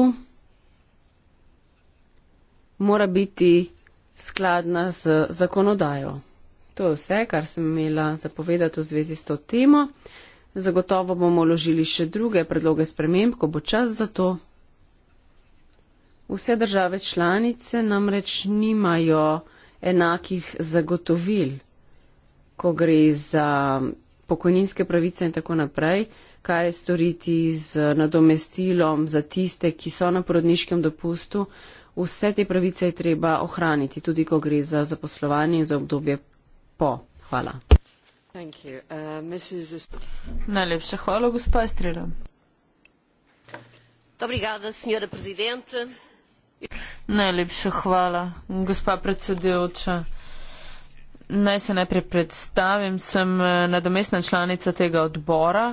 mora biti skladna z zakonodajo. To je vse, kar sem imela zapovedati v zvezi s to temo. Zagotovo bomo ložili še druge predloge sprememb, ko bo čas za to. Vse države članice namreč nimajo enakih zagotovil, ko gre za pokojninske pravice in tako naprej, kaj je storiti z nadomestilom za tiste, ki so na porodniškem dopustu. Vse te pravice je treba ohraniti, tudi ko gre za zaposlovanje in za obdobje Uh, Najlepša hvala, gospa Estrela. Najlepša hvala, gospa predsedujoča. Naj se najprej predstavim, sem eh, nadomestna članica tega odbora.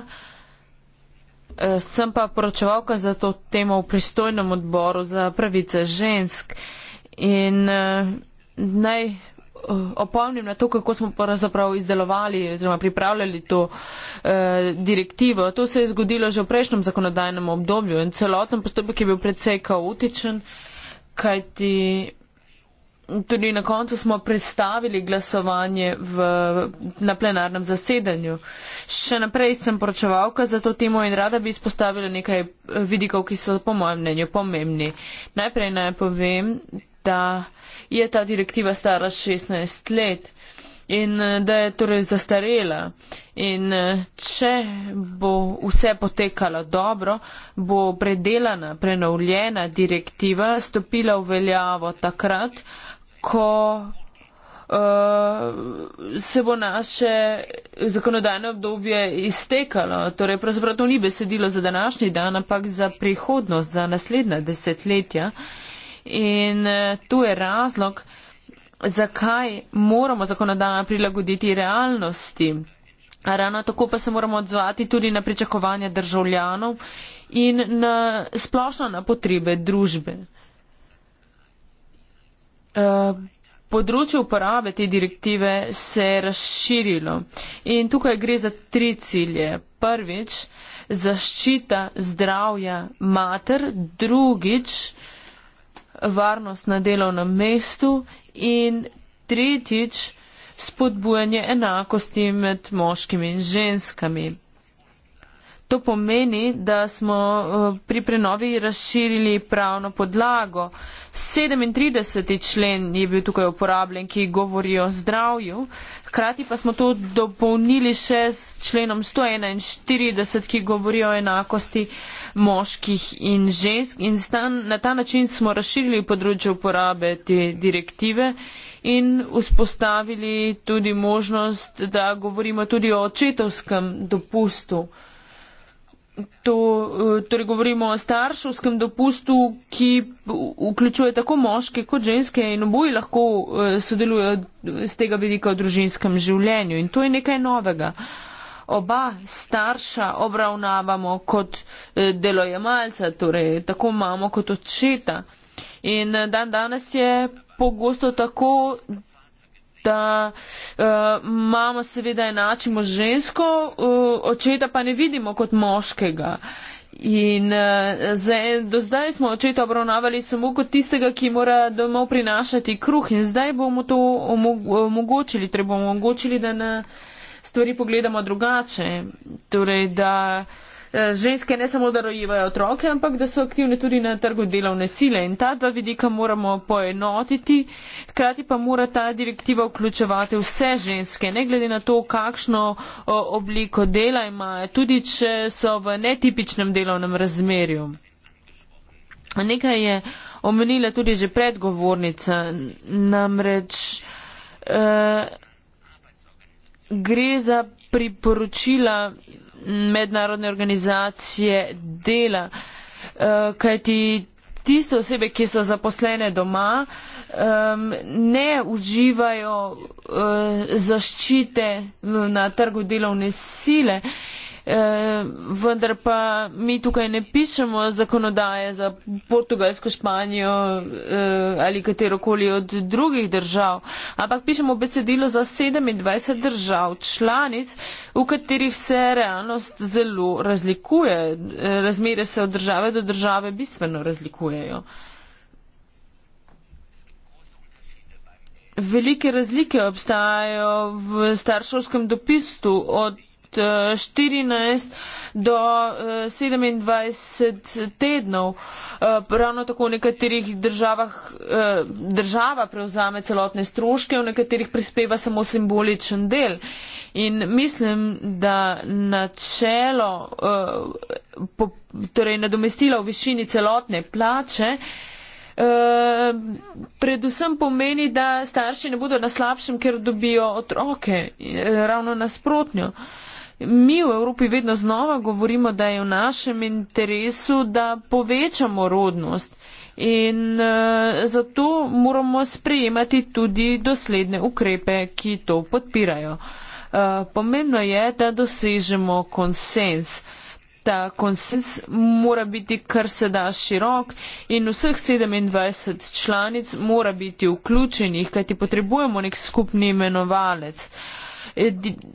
Eh, sem pa poročevalka za to temo v pristojnem odboru za pravice žensk. In eh, naj Eh, opomnim na to, kako smo pravzaprav izdelovali oziroma pripravljali to eh, direktivo. To se je zgodilo že v prejšnjem zakonodajnem obdobju in celoten postopek je bil predvsej kaotičen, kajti tudi na koncu smo predstavili glasovanje v, na plenarnem zasedanju. Še naprej sem poročevalka za to temo in rada bi izpostavila nekaj eh, vidikov, ki so po mojem mnenju pomembni. Najprej naj povem, da je ta direktiva stara 16 let in da je torej zastarela. In če bo vse potekalo dobro, bo predelana, prenovljena direktiva stopila v veljavo takrat, ko uh, se bo naše zakonodajno obdobje iztekalo. Torej, pravzaprav to ni besedilo za današnji dan, ampak za prihodnost, za naslednja desetletja. Uh, In eh, to je razlog, zakaj moramo zakonodajo prilagoditi realnosti. Ravno tako pa se moramo odzvati tudi na pričakovanja državljanov in na, splošno na potrebe družbe. Eh, področje uporabe te direktive se je razširilo in tukaj gre za tri cilje. Prvič, zaščita zdravja mater, drugič, varnost na delovnem mestu in tretjič, spodbujanje enakosti med moškimi in ženskami. To pomeni, da smo eh, pri prenovi razširili pravno podlago, 37. člen je bil tukaj uporabljen, ki govori o zdravju. Hkrati pa smo to dopolnili še s členom 141, ki govori o enakosti moških in žensk. In stan, na ta način smo razširili področje uporabe te direktive in vzpostavili tudi možnost, da govorimo tudi o očetovskem dopustu to, eh, torej govorimo o starševskem dopustu, ki vključuje tako moške kot ženske in oboji lahko eh, sodelujo z tega vidika v družinskem življenju. In to je nekaj novega. Oba starša obravnavamo kot eh, delojemalca, torej tako mamo kot očeta. In dan danes je pogosto tako, da uh, eh, mama seveda enačimo z žensko, uh, očeta pa ne vidimo kot moškega. In uh, zdaj, do zdaj smo očeta obravnavali samo kot tistega, ki mora domov prinašati kruh in zdaj bomo to omogočili, treba omogočili, da na stvari pogledamo drugače. Torej, da, uh, Eh, ženske ne samo, da rojevajo otroke, ampak da so aktivne tudi na trgu delovne sile. In ta dva vidika moramo poenotiti, hkrati pa mora ta direktiva vključevati vse ženske, ne glede na to, kakšno obliko dela imajo, tudi če so v netipičnem delovnem razmerju. Nekaj je omenila tudi že predgovornica, namreč eh, gre za priporočila mednarodne organizacije dela. Eh, Kaj ti tiste osebe, ki so zaposlene doma, ne uživajo eh, zaščite na trgu delovne sile. Eh, vendar pa mi tukaj ne pišemo zakonodaje za Portugalsko, Španijo eh, ali katerokoli od drugih držav, ampak pišemo besedilo za 27 držav članic, v katerih se realnost zelo razlikuje. Eh, razmere se od države do države bistveno razlikujejo. Velike razlike obstajajo v starševskem dopisu od 14 eh, do 27 eh, tednov. Eh, ravno tako v nekaterih državah država prevzame celotne stroške, v nekaterih prispeva samo simboličen del. In mislim, da načelo, torej nadomestila v višini celotne plače, Uh, predvsem pomeni, da starši ne bodo na slabšem, ker dobijo otroke, ravno nasprotno. Uh, Mi v Evropi vedno znova govorimo, da je v našem interesu, da povečamo rodnost in uh, zato moramo sprejemati tudi dosledne ukrepe, ki to podpirajo. Uh, pomembno je, da dosežemo konsens. Ta konsens mora biti kar se da širok in vseh 27 članic mora biti vključenih, kajti potrebujemo nek skupni imenovalec. Uh, Eh,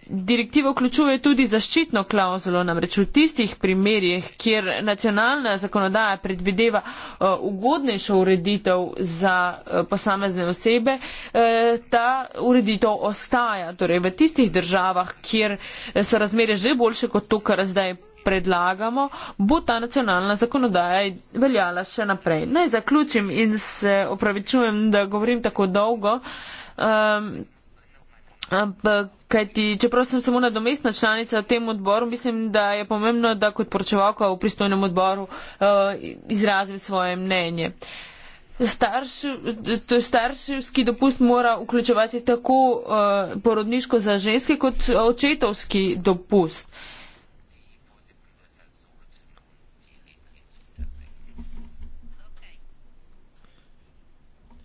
Direktiva vključuje tudi zaščitno klauzulo, namreč v tistih primerjih, kjer nacionalna zakonodaja predvideva eh, ugodnejšo ureditev za eh, posamezne osebe, ta ureditev ostaja. Torej, v tistih državah, kjer so razmere že boljše kot to, kar zdaj predlagamo, bo ta nacionalna zakonodaja veljala še naprej. Naj zaključim in se opravičujem, da govorim tako dolgo. Um, Ampak, kajti, čeprav sem samo nadomestna članica v tem odboru, mislim, da je pomembno, da kot poročevalka v pristojnem odboru uh, eh, izrazi svoje mnenje. Starš, to je starševski dopust mora vključevati tako uh, porodniško za ženske kot očetovski dopust.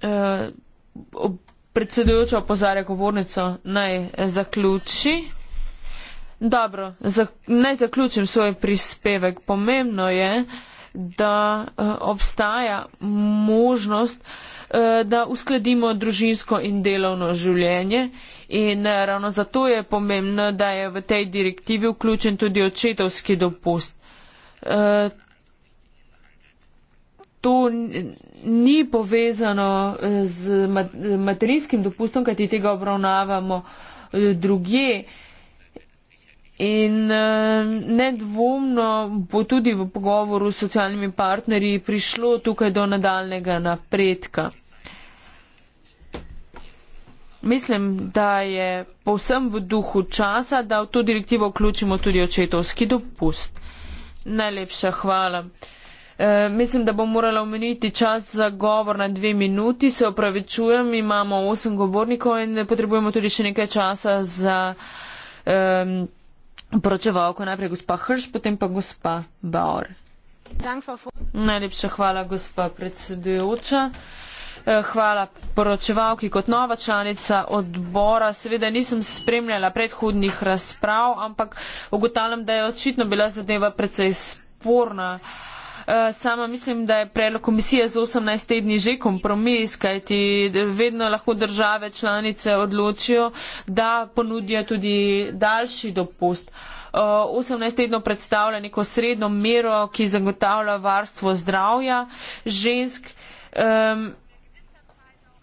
Uh, predsedujoča opozarja govornico, naj zaključi. Dobro, za, naj zaključim svoj prispevek. Pomembno je, da eh, obstaja možnost, eh, da uskladimo družinsko in delovno življenje. In eh, ravno zato je pomembno, da je v tej direktivi vključen tudi očetovski dopust. To ni povezano eh, z materinskim dopustom, kajti tega obravnavamo eh, druge. In eh, nedvomno bo tudi v pogovoru s socialnimi partnerji prišlo tukaj do nadaljnega napredka. Mislim, da je povsem v duhu časa, da v to direktivo vključimo tudi očetovski dopust. Najlepša hvala. Eh, mislim, da bom morala omeniti čas za govor na dve minuti. Se opravičujem, imamo osem govornikov in potrebujemo tudi še nekaj časa za um, poročevalko. Najprej gospa Hrš, potem pa gospa Bauer. Najlepša hvala, gospa predsedujoča. Eh, hvala poročevalki kot nova članica odbora. Seveda nisem spremljala predhodnih razprav, ampak ugotavljam, da je očitno bila zadeva precej sporna. Uh, Eh, sama mislim, da je predlog komisije z 18 tedni že kompromis, kajti vedno lahko države članice odločijo, da ponudijo tudi daljši dopust. 18 eh, tedno predstavlja neko srednjo mero, ki zagotavlja varstvo zdravja žensk. Um,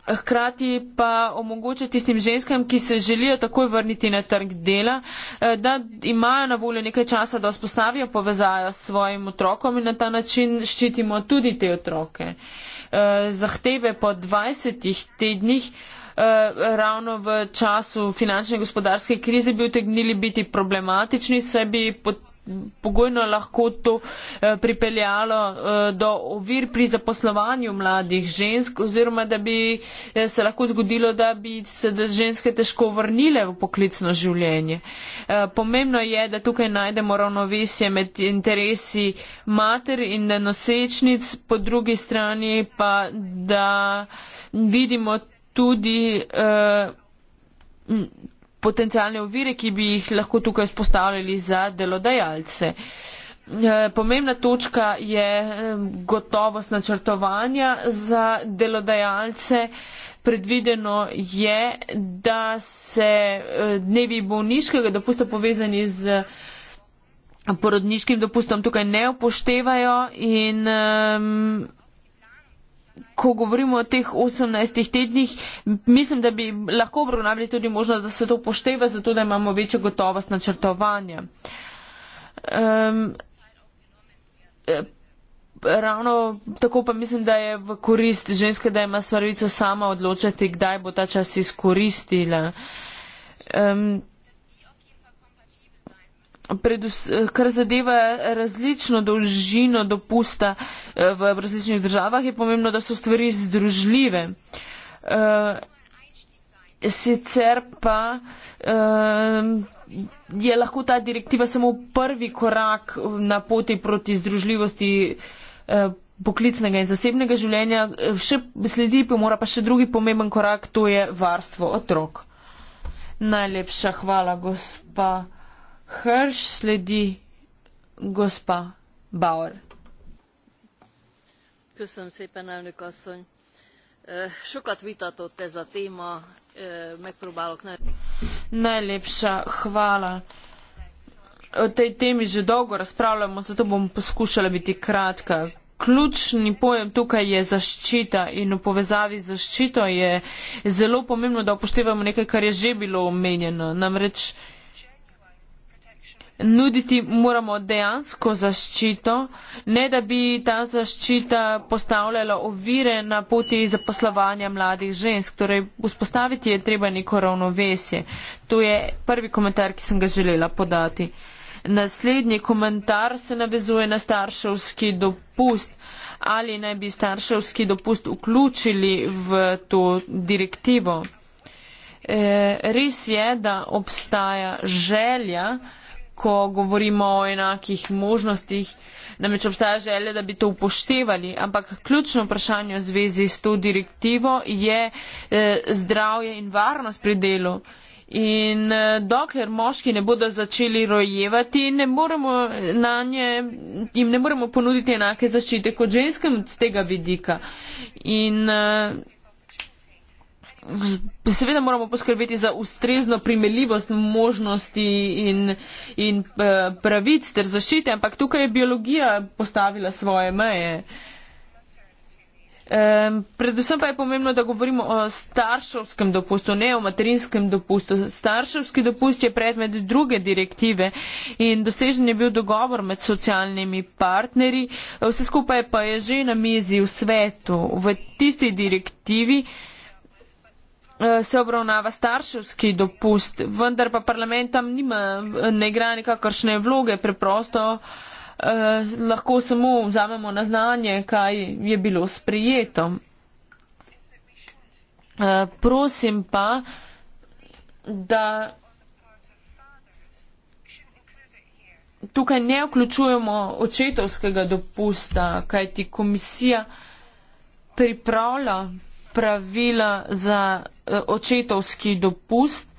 hkrati pa omogoča tistim ženskam, ki se želijo takoj vrniti na trg dela, eh, da imajo na voljo nekaj časa, da vzpostavijo povezajo s svojim otrokom in na ta način ščitimo tudi te otroke. Eh, zahteve po 20 tednih eh, ravno v času finančne gospodarske krize bi utegnili biti problematični, saj bi pogojno lahko to eh, pripeljalo eh, do ovir pri zaposlovanju mladih žensk oziroma da bi eh, se lahko zgodilo, da bi se da ženske težko vrnile v poklicno življenje. Eh, pomembno je, da tukaj najdemo ravnovesje med interesi mater in nosečnic, po drugi strani pa, da vidimo tudi. Eh, potencijalne ovire, ki bi jih lahko tukaj spostavljali za delodajalce. Eh, pomembna točka je eh, gotovost načrtovanja za delodajalce. Predvideno je, da se eh, dnevi bolniškega dopusta povezani z porodniškim dopustom tukaj ne upoštevajo in um, ko govorimo o teh 18 tednih, mislim, da bi lahko obravnavali tudi možnost, da se to pošteva, zato da imamo večjo gotovost načrtovanja. Um, ravno tako pa mislim, da je v korist ženske, da ima svarvica sama odločati, kdaj bo ta čas izkoristila. Um, kar zadeva različno dolžino dopusta eh, v različnih državah, je pomembno, da so stvari združljive. Eh, sicer pa eh, je lahko ta direktiva samo prvi korak na poti proti združljivosti poklicnega in zasebnega življenja, še sledi pa mora pa še drugi pomemben korak, to je varstvo otrok. Najlepša hvala, gospa. Hrš sledi gospa Bauer. Köszönöm szépen, elnök asszony. Sokat vitatott ez a téma, megpróbálok ne... Najlepša hvala. O tej temi že dolgo razpravljamo, zato bom poskušala biti kratka. Ključni pojem tukaj je zaščita in v povezavi z zaščito je zelo pomembno, da upoštevamo nekaj, kar je že bilo omenjeno. Namreč nuditi moramo dejansko zaščito, ne da bi ta zaščita postavljala ovire na poti zaposlovanja mladih žensk. Torej, vzpostaviti je treba neko ravnovesje. To je prvi komentar, ki sem ga želela podati. Naslednji komentar se navezuje na starševski dopust. Ali naj bi starševski dopust vključili v to direktivo? E, res je, da obstaja želja, ko govorimo o enakih možnostih, namreč obstaja želja, da bi to upoštevali. Ampak ključno vprašanje v zvezi s to direktivo je eh, zdravje in varnost pri delu. In eh, dokler moški ne bodo začeli rojevati, ne moremo eh, na nje, jim ne moremo ponuditi enake zaščite kot ženskem z tega vidika. In eh, Seveda moramo poskrbeti za ustrezno primeljivost možnosti in, in eh, pravic ter zaščite, ampak tukaj je biologija postavila svoje meje. Um, predvsem pa je pomembno, da govorimo o starševskem dopustu, ne o materinskem dopustu. Starševski dopust je predmet druge direktive in dosežen je bil dogovor med socialnimi partnerji. Vse skupaj pa je že na mizi v svetu. V tisti direktivi uh, Eh, se obravnava starševski dopust, vendar pa parlament tam nima, ne igra nekakršne vloge, preprosto eh, lahko samo vzamemo na znanje, kaj je bilo sprejeto. Eh, prosim pa, da tukaj ne vključujemo očetovskega dopusta, kaj ti komisija pripravlja pravila za eh, očetovski dopust.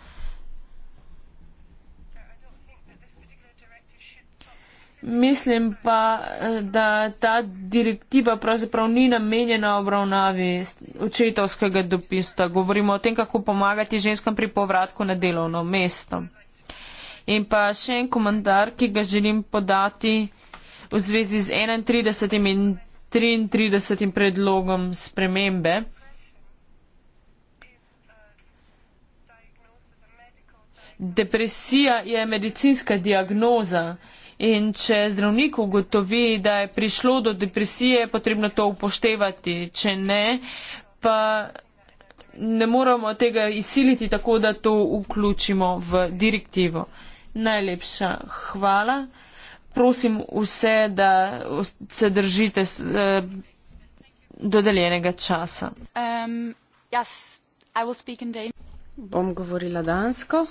Mislim pa, eh, da ta direktiva pravzaprav ni namenjena obravnavi očetovskega dopusta. Govorimo o tem, kako pomagati ženskam pri povratku na delovno mesto. In pa še en komentar, ki ga želim podati v zvezi z 31 in 33 predlogom spremembe. depresija je medicinska diagnoza in če zdravnik ugotovi, da je prišlo do depresije, je potrebno to upoštevati. Če ne, pa ne moramo tega izsiliti tako, da to vključimo v direktivo. Najlepša hvala. Prosim vse, da se držite eh, dodeljenega časa. Um, yes, bom govorila dansko.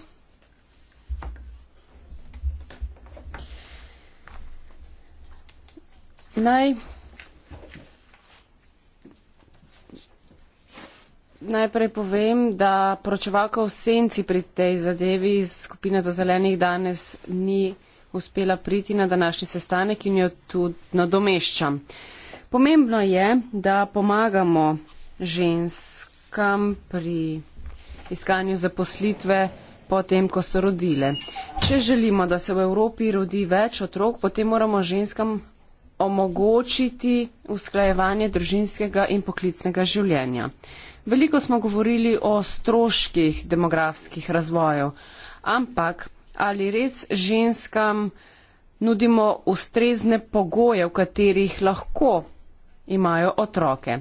Najprej povem, da poročevalka v senci pri tej zadevi iz skupine za zelenih danes ni uspela priti na današnji sestanek in jo tudi nadomeščam. Pomembno je, da pomagamo ženskam pri iskanju zaposlitve potem, ko so rodile. Če želimo, da se v Evropi rodi več otrok, potem moramo ženskam omogočiti usklajevanje družinskega in poklicnega življenja. Veliko smo govorili o stroških demografskih razvojev, ampak ali res ženskam nudimo ustrezne pogoje, v katerih lahko imajo otroke.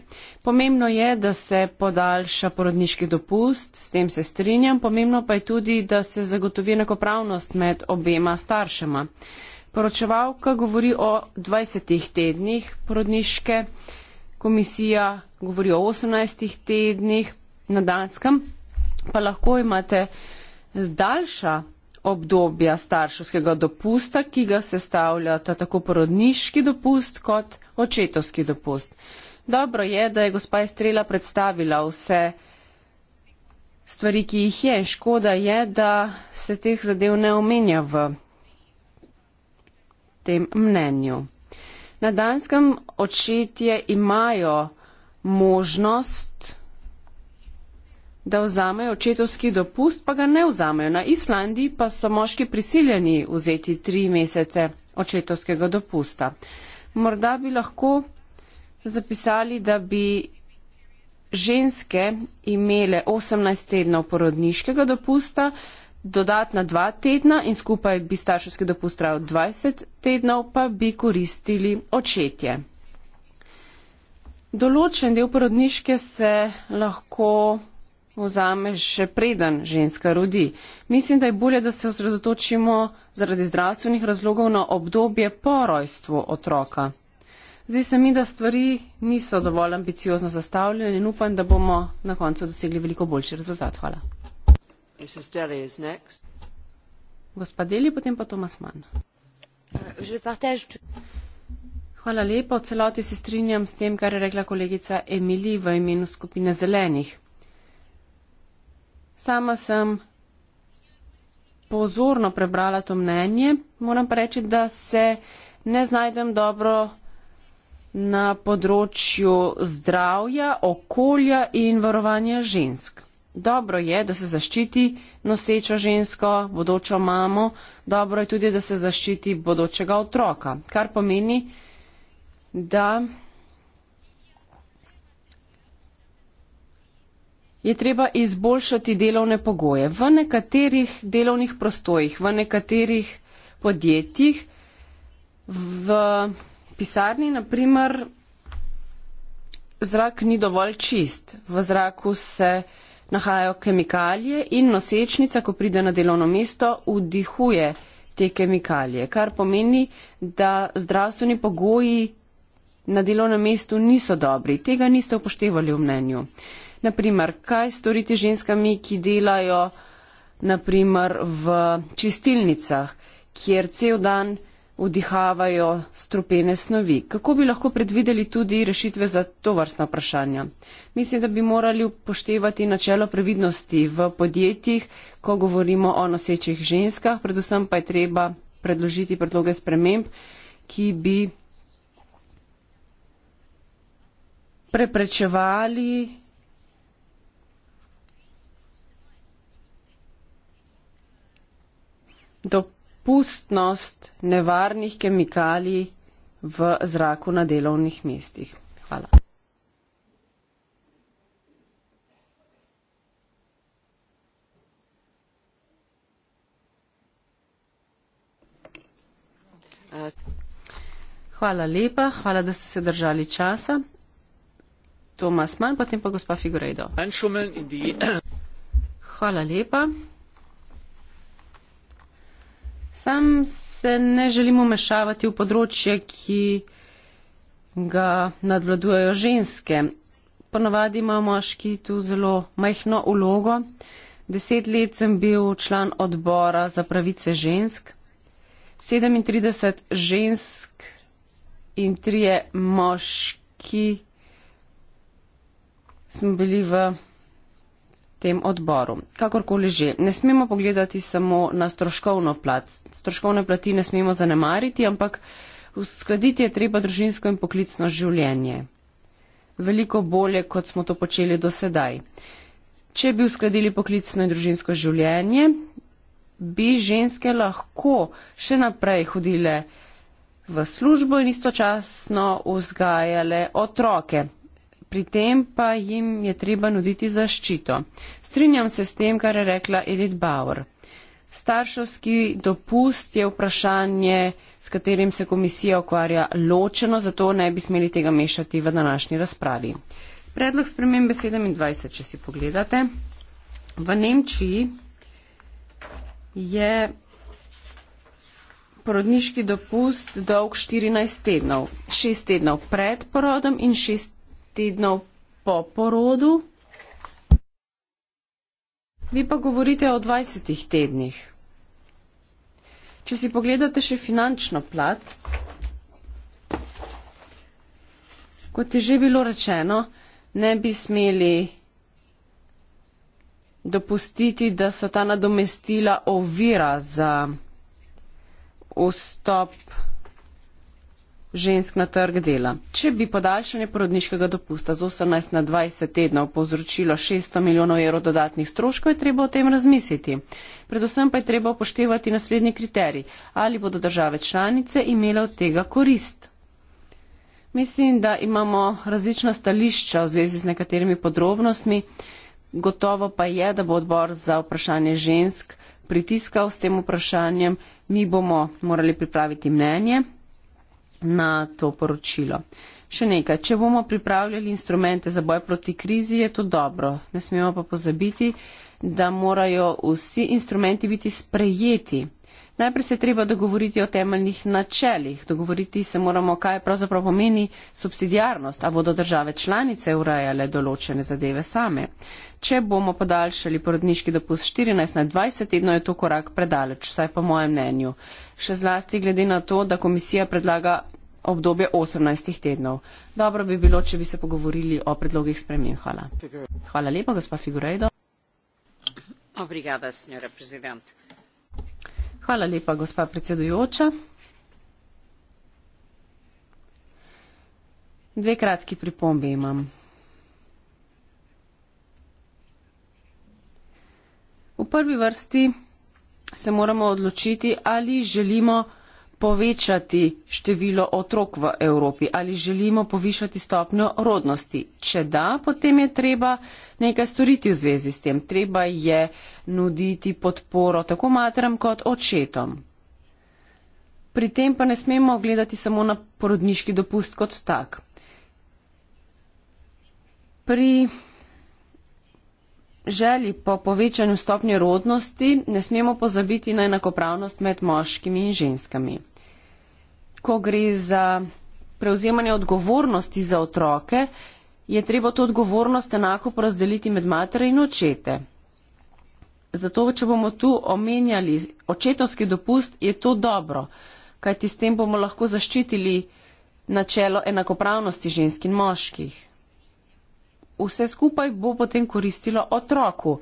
Pomembno je, da se podaljša porodniški dopust, s tem se strinjam, pomembno pa je tudi, da se zagotovi enakopravnost med obema staršema. Poročevalka govori o 20 tednih porodniške, komisija govori o 18 tednih na Danskem, pa lahko imate daljša obdobja starševskega dopusta, ki ga sestavljata tako porodniški dopust kot očetovski dopust. Dobro je, da je gospa Estrela predstavila vse stvari, ki jih je. Škoda je, da se teh zadev ne omenja v tem mnenju. Na danskem očetje imajo možnost, da vzamejo očetovski dopust, pa ga ne vzamejo. Na Islandiji pa so moški prisiljeni vzeti tri mesece očetovskega dopusta. Morda bi lahko zapisali, da bi ženske imele 18 tednov porodniškega dopusta, dodatna dva tedna in skupaj bi starševski dopust trajal 20 tednov, pa bi koristili očetje. Določen del porodniške se lahko vzame še preden ženska rodi. Mislim, da je bolje, da se osredotočimo zaradi zdravstvenih razlogov na obdobje po rojstvu otroka. Zdi se mi, da stvari niso dovolj ambiciozno zastavljene in upam, da bomo na koncu dosegli veliko boljši rezultat. Hvala. Uh, Hvala lepa. V celoti se strinjam s tem, kar je rekla kolegica Emili v imenu skupine zelenih. Sama sem pozorno prebrala to mnenje. Moram pa reči, da se ne znajdem dobro na področju zdravja, okolja in varovanja žensk. Dobro je, da se zaščiti nosečo žensko, bodočo mamo, dobro je tudi, da se zaščiti bodočega otroka, kar pomeni, da je treba izboljšati delovne pogoje. V nekaterih delovnih prostojih, v nekaterih podjetjih, v pisarni naprimer, zrak ni dovolj čist, v zraku se nahajajo kemikalije in nosečnica, ko pride na delovno mesto, vdihuje te kemikalije, kar pomeni, da zdravstveni pogoji na delovnem mestu niso dobri. Tega niste upoštevali v mnenju. Naprimer, kaj storiti ženskami, ki delajo naprimer, v čistilnicah, kjer cel dan vdihavajo strupene snovi. Kako bi lahko predvideli tudi rešitve za to vrstna vprašanja? Mislim, da bi morali upoštevati načelo previdnosti v podjetjih, ko govorimo o nosečih ženskah, predvsem pa je treba predložiti predloge sprememb, ki bi preprečevali do izpustnost nevarnih kemikalij v zraku na delovnih mestih. Hvala. Hvala lepa, hvala, da ste se držali časa. Tomas Mann, potem pa gospa Figurejdo. Hvala lepa. Sam se ne želim umešavati v področje, ki ga nadvladujejo ženske. Ponavadi ima moški tu zelo majhno ulogo. Deset let sem bil član odbora za pravice žensk. 37 žensk in trije moški smo bili v tem odboru. Kakorkoli že, ne smemo pogledati samo na stroškovno plat. Stroškovne plati ne smemo zanemariti, ampak uskladiti je treba družinsko in poklicno življenje. Veliko bolje, kot smo to počeli do sedaj. Če bi uskladili poklicno in družinsko življenje, bi ženske lahko še naprej hodile v službo in istočasno vzgajale otroke pri tem pa jim je treba nuditi zaščito. Strinjam se s tem, kar je rekla Edith Bauer. Staršovski dopust je vprašanje, s katerim se komisija ukvarja ločeno, zato ne bi smeli tega mešati v današnji razpravi. Predlog spremembe 27, če si pogledate. V Nemčiji je porodniški dopust dolg 14 tednov, 6 tednov pred porodom in 6 tednov po porodu. Vi pa govorite o 20 tednih. Če si pogledate še finančno plat, kot je že bilo rečeno, ne bi smeli dopustiti, da so ta nadomestila ovira za vstop žensk na trg dela. Če bi podaljšanje porodniškega dopusta z 18 na 20 tednov povzročilo 600 milijonov evrov dodatnih stroškov, je treba o tem razmisliti. Predvsem pa je treba upoštevati naslednji kriterij, ali bodo države članice imele od tega korist. Mislim, da imamo različna stališča v zvezi z nekaterimi podrobnostmi. Gotovo pa je, da bo odbor za vprašanje žensk pritiskal s tem vprašanjem. Mi bomo morali pripraviti mnenje, na to poročilo. Še nekaj, če bomo pripravljali instrumente za boj proti krizi, je to dobro. Ne smemo pa pozabiti, da morajo vsi instrumenti biti sprejeti Najprej se je treba dogovoriti o temeljnih načelih. Dogovoriti se moramo, kaj pravzaprav pomeni subsidijarnost, a bodo države članice urajale določene zadeve same. Če bomo podaljšali porodniški dopust 14 na 20 tedno, je to korak predaleč, vsaj po mojem mnenju. Še zlasti glede na to, da komisija predlaga obdobje 18 tednov. Dobro bi bilo, če bi se pogovorili o predlogih sprememb. Hvala. Hvala lepa, gospa Figurejdo. Obrigada, signora predsednica. Hvala lepa, gospa predsedujoča. Dve kratki pripombe imam. V prvi vrsti se moramo odločiti, ali želimo povečati število otrok v Evropi? Ali želimo povišati stopnjo rodnosti? Če da, potem je treba nekaj storiti v zvezi s tem. Treba je nuditi podporo tako materam kot očetom. Pri tem pa ne smemo gledati samo na porodniški dopust kot tak. Pri želji po povečanju stopnje rodnosti ne smemo pozabiti na enakopravnost med moškimi in ženskami ko gre za prevzemanje odgovornosti za otroke, je treba to odgovornost enako porazdeliti med matere in očete. Zato, če bomo tu omenjali očetovski dopust, je to dobro, kajti s tem bomo lahko zaščitili načelo enakopravnosti žensk in moških. Vse skupaj bo potem koristilo otroku,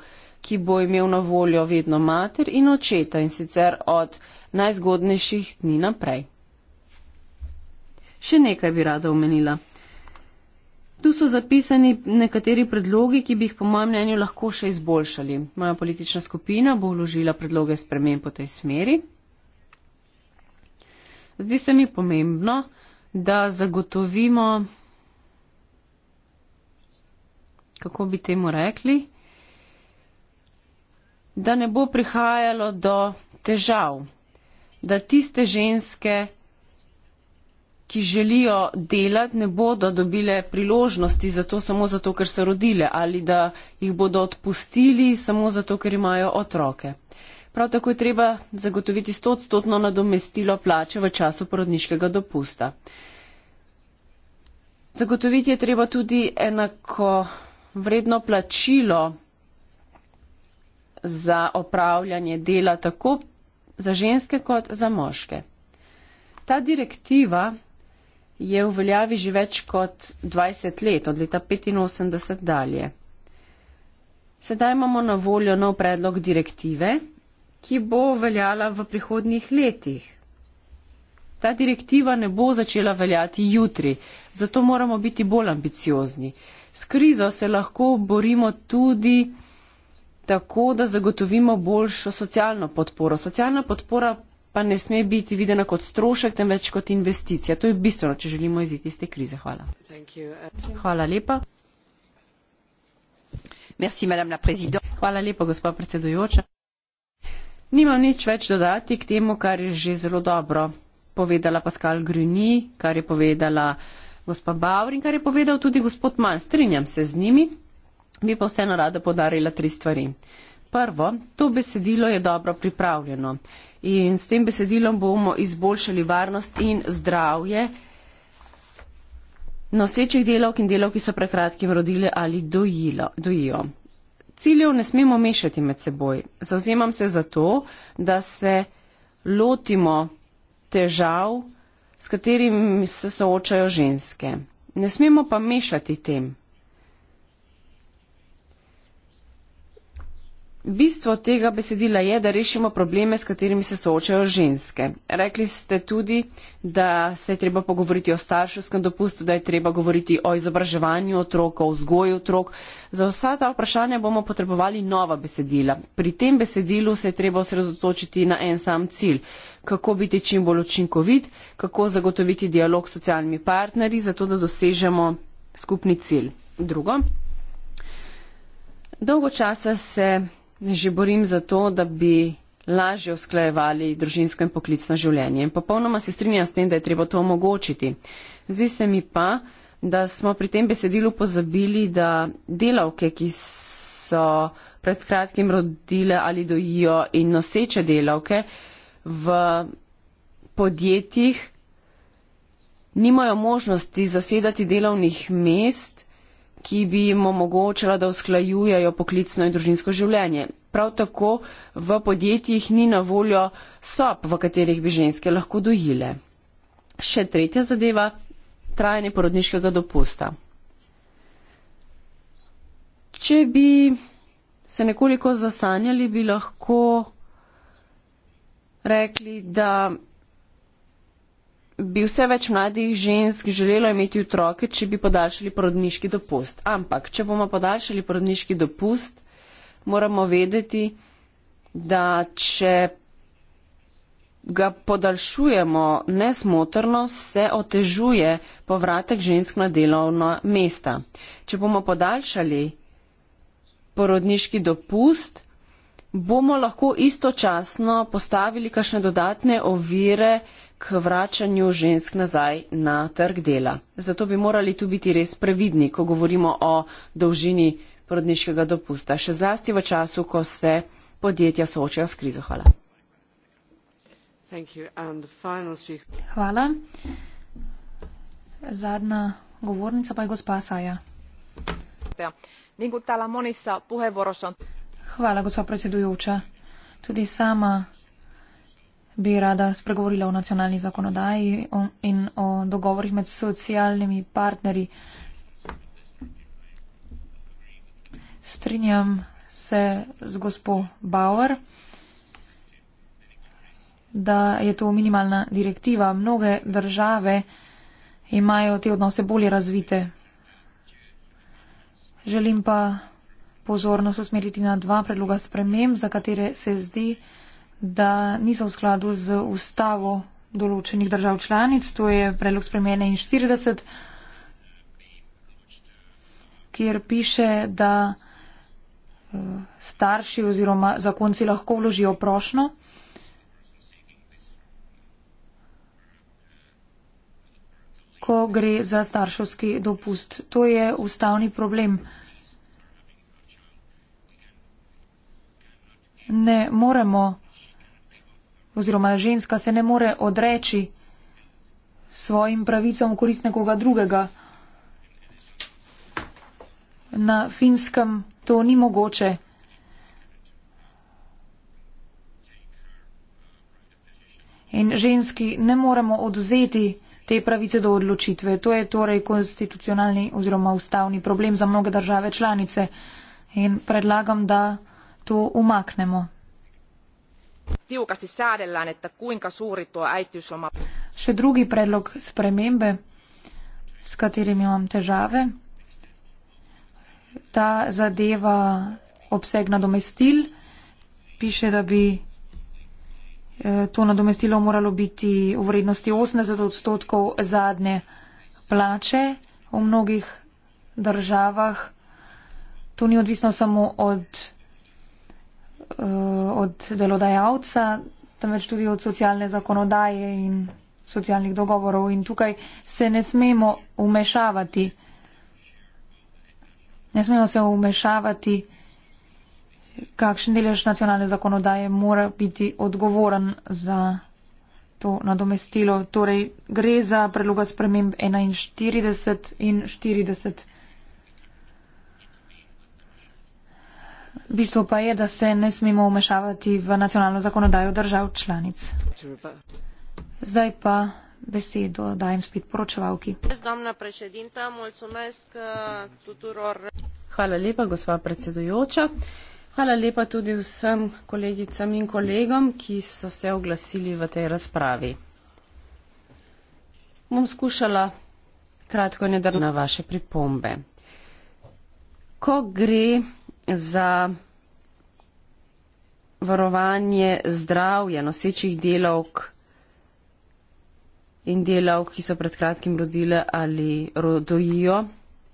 ki bo imel na voljo vedno mater in očeta in sicer od najzgodnejših dni naprej. Še nekaj bi rada omenila. Tu so zapisani nekateri predlogi, ki bi jih po mojem mnenju lahko še izboljšali. Moja politična skupina bo vložila predloge sprememb po tej smeri. Zdi se mi pomembno, da zagotovimo, kako bi temu rekli, da ne bo prihajalo do težav, da tiste ženske, ki želijo delati, ne bodo dobile priložnosti za to samo zato, ker so rodile ali da jih bodo odpustili samo zato, ker imajo otroke. Prav tako je treba zagotoviti 100-stotno nadomestilo plače v času porodniškega dopusta. Zagotoviti je treba tudi enako vredno plačilo za opravljanje dela tako za ženske kot za moške. Ta direktiva je v veljavi že več kot 20 let, od leta 1985 dalje. Sedaj imamo na voljo nov predlog direktive, ki bo veljala v prihodnjih letih. Ta direktiva ne bo začela veljati jutri, zato moramo biti bolj ambiciozni. S krizo se lahko borimo tudi tako, da zagotovimo boljšo socialno podporo. Socialna podpora pa ne sme biti videna kot strošek, temveč kot investicija. To je bistveno, če želimo iziti iz te krize. Hvala. Hvala lepa. Merci, Hvala lepa, gospod predsedujoča. Nimam nič več dodati k temu, kar je že zelo dobro povedala Pascal Gruni, kar je povedala gospod Bauer in kar je povedal tudi gospod Mann. Strinjam se z njimi, bi pa vseeno rada podarila tri stvari. Prvo, to besedilo je dobro pripravljeno in s tem besedilom bomo izboljšali varnost in zdravje nosečih delov in delov, ki so prekratkim rodile ali dojilo, dojijo. Ciljev ne smemo mešati med seboj. Zauzemam se za to, da se lotimo težav, s katerimi se soočajo ženske. Ne smemo pa mešati tem. bistvo tega besedila je, da rešimo probleme, s katerimi se soočajo ženske. Rekli ste tudi, da se je treba pogovoriti o starševskem dopustu, da je treba govoriti o izobraževanju otrok, o vzgoju otrok. Za vsa ta vprašanja bomo potrebovali nova besedila. Pri tem besedilu se je treba osredotočiti na en sam cilj. Kako biti čim bolj učinkovit, kako zagotoviti dialog s socialnimi partnerji, zato da dosežemo skupni cilj. Drugo. Dolgo časa se Že borim za to, da bi lažje usklajevali družinsko in poklicno življenje. In popolnoma se strinjam s tem, da je treba to omogočiti. Zdi se mi pa, da smo pri tem besedilu pozabili, da delavke, ki so pred kratkim rodile ali dojijo in noseče delavke v podjetjih, nimajo možnosti zasedati delovnih mest ki bi jim omogočala, da usklajujejo poklicno in družinsko življenje. Prav tako v podjetjih ni na voljo sob, v katerih bi ženske lahko dojile. Še tretja zadeva - trajanje porodniškega dopusta. Če bi se nekoliko zasanjali, bi lahko rekli, da bi vse več mladih žensk želelo imeti otroke, če bi podaljšali porodniški dopust. Ampak, če bomo podaljšali porodniški dopust, moramo vedeti, da če ga podaljšujemo nesmotrno, se otežuje povratek žensk na delovna mesta. Če bomo podaljšali porodniški dopust, bomo lahko istočasno postavili kakšne dodatne ovire, k vračanju žensk nazaj na trg dela. Zato bi morali tu biti res previdni, ko govorimo o dolžini porodniškega dopusta, še zlasti v času, ko se podjetja soočajo s krizo. Hvala. Hvala. Zadnja govornica pa je gospa Saja. Hvala, gospa predsedujoča. Tudi sama bi rada spregovorila o nacionalni zakonodaji in o dogovorih med socialnimi partnerji. Strinjam se z gospo Bauer, da je to minimalna direktiva. Mnoge države imajo te odnose bolje razvite. Želim pa pozornost usmeriti na dva predloga sprememb, za katere se zdi, da niso v skladu z ustavo določenih držav članic. To je predlog spremene in 40, kjer piše, da eh, starši oziroma zakonci lahko vložijo prošno. ko gre za starševski dopust. To je ustavni problem. Ne moremo oziroma ženska se ne more odreči svojim pravicam v korist nekoga drugega. Na finskem to ni mogoče. In ženski ne moremo oduzeti te pravice do odločitve. To je torej konstitucionalni oziroma ustavni problem za mnoge države članice. In predlagam, da to umaknemo tiukasti säädellään, että kuinka suuri tuo äitiysloma. Še drugi predlog spremembe, s katerimi imam težave. Ta zadeva obseg nadomestil. Piše, da bi eh, to nadomestilo moralo biti v vrednosti 80 odstotkov zadnje plače v mnogih državah. To ni odvisno samo od. Uh, od delodajalca, temveč tudi od socialne zakonodaje in socialnih dogovorov. In tukaj se ne smemo umešavati. Ne smemo se umešavati, kakšen delež nacionalne zakonodaje mora biti odgovoren za to nadomestilo. Torej, gre za predloga sprememb 41 in 40. Bistvo pa je, da se ne smemo umešavati v nacionalno zakonodajo držav članic. Zdaj pa besedo dajem spet poročevalki. Uh, Hvala lepa, gospa predsedujoča. Hvala lepa tudi vsem kolegicam in kolegom, ki so se oglasili v tej razpravi. Bom skušala kratko in nedrno na vaše pripombe. Ko gre za varovanje zdravja nosečih delavk in delavk, ki so pred kratkim rodile ali rodojijo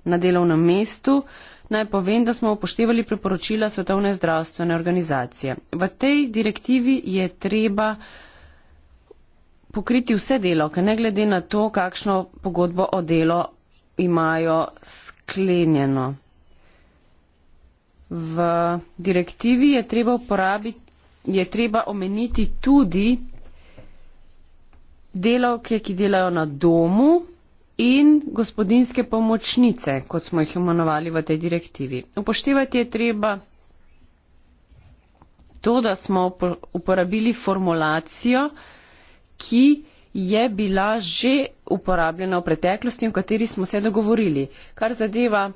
na delovnem mestu. Naj povem, da smo upoštevali priporočila Svetovne zdravstvene organizacije. V tej direktivi je treba pokriti vse delavke, ne glede na to, kakšno pogodbo o delo imajo sklenjeno v direktivi je treba uporabiti, je treba omeniti tudi delavke, ki delajo na domu in gospodinske pomočnice, kot smo jih imenovali v tej direktivi. Upoštevati je treba to, da smo uporabili formulacijo, ki je bila že uporabljena v preteklosti, v kateri smo se dogovorili. Kar zadeva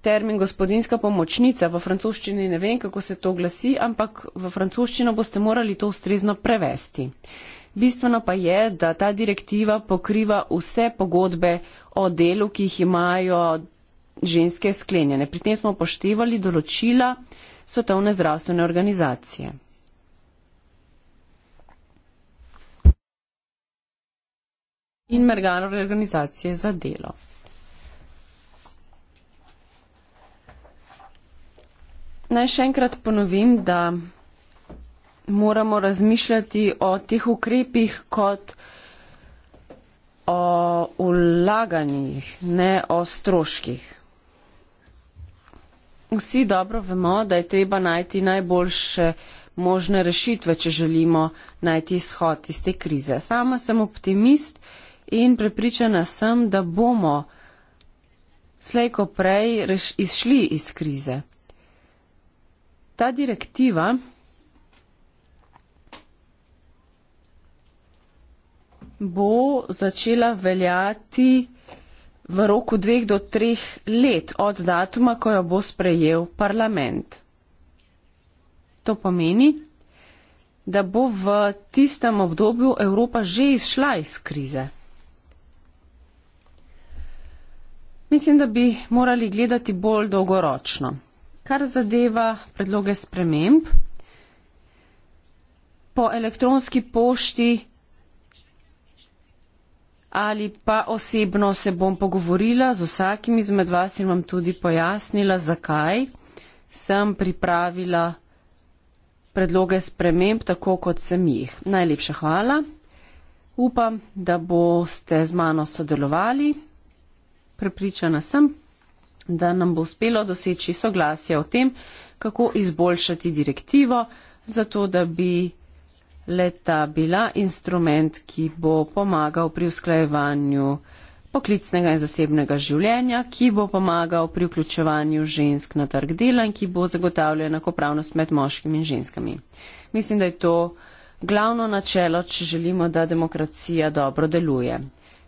termin gospodinska pomočnica, v francoščini ne vem, kako se to glasi, ampak v francoščino boste morali to ustrezno prevesti. Bistveno pa je, da ta direktiva pokriva vse pogodbe o delu, ki jih imajo ženske sklenjene. Pri tem smo poštevali določila Svetovne zdravstvene organizacije. In mergano reorganizacije za delo. Naj še enkrat ponovim, da moramo razmišljati o teh ukrepih kot o vlaganjih, ne o stroških. Vsi dobro vemo, da je treba najti najboljše možne rešitve, če želimo najti izhod iz te krize. Sama sem optimist in prepričana sem, da bomo slejko prej izšli iz krize ta direktiva bo začela veljati v roku dveh do treh let od datuma, ko jo bo sprejel parlament. To pomeni, da bo v tistem obdobju Evropa že izšla iz krize. Mislim, da bi morali gledati bolj dolgoročno kar zadeva predloge sprememb. Po elektronski pošti ali pa osebno se bom pogovorila z vsakim izmed vas in vam tudi pojasnila, zakaj sem pripravila predloge sprememb tako, kot sem jih. Najlepša hvala. Upam, da boste z mano sodelovali. Prepričana sem da nam bo uspelo doseči soglasje o tem, kako izboljšati direktivo, zato da bi leta bila instrument, ki bo pomagal pri usklajevanju poklicnega in zasebnega življenja, ki bo pomagal pri vključevanju žensk na trg dela in ki bo zagotavljal enakopravnost med moškimi in ženskami. Mislim, da je to glavno načelo, če želimo, da demokracija dobro deluje.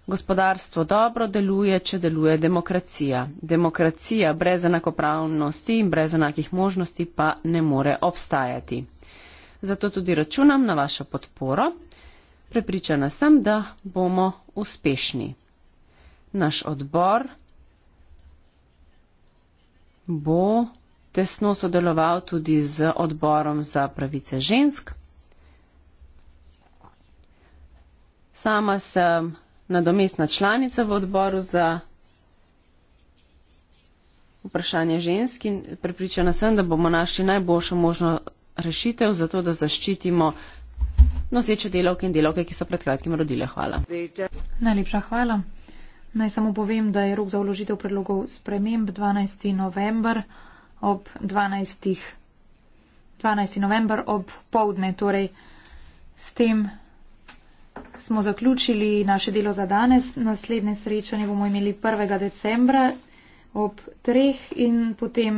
Gospodarstvo dobro deluje, če deluje demokracija. Demokracija brez enakopravnosti in brez enakih možnosti pa ne more obstajati. Zato tudi računam na vašo podporo. Prepričana sem, da bomo uspešni. Naš odbor bo tesno sodeloval tudi z odborom za pravice žensk. Sama sem nadomestna članica v odboru za vprašanje ženski. Prepričana sem, da bomo našli najboljšo možno rešitev za to, da zaščitimo noseče delavke in delavke, ki so pred kratkim rodile. Hvala. Najlepša hvala. Naj samo povem, da je rok za vložitev predlogov sprememb 12. november ob 12. 12. november ob povdne. Torej, s tem smo zaključili naše delo za danes. Naslednje srečanje bomo imeli 1. decembra ob 3. in potem